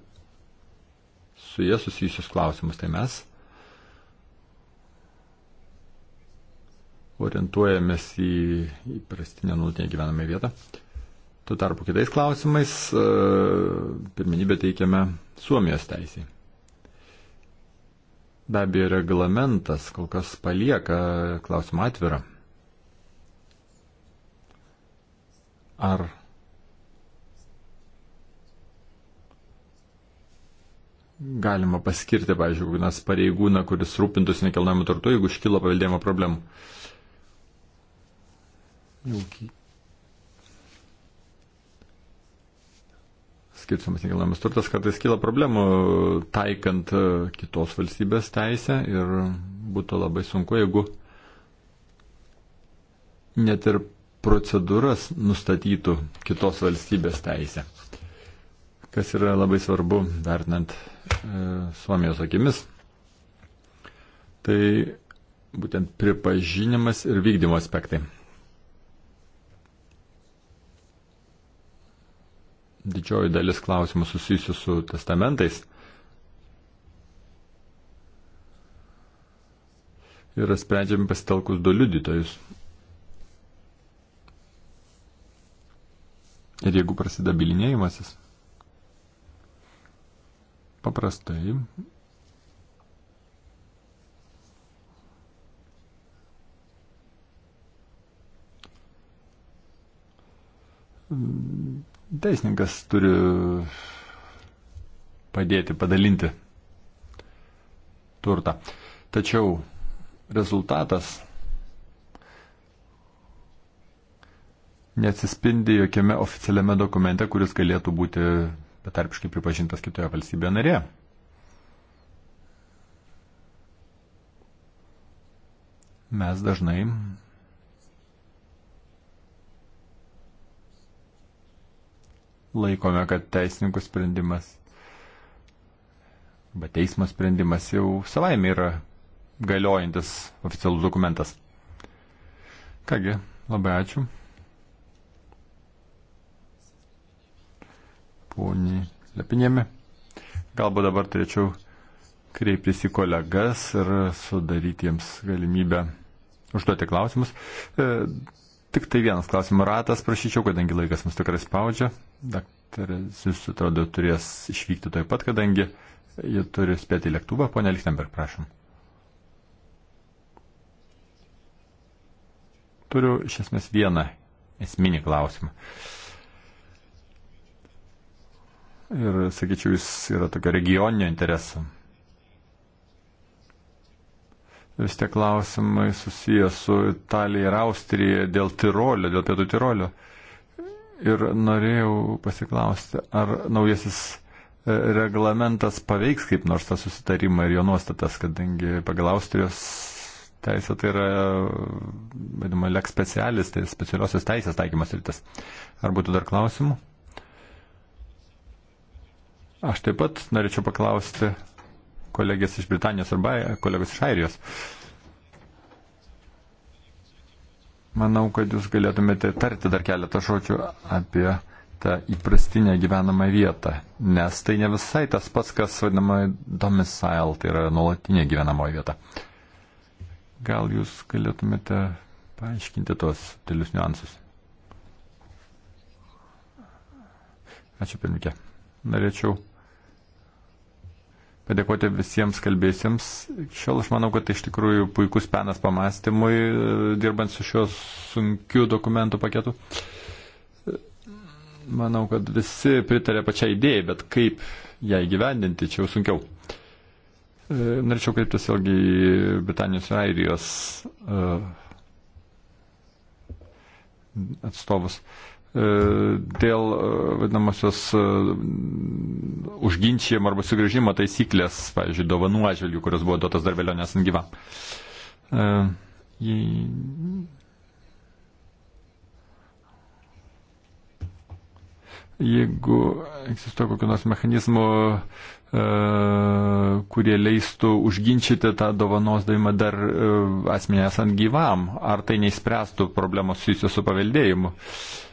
Speaker 1: su jie susijusius klausimus, tai mes orientuojamės į įprastinę nuolatinę gyvenamą vietą. Tuo tarpu kitais klausimais e, pirminybę teikiame Suomijos teisiai. Be abejo, reglamentas kol kas palieka klausimą atvirą. Ar galima paskirti, pavyzdžiui, kokį nors pareigūną, kuris rūpintųsi nekilnojamu turtu, jeigu iškilo paveldėjimo problemų? Jau skirtumas nekilnojamas turtas kartais kyla problemų e, taikant e, kitos valstybės teisę ir būtų labai sunku, jeigu net ir procedūras nustatytų kitos valstybės teisę. Kas yra labai svarbu, vertinant e, Suomijos akimis, tai būtent pripažinimas ir vykdymo aspektai. didžioji dalis klausimų susijusių su testamentais yra sprendžiami pasitelkus du liudytojus. Ir jeigu prasideda bilinėjimasis, paprastai Teisininkas turi padėti padalinti turtą. Tačiau rezultatas neatsispindi jokiame oficialiame dokumente, kuris galėtų būti betarpiškai pripažintas kitoje valstybėje narėje. Mes dažnai laikome, kad teisininkų sprendimas arba teismo sprendimas jau savaime yra galiojantis oficialus dokumentas. Kągi, labai ačiū. Pone Lepinėmi. Galbūt dabar turėčiau kreiptis į kolegas ir sudaryti jiems galimybę užduoti klausimus. E, Tik tai vienas klausimų ratas, prašyčiau, kadangi laikas mus tikrai spaudžia. Daktaras, jūs atrodo, turės išvykti toj pat, kadangi jie turi spėti į lėktuvą. Pone Lichtenberg, prašom. Turiu iš esmės vieną esminį klausimą. Ir, sakyčiau, jis yra tokio regioninio intereso vis tie klausimai susijęs su Italija ir Austrija dėl Tirolio, dėl pietų Tirolio. Ir norėjau pasiklausti, ar naujasis e, reglamentas paveiks kaip nors tą susitarimą ir jo nuostatas, kadangi pagal Austrijos teisę tai yra, vadinama, leks specialis, tai specialiosios teisės taikymas rytas. Ar būtų dar klausimų? Aš taip pat norėčiau paklausti kolegės iš Britanijos arba kolegos iš Airijos. Manau, kad jūs galėtumėte tarti dar keletą žodžių apie tą įprastinę gyvenamą vietą, nes tai ne visai tas pats, kas vadinama domicile, tai yra nuolatinė gyvenamoji vieta. Gal jūs galėtumėte paaiškinti tos tilius niuansus? Ačiū, pirmikė. Norėčiau padėkoti visiems kalbėsiems. Šiol aš manau, kad tai iš tikrųjų puikus penas pamastymui, e, dirbant su šiuo sunkiu dokumentų paketu. Manau, kad visi pritarė pačiai idėjai, bet kaip ją įgyvendinti, čia jau sunkiau. E, norėčiau kreiptis vėlgi į Britanijos ir Airijos e, atstovus. Uh, E, dėl e, vadinamosios e, užginčiam arba sugrįžimo taisyklės, pavyzdžiui, dovanų atžvilgių, kurios buvo duotas dar vėliau nesant gyvam. Jeigu egzistuoja kokiu nors mechanizmu, kurie leistų užginčyti tą dovanos davimą dar asmenį esant gyvam, ar tai neįspręstų problemos susijusios su paveldėjimu. Uh,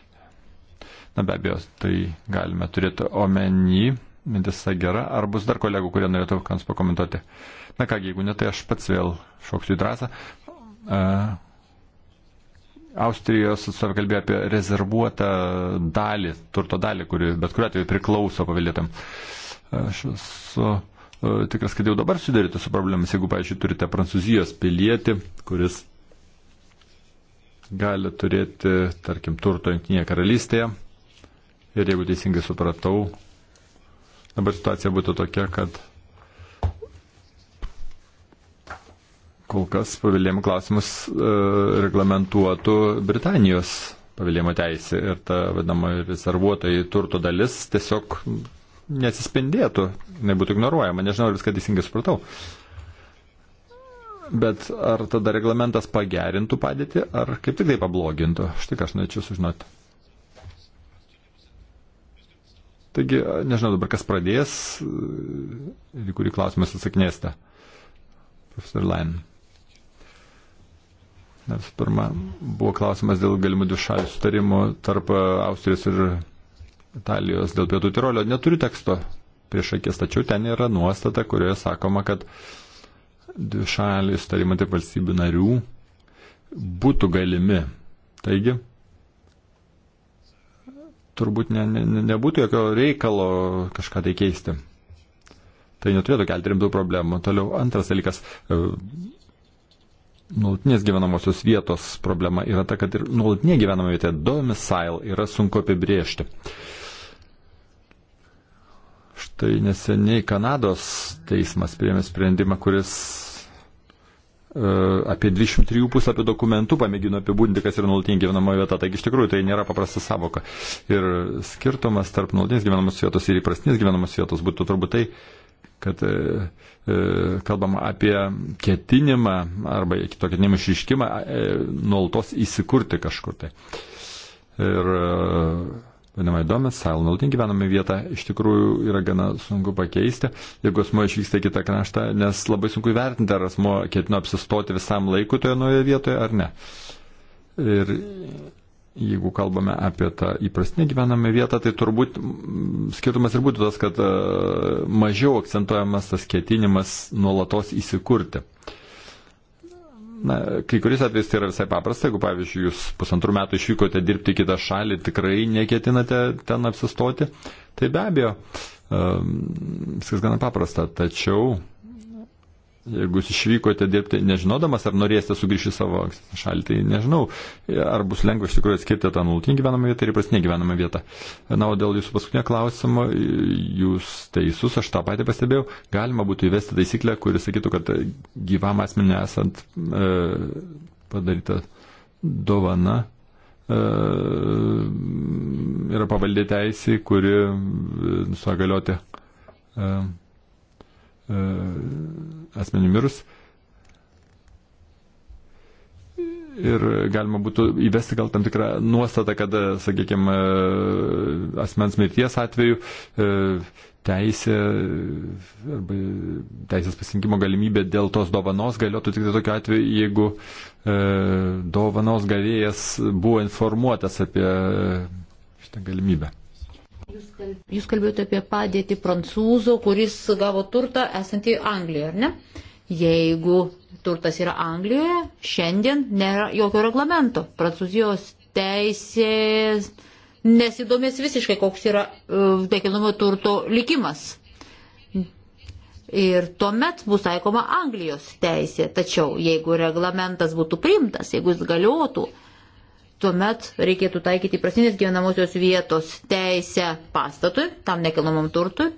Speaker 1: Na be abejo, tai galime turėti omeny, mintis gera, ar bus dar kolegų, kurie norėtų ką nors pakomentuoti. Na kągi, jeigu ne, tai aš pats vėl šoksiu į drąsą. Uh, Austrijos atstovė kalbėjo apie rezervuotą dalį, turto dalį, kuri bet kuriuo atveju priklauso paveldėtam. Aš esu uh, tikras, kad jau dabar sudaryti su problemas, jeigu, pavyzdžiui, turite prancūzijos pilietį, kuris gali turėti, tarkim, turto Junktinėje karalystėje Ir jeigu teisingai supratau, dabar situacija būtų tokia, kad kol kas pavilėjimo klausimus e, reglamentuotų Britanijos pavilėjimo teisė ir ta vadinama rezervuotojai turto dalis tiesiog nesispindėtų, nebūtų ignoruojama, nežinau, ar viską teisingai supratau. Bet ar tada reglamentas pagerintų padėtį, ar kaip tik tai pablogintų? Štai ką aš norėčiau sužinoti. Taigi, nežinau dabar, kas pradės ir kurį klausimą atsakinėsite. Profesor Lain. Nes pirma, buvo klausimas dėl galimų dvišalių sutarimų tarp Austrijos ir Italijos dėl Pietų Tirolio. Neturiu teksto prieš akis, tačiau ten yra nuostata, kurioje sakoma, kad dvišalių sutarimai tarp valstybių narių būtų galimi. Taigi, turbūt ne, ne, nebūtų jokio reikalo kažką tai keisti. Tai neturėtų kelti rimtų problemų. Toliau antras dalykas. E, nuolatinės gyvenamosios vietos problema yra ta, kad ir nuolatinė gyvenama vieta domicile yra sunku apibriežti. Štai neseniai Kanados teismas priėmė sprendimą, kuris apie 203 puslapį dokumentų pamėgino apibūdinti, kas yra nuolatinė gyvenamoji vieta. Taigi iš tikrųjų tai nėra paprasta savoka. Ir skirtumas tarp nuolatinės gyvenamos vietos ir įprastinės gyvenamos vietos būtų turbūt tai, kad e, e kalbama apie ketinimą arba kito ketinimo išriškimą e, nuolatos įsikurti kažkur tai. Ir e, vadinamą įdomią salą, nuolatinį gyvenamą vietą, iš tikrųjų yra gana sunku pakeisti, jeigu asmo išvyksta į kitą kraštą, nes labai sunku įvertinti, ar asmo ketino apsistoti visam laikui toje naujoje vietoje ar ne. Ir jeigu kalbame apie tą įprastinę gyvenamą vietą, tai turbūt skirtumas ir būtų tas, kad e, mažiau akcentuojamas tas ketinimas nuolatos įsikurti. Uh, Na, kai kuris atvejs tai yra visai paprasta, jeigu, pavyzdžiui, jūs pusantrų metų išvykote dirbti į kitą šalį, tikrai neketinate ten apsistoti, tai be abejo, um, viskas gana paprasta. Tačiau Jeigu jūs išvykote dirbti nežinodamas, ar norėsite sugrįžti savo šalį, tai nežinau, ar bus lengva iš tikrųjų atskirti tą nulatinį gyvenamą vietą ir įprastinę gyvenamą vietą. Na, o dėl jūsų paskutinio klausimo, jūs teisus, aš tą patį pastebėjau, galima būtų įvesti taisyklę, kuris sakytų, kad gyvam asmenį esant e, padaryta dovana e, yra pavaldė teisė, kuri e, nusagalioti. E, e, asmenių mirus. Ir galima būtų įvesti gal tam tikrą nuostatą, kad, e, sakykime, e, asmens mirties atveju e, teisė arba teisės pasirinkimo galimybė dėl tos dovanos galėtų tik tai tokiu atveju, jeigu e, dovanos gavėjas buvo informuotas apie šitą galimybę.
Speaker 3: Jūs, kalb... Jūs kalbėjote apie padėtį prancūzo, kuris gavo turtą esantį Anglijoje, ar ne? Jeigu turtas yra Anglijoje, šiandien nėra jokio reglamento. Prancūzijos teisės nesidomės visiškai, koks yra e, nekilnojamo uh, turto likimas. Ir tuomet bus taikoma Anglijos teisė. Tačiau jeigu reglamentas būtų priimtas, jeigu jis galiotų, uh, tuomet reikėtų taikyti prasinės gyvenamosios vietos teisę pastatui, tam nekilnamam turtui.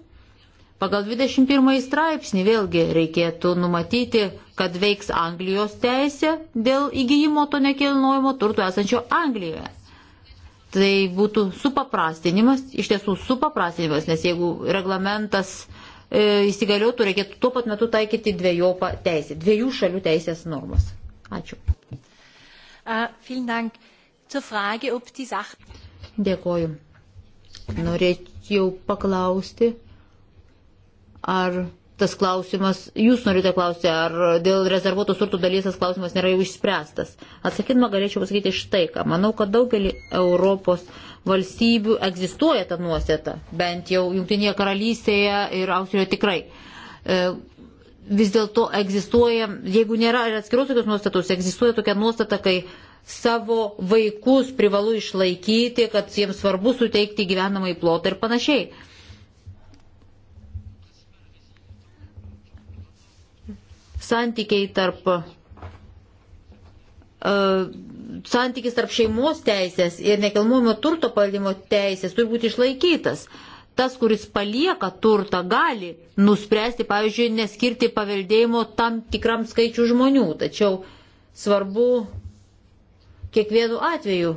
Speaker 3: Pagal 21 straipsnį vėlgi reikėtų numatyti, kad veiks Anglijos teisė dėl įgyjimo to nekilnojimo turto esančio Anglijoje. Tai būtų supaprastinimas, iš tiesų supaprastinimas, nes jeigu reglamentas e, įsigaliotų, reikėtų tuo pat metu taikyti dviejopą teisę, dviejų šalių teisės normas. Ačiū.
Speaker 2: Uh, zur Frage, ob die Sache.
Speaker 3: Dėkoju. Norėčiau paklausti, ar tas klausimas, jūs norite klausti, ar dėl rezervuotų turtų dalies tas klausimas nėra jau išspręstas. Atsakydama galėčiau pasakyti štai ką. Manau, kad daugelį Europos valstybių egzistuoja ta nuostata, bent jau Junktinėje karalystėje ir Austrijoje tikrai. E, vis dėlto egzistuoja, jeigu nėra atskiros tokios nuostatos, egzistuoja tokia nuostata, kai savo vaikus privalu išlaikyti, kad jiems svarbu suteikti gyvenamą įplotą ir panašiai. Santykiai tarp, uh, santykis tarp šeimos teisės ir nekelmuojamo turto paveldimo teisės turi būti išlaikytas. Tas, kuris palieka turtą, gali nuspręsti, pavyzdžiui, neskirti paveldėjimo tam tikram skaičiu žmonių. Tačiau svarbu kiekvienu atveju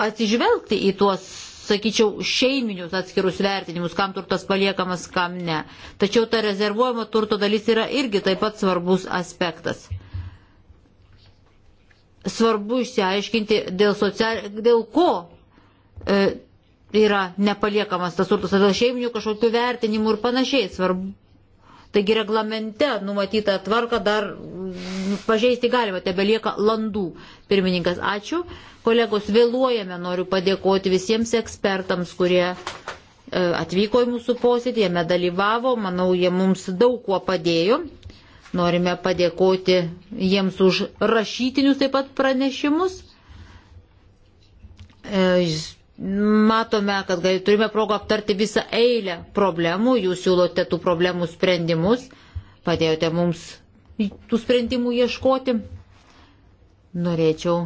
Speaker 3: atsižvelgti į tuos, sakyčiau, šeiminius atskirus vertinimus, kam turtas paliekamas, kam ne. Tačiau ta rezervuojama turto dalis yra irgi taip pat svarbus aspektas. Svarbu išsiaiškinti, dėl, social... dėl ko e, yra nepaliekamas tas turtas, dėl šeiminių kažkokių vertinimų ir panašiai. Svarbu Taigi reglamente numatytą tvarką dar pažeisti galima, tebelieka landų. Pirmininkas, ačiū. Kolegos, vėluojame, noriu padėkoti visiems ekspertams, kurie e, atvyko į mūsų posėdį, jame dalyvavo, manau, jie mums daug kuo padėjo. Norime padėkoti jiems už rašytinius taip pat pranešimus. E, matome, kad gal, turime progą aptarti visą eilę problemų, jūs siūlote tų problemų sprendimus, padėjote mums tų sprendimų ieškoti. Norėčiau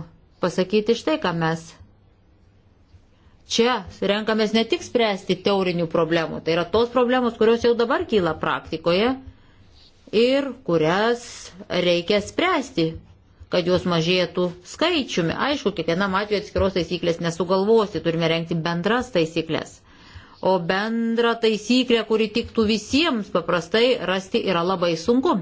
Speaker 3: pasakyti štai, ką mes čia renkamės ne tik spręsti teorinių problemų, tai yra tos problemos, kurios jau dabar kyla praktikoje ir kurias reikia spręsti kad jos mažėtų skaičiumi. Aišku, kiekvienam atveju atskiros taisyklės nesugalvosi, turime renkti bendras taisyklės. O bendrą taisyklę, kuri tiktų visiems, paprastai rasti yra labai sunku.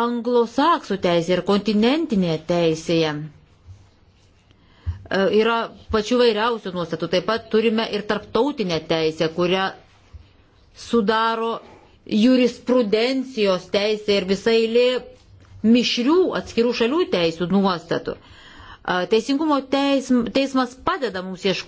Speaker 3: Anglosaksų teisė ir kontinentinė teisėje e, yra pačių vairiausių nuostatų. Taip pat turime ir tarptautinę teisę, kurią sudaro jurisprudencijos teisė ir visai lė mišrių atskirų šalių teisų nuostatų. Teisingumo teism, teismas padeda mums ieškoti.